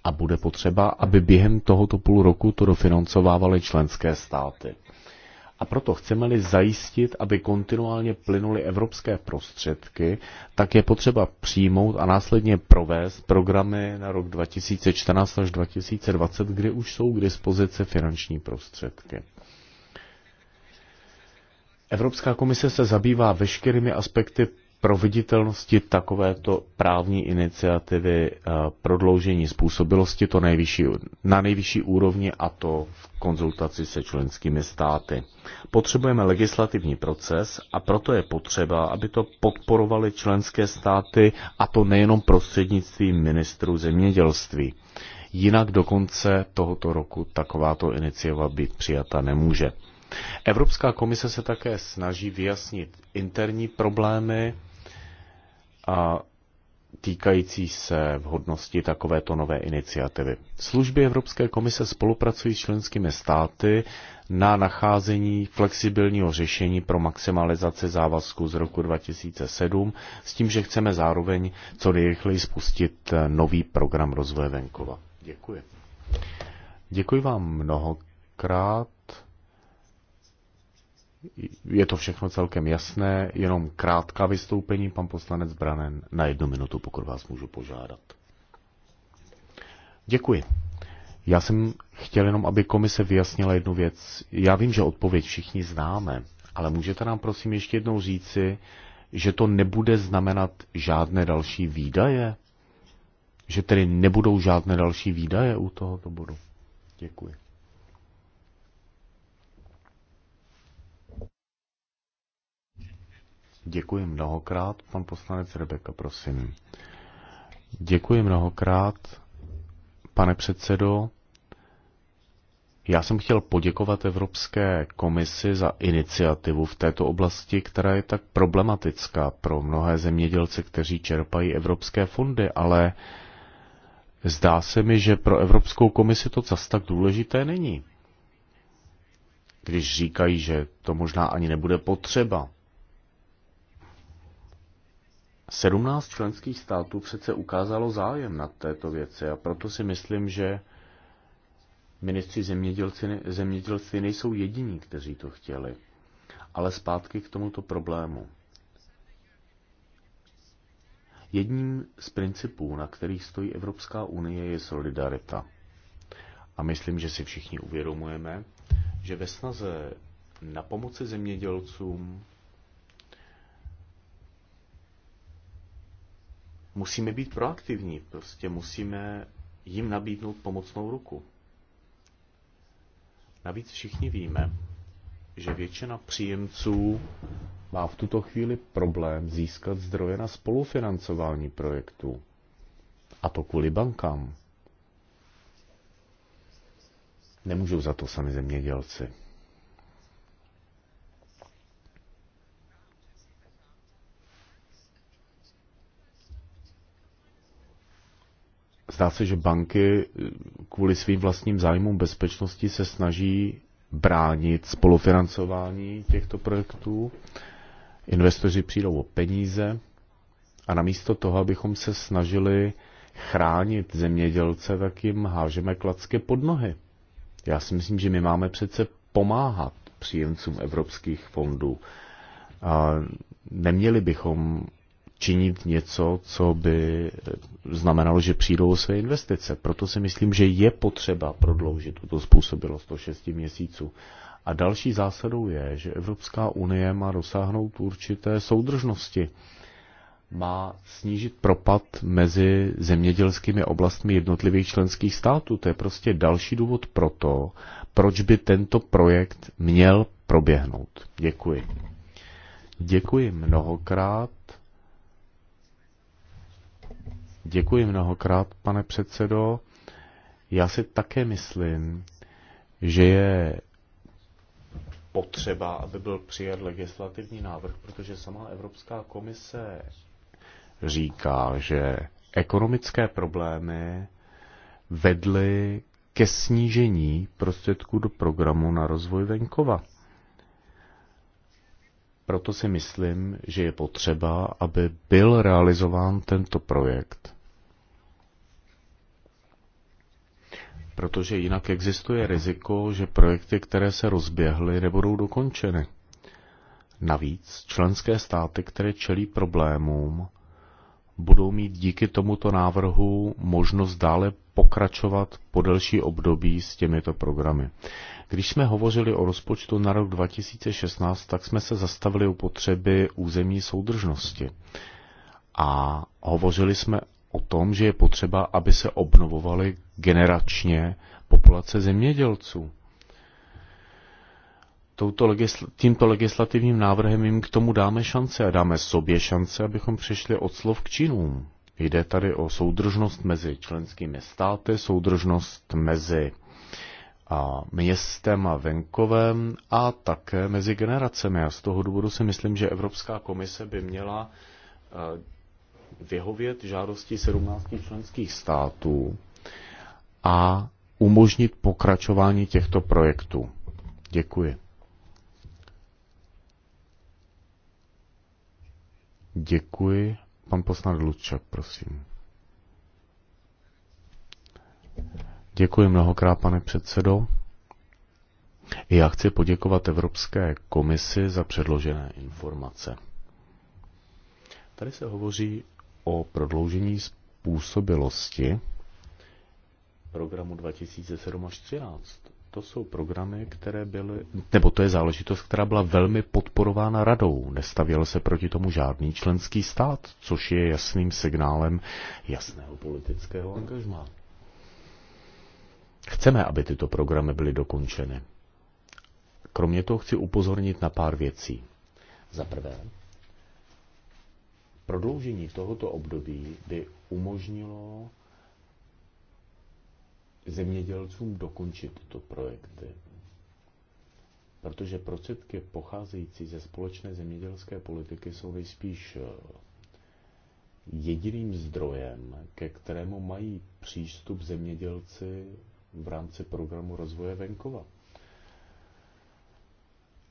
A bude potřeba, aby během tohoto půl roku to dofinancovávaly členské státy. A proto chceme-li zajistit, aby kontinuálně plynuly evropské prostředky, tak je potřeba přijmout a následně provést programy na rok 2014 až 2020, kdy už jsou k dispozici finanční prostředky. Evropská komise se zabývá veškerými aspekty proveditelnosti takovéto právní iniciativy eh, prodloužení způsobilosti to nejvyšší, na nejvyšší úrovni a to v konzultaci se členskými státy. Potřebujeme legislativní proces a proto je potřeba, aby to podporovaly členské státy a to nejenom prostřednictvím ministrů zemědělství. Jinak do konce tohoto roku takováto iniciativa být přijata nemůže. Evropská komise se také snaží vyjasnit interní problémy a týkající se vhodnosti takovéto nové iniciativy. Služby Evropské komise spolupracují s členskými státy na nacházení flexibilního řešení pro maximalizaci závazků z roku 2007 s tím, že chceme zároveň co nejrychleji spustit nový program rozvoje venkova. Děkuji. Děkuji vám mnohokrát. Je to všechno celkem jasné, jenom krátká vystoupení, pan poslanec Branen, na jednu minutu, pokud vás můžu požádat. Děkuji. Já jsem chtěl jenom, aby komise vyjasnila jednu věc. Já vím, že odpověď všichni známe, ale můžete nám prosím ještě jednou říci, že to nebude znamenat žádné další výdaje? Že tedy nebudou žádné další výdaje u tohoto bodu? Děkuji. Děkuji mnohokrát. Pan poslanec Rebeka, prosím. Děkuji mnohokrát, pane předsedo. Já jsem chtěl poděkovat Evropské komisi za iniciativu v této oblasti, která je tak problematická pro mnohé zemědělce, kteří čerpají evropské fondy, ale zdá se mi, že pro Evropskou komisi to zas tak důležité není. Když říkají, že to možná ani nebude potřeba. 17 členských států přece ukázalo zájem na této věci a proto si myslím, že ministři zemědělci, zemědělci nejsou jediní, kteří to chtěli. Ale zpátky k tomuto problému. Jedním z principů, na kterých stojí Evropská unie, je solidarita. A myslím, že si všichni uvědomujeme, že ve snaze na pomoci zemědělcům musíme být proaktivní, prostě musíme jim nabídnout pomocnou ruku. Navíc všichni víme, že většina příjemců má v tuto chvíli problém získat zdroje na spolufinancování projektů. A to kvůli bankám. Nemůžou za to sami zemědělci. Zdá se, že banky kvůli svým vlastním zájmům bezpečnosti se snaží bránit spolufinancování těchto projektů. Investoři přijdou o peníze a namísto toho, abychom se snažili chránit zemědělce, tak jim hážeme klacky pod nohy. Já si myslím, že my máme přece pomáhat příjemcům evropských fondů. A neměli bychom činit něco, co by znamenalo, že přijdou o své investice. Proto si myslím, že je potřeba prodloužit tuto způsobilost o 6 měsíců. A další zásadou je, že Evropská unie má dosáhnout určité soudržnosti. Má snížit propad mezi zemědělskými oblastmi jednotlivých členských států. To je prostě další důvod pro to, proč by tento projekt měl proběhnout. Děkuji. Děkuji mnohokrát. Děkuji mnohokrát, pane předsedo. Já si také myslím, že je potřeba, aby byl přijat legislativní návrh, protože sama Evropská komise říká, že ekonomické problémy vedly ke snížení prostředků do programu na rozvoj venkova. Proto si myslím, že je potřeba, aby byl realizován tento projekt protože jinak existuje riziko, že projekty, které se rozběhly, nebudou dokončeny. Navíc členské státy, které čelí problémům, budou mít díky tomuto návrhu možnost dále pokračovat po delší období s těmito programy. Když jsme hovořili o rozpočtu na rok 2016, tak jsme se zastavili u potřeby územní soudržnosti. A hovořili jsme o tom, že je potřeba, aby se obnovovaly generačně populace zemědělců. Touto legisl- tímto legislativním návrhem jim k tomu dáme šance a dáme sobě šance, abychom přišli od slov k činům. Jde tady o soudržnost mezi členskými státy, soudržnost mezi a městem a venkovem a také mezi generacemi. A z toho důvodu si myslím, že Evropská komise by měla vyhovět žádosti 17 členských států a umožnit pokračování těchto projektů. Děkuji. Děkuji. Pan poslanec Lučak, prosím. Děkuji mnohokrát, pane předsedo. Já chci poděkovat Evropské komisi za předložené informace. Tady se hovoří o prodloužení způsobilosti programu 2007 až 2013. To jsou programy, které byly, nebo to je záležitost, která byla velmi podporována radou. Nestavěl se proti tomu žádný členský stát, což je jasným signálem jasného politického angažmá. Chceme, aby tyto programy byly dokončeny. Kromě toho chci upozornit na pár věcí. Za prvé, Prodloužení tohoto období by umožnilo zemědělcům dokončit tyto projekty. Protože prostředky pocházející ze společné zemědělské politiky jsou nejspíš eh, jediným zdrojem, ke kterému mají přístup zemědělci v rámci programu rozvoje venkova.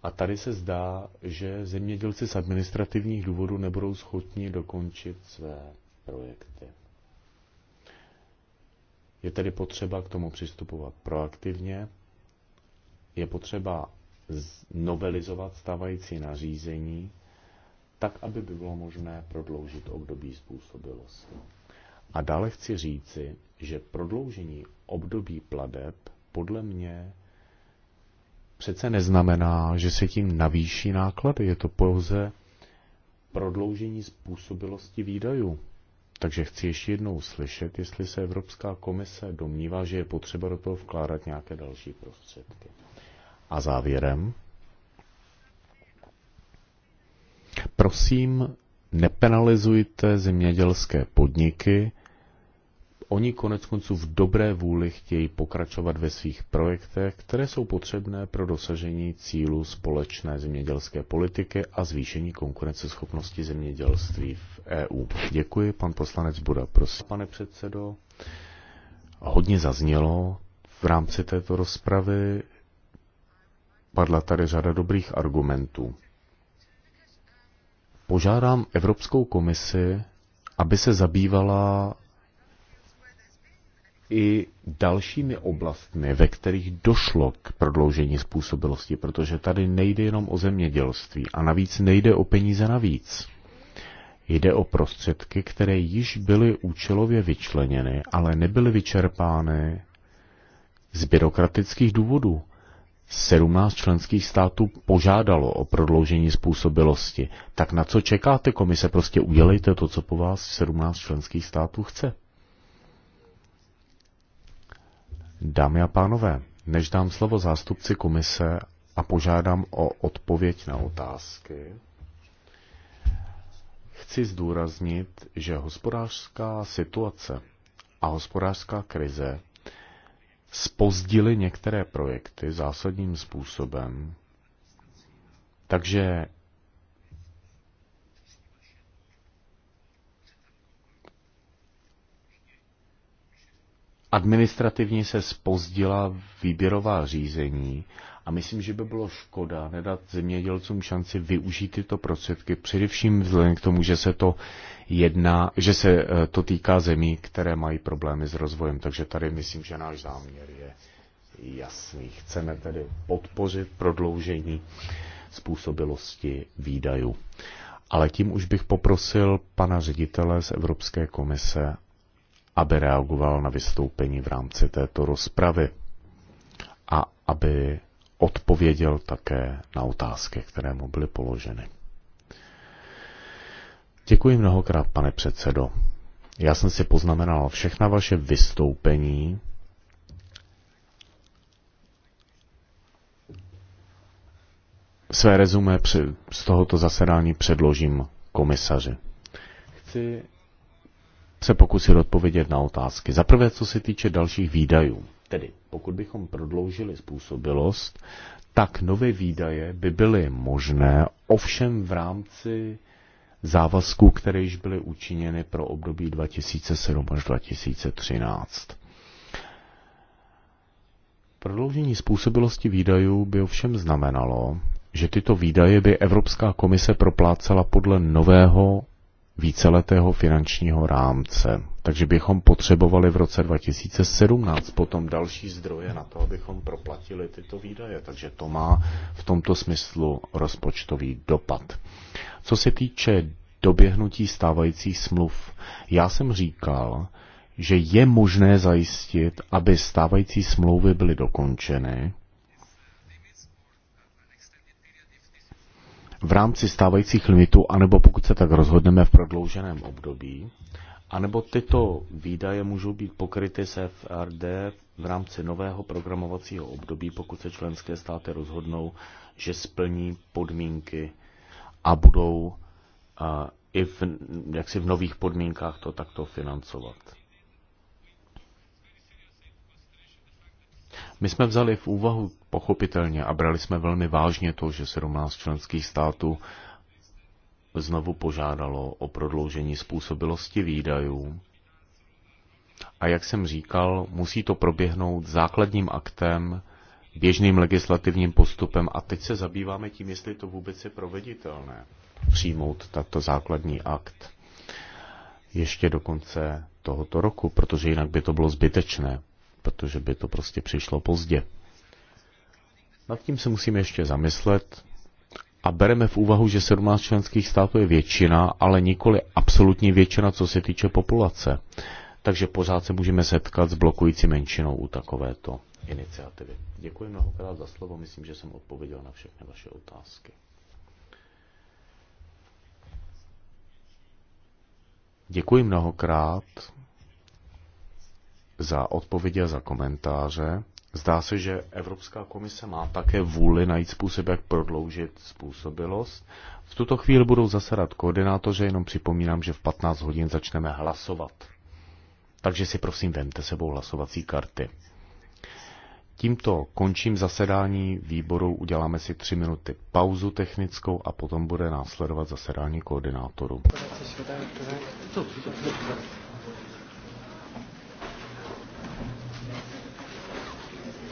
A tady se zdá, že zemědělci z administrativních důvodů nebudou schopni dokončit své projekty. Je tedy potřeba k tomu přistupovat proaktivně, je potřeba novelizovat stávající nařízení, tak, aby by bylo možné prodloužit období způsobilosti. A dále chci říci, že prodloužení období pladeb podle mě přece neznamená, že se tím navýší náklady. Je to pouze prodloužení způsobilosti výdajů. Takže chci ještě jednou slyšet, jestli se Evropská komise domnívá, že je potřeba do toho vkládat nějaké další prostředky. A závěrem. Prosím, nepenalizujte zemědělské podniky oni konec konců v dobré vůli chtějí pokračovat ve svých projektech, které jsou potřebné pro dosažení cílu společné zemědělské politiky a zvýšení konkurenceschopnosti zemědělství v EU. Děkuji, pan poslanec Buda. Prosím, pane předsedo, hodně zaznělo v rámci této rozpravy. Padla tady řada dobrých argumentů. Požádám Evropskou komisi, aby se zabývala i dalšími oblastmi, ve kterých došlo k prodloužení způsobilosti, protože tady nejde jenom o zemědělství a navíc nejde o peníze navíc. Jde o prostředky, které již byly účelově vyčleněny, ale nebyly vyčerpány z byrokratických důvodů. 17 členských států požádalo o prodloužení způsobilosti. Tak na co čekáte, komise? Prostě udělejte to, co po vás 17 členských států chce. Dámy a pánové, než dám slovo zástupci komise a požádám o odpověď na otázky, chci zdůraznit, že hospodářská situace a hospodářská krize spozdily některé projekty zásadním způsobem, takže administrativně se spozdila výběrová řízení a myslím, že by bylo škoda nedat zemědělcům šanci využít tyto prostředky, především vzhledem k tomu, že se to jedná, že se eh, to týká zemí, které mají problémy s rozvojem. Takže tady myslím, že náš záměr je jasný. Chceme tedy podpořit prodloužení způsobilosti výdajů. Ale tím už bych poprosil pana ředitele z Evropské komise aby reagoval na vystoupení v rámci této rozpravy a aby odpověděl také na otázky, které mu byly položeny. Děkuji mnohokrát, pane předsedo. Já jsem si poznamenal všechna vaše vystoupení. Své rezumé z tohoto zasedání předložím komisaři. Chci se pokusit odpovědět na otázky. Za prvé, co se týče dalších výdajů. Tedy, pokud bychom prodloužili způsobilost, tak nové výdaje by byly možné, ovšem v rámci závazků, které již byly učiněny pro období 2007 až 2013. Prodloužení způsobilosti výdajů by ovšem znamenalo, že tyto výdaje by Evropská komise proplácela podle nového víceletého finančního rámce. Takže bychom potřebovali v roce 2017 potom další zdroje na to, abychom proplatili tyto výdaje. Takže to má v tomto smyslu rozpočtový dopad. Co se týče doběhnutí stávajících smluv, já jsem říkal, že je možné zajistit, aby stávající smlouvy byly dokončeny v rámci stávajících limitů, anebo pokud se tak rozhodneme v prodlouženém období, anebo tyto výdaje můžou být pokryty z FRD v rámci nového programovacího období, pokud se členské státy rozhodnou, že splní podmínky a budou uh, i v, jaksi v nových podmínkách to takto financovat. My jsme vzali v úvahu pochopitelně a brali jsme velmi vážně to, že 17 členských států znovu požádalo o prodloužení způsobilosti výdajů. A jak jsem říkal, musí to proběhnout základním aktem, běžným legislativním postupem. A teď se zabýváme tím, jestli to vůbec je proveditelné přijmout tato základní akt ještě do konce tohoto roku, protože jinak by to bylo zbytečné protože by to prostě přišlo pozdě. Nad tím se musíme ještě zamyslet a bereme v úvahu, že 17 členských států je většina, ale nikoli absolutní většina, co se týče populace. Takže pořád se můžeme setkat s blokující menšinou u takovéto iniciativy. Děkuji mnohokrát za slovo, myslím, že jsem odpověděl na všechny vaše otázky. Děkuji mnohokrát za odpovědi a za komentáře. Zdá se, že Evropská komise má také vůli najít způsob, jak prodloužit způsobilost. V tuto chvíli budou zasedat koordinátoře. jenom připomínám, že v 15 hodin začneme hlasovat. Takže si prosím vemte sebou hlasovací karty. Tímto končím zasedání výboru, uděláme si tři minuty pauzu technickou a potom bude následovat zasedání koordinátorů.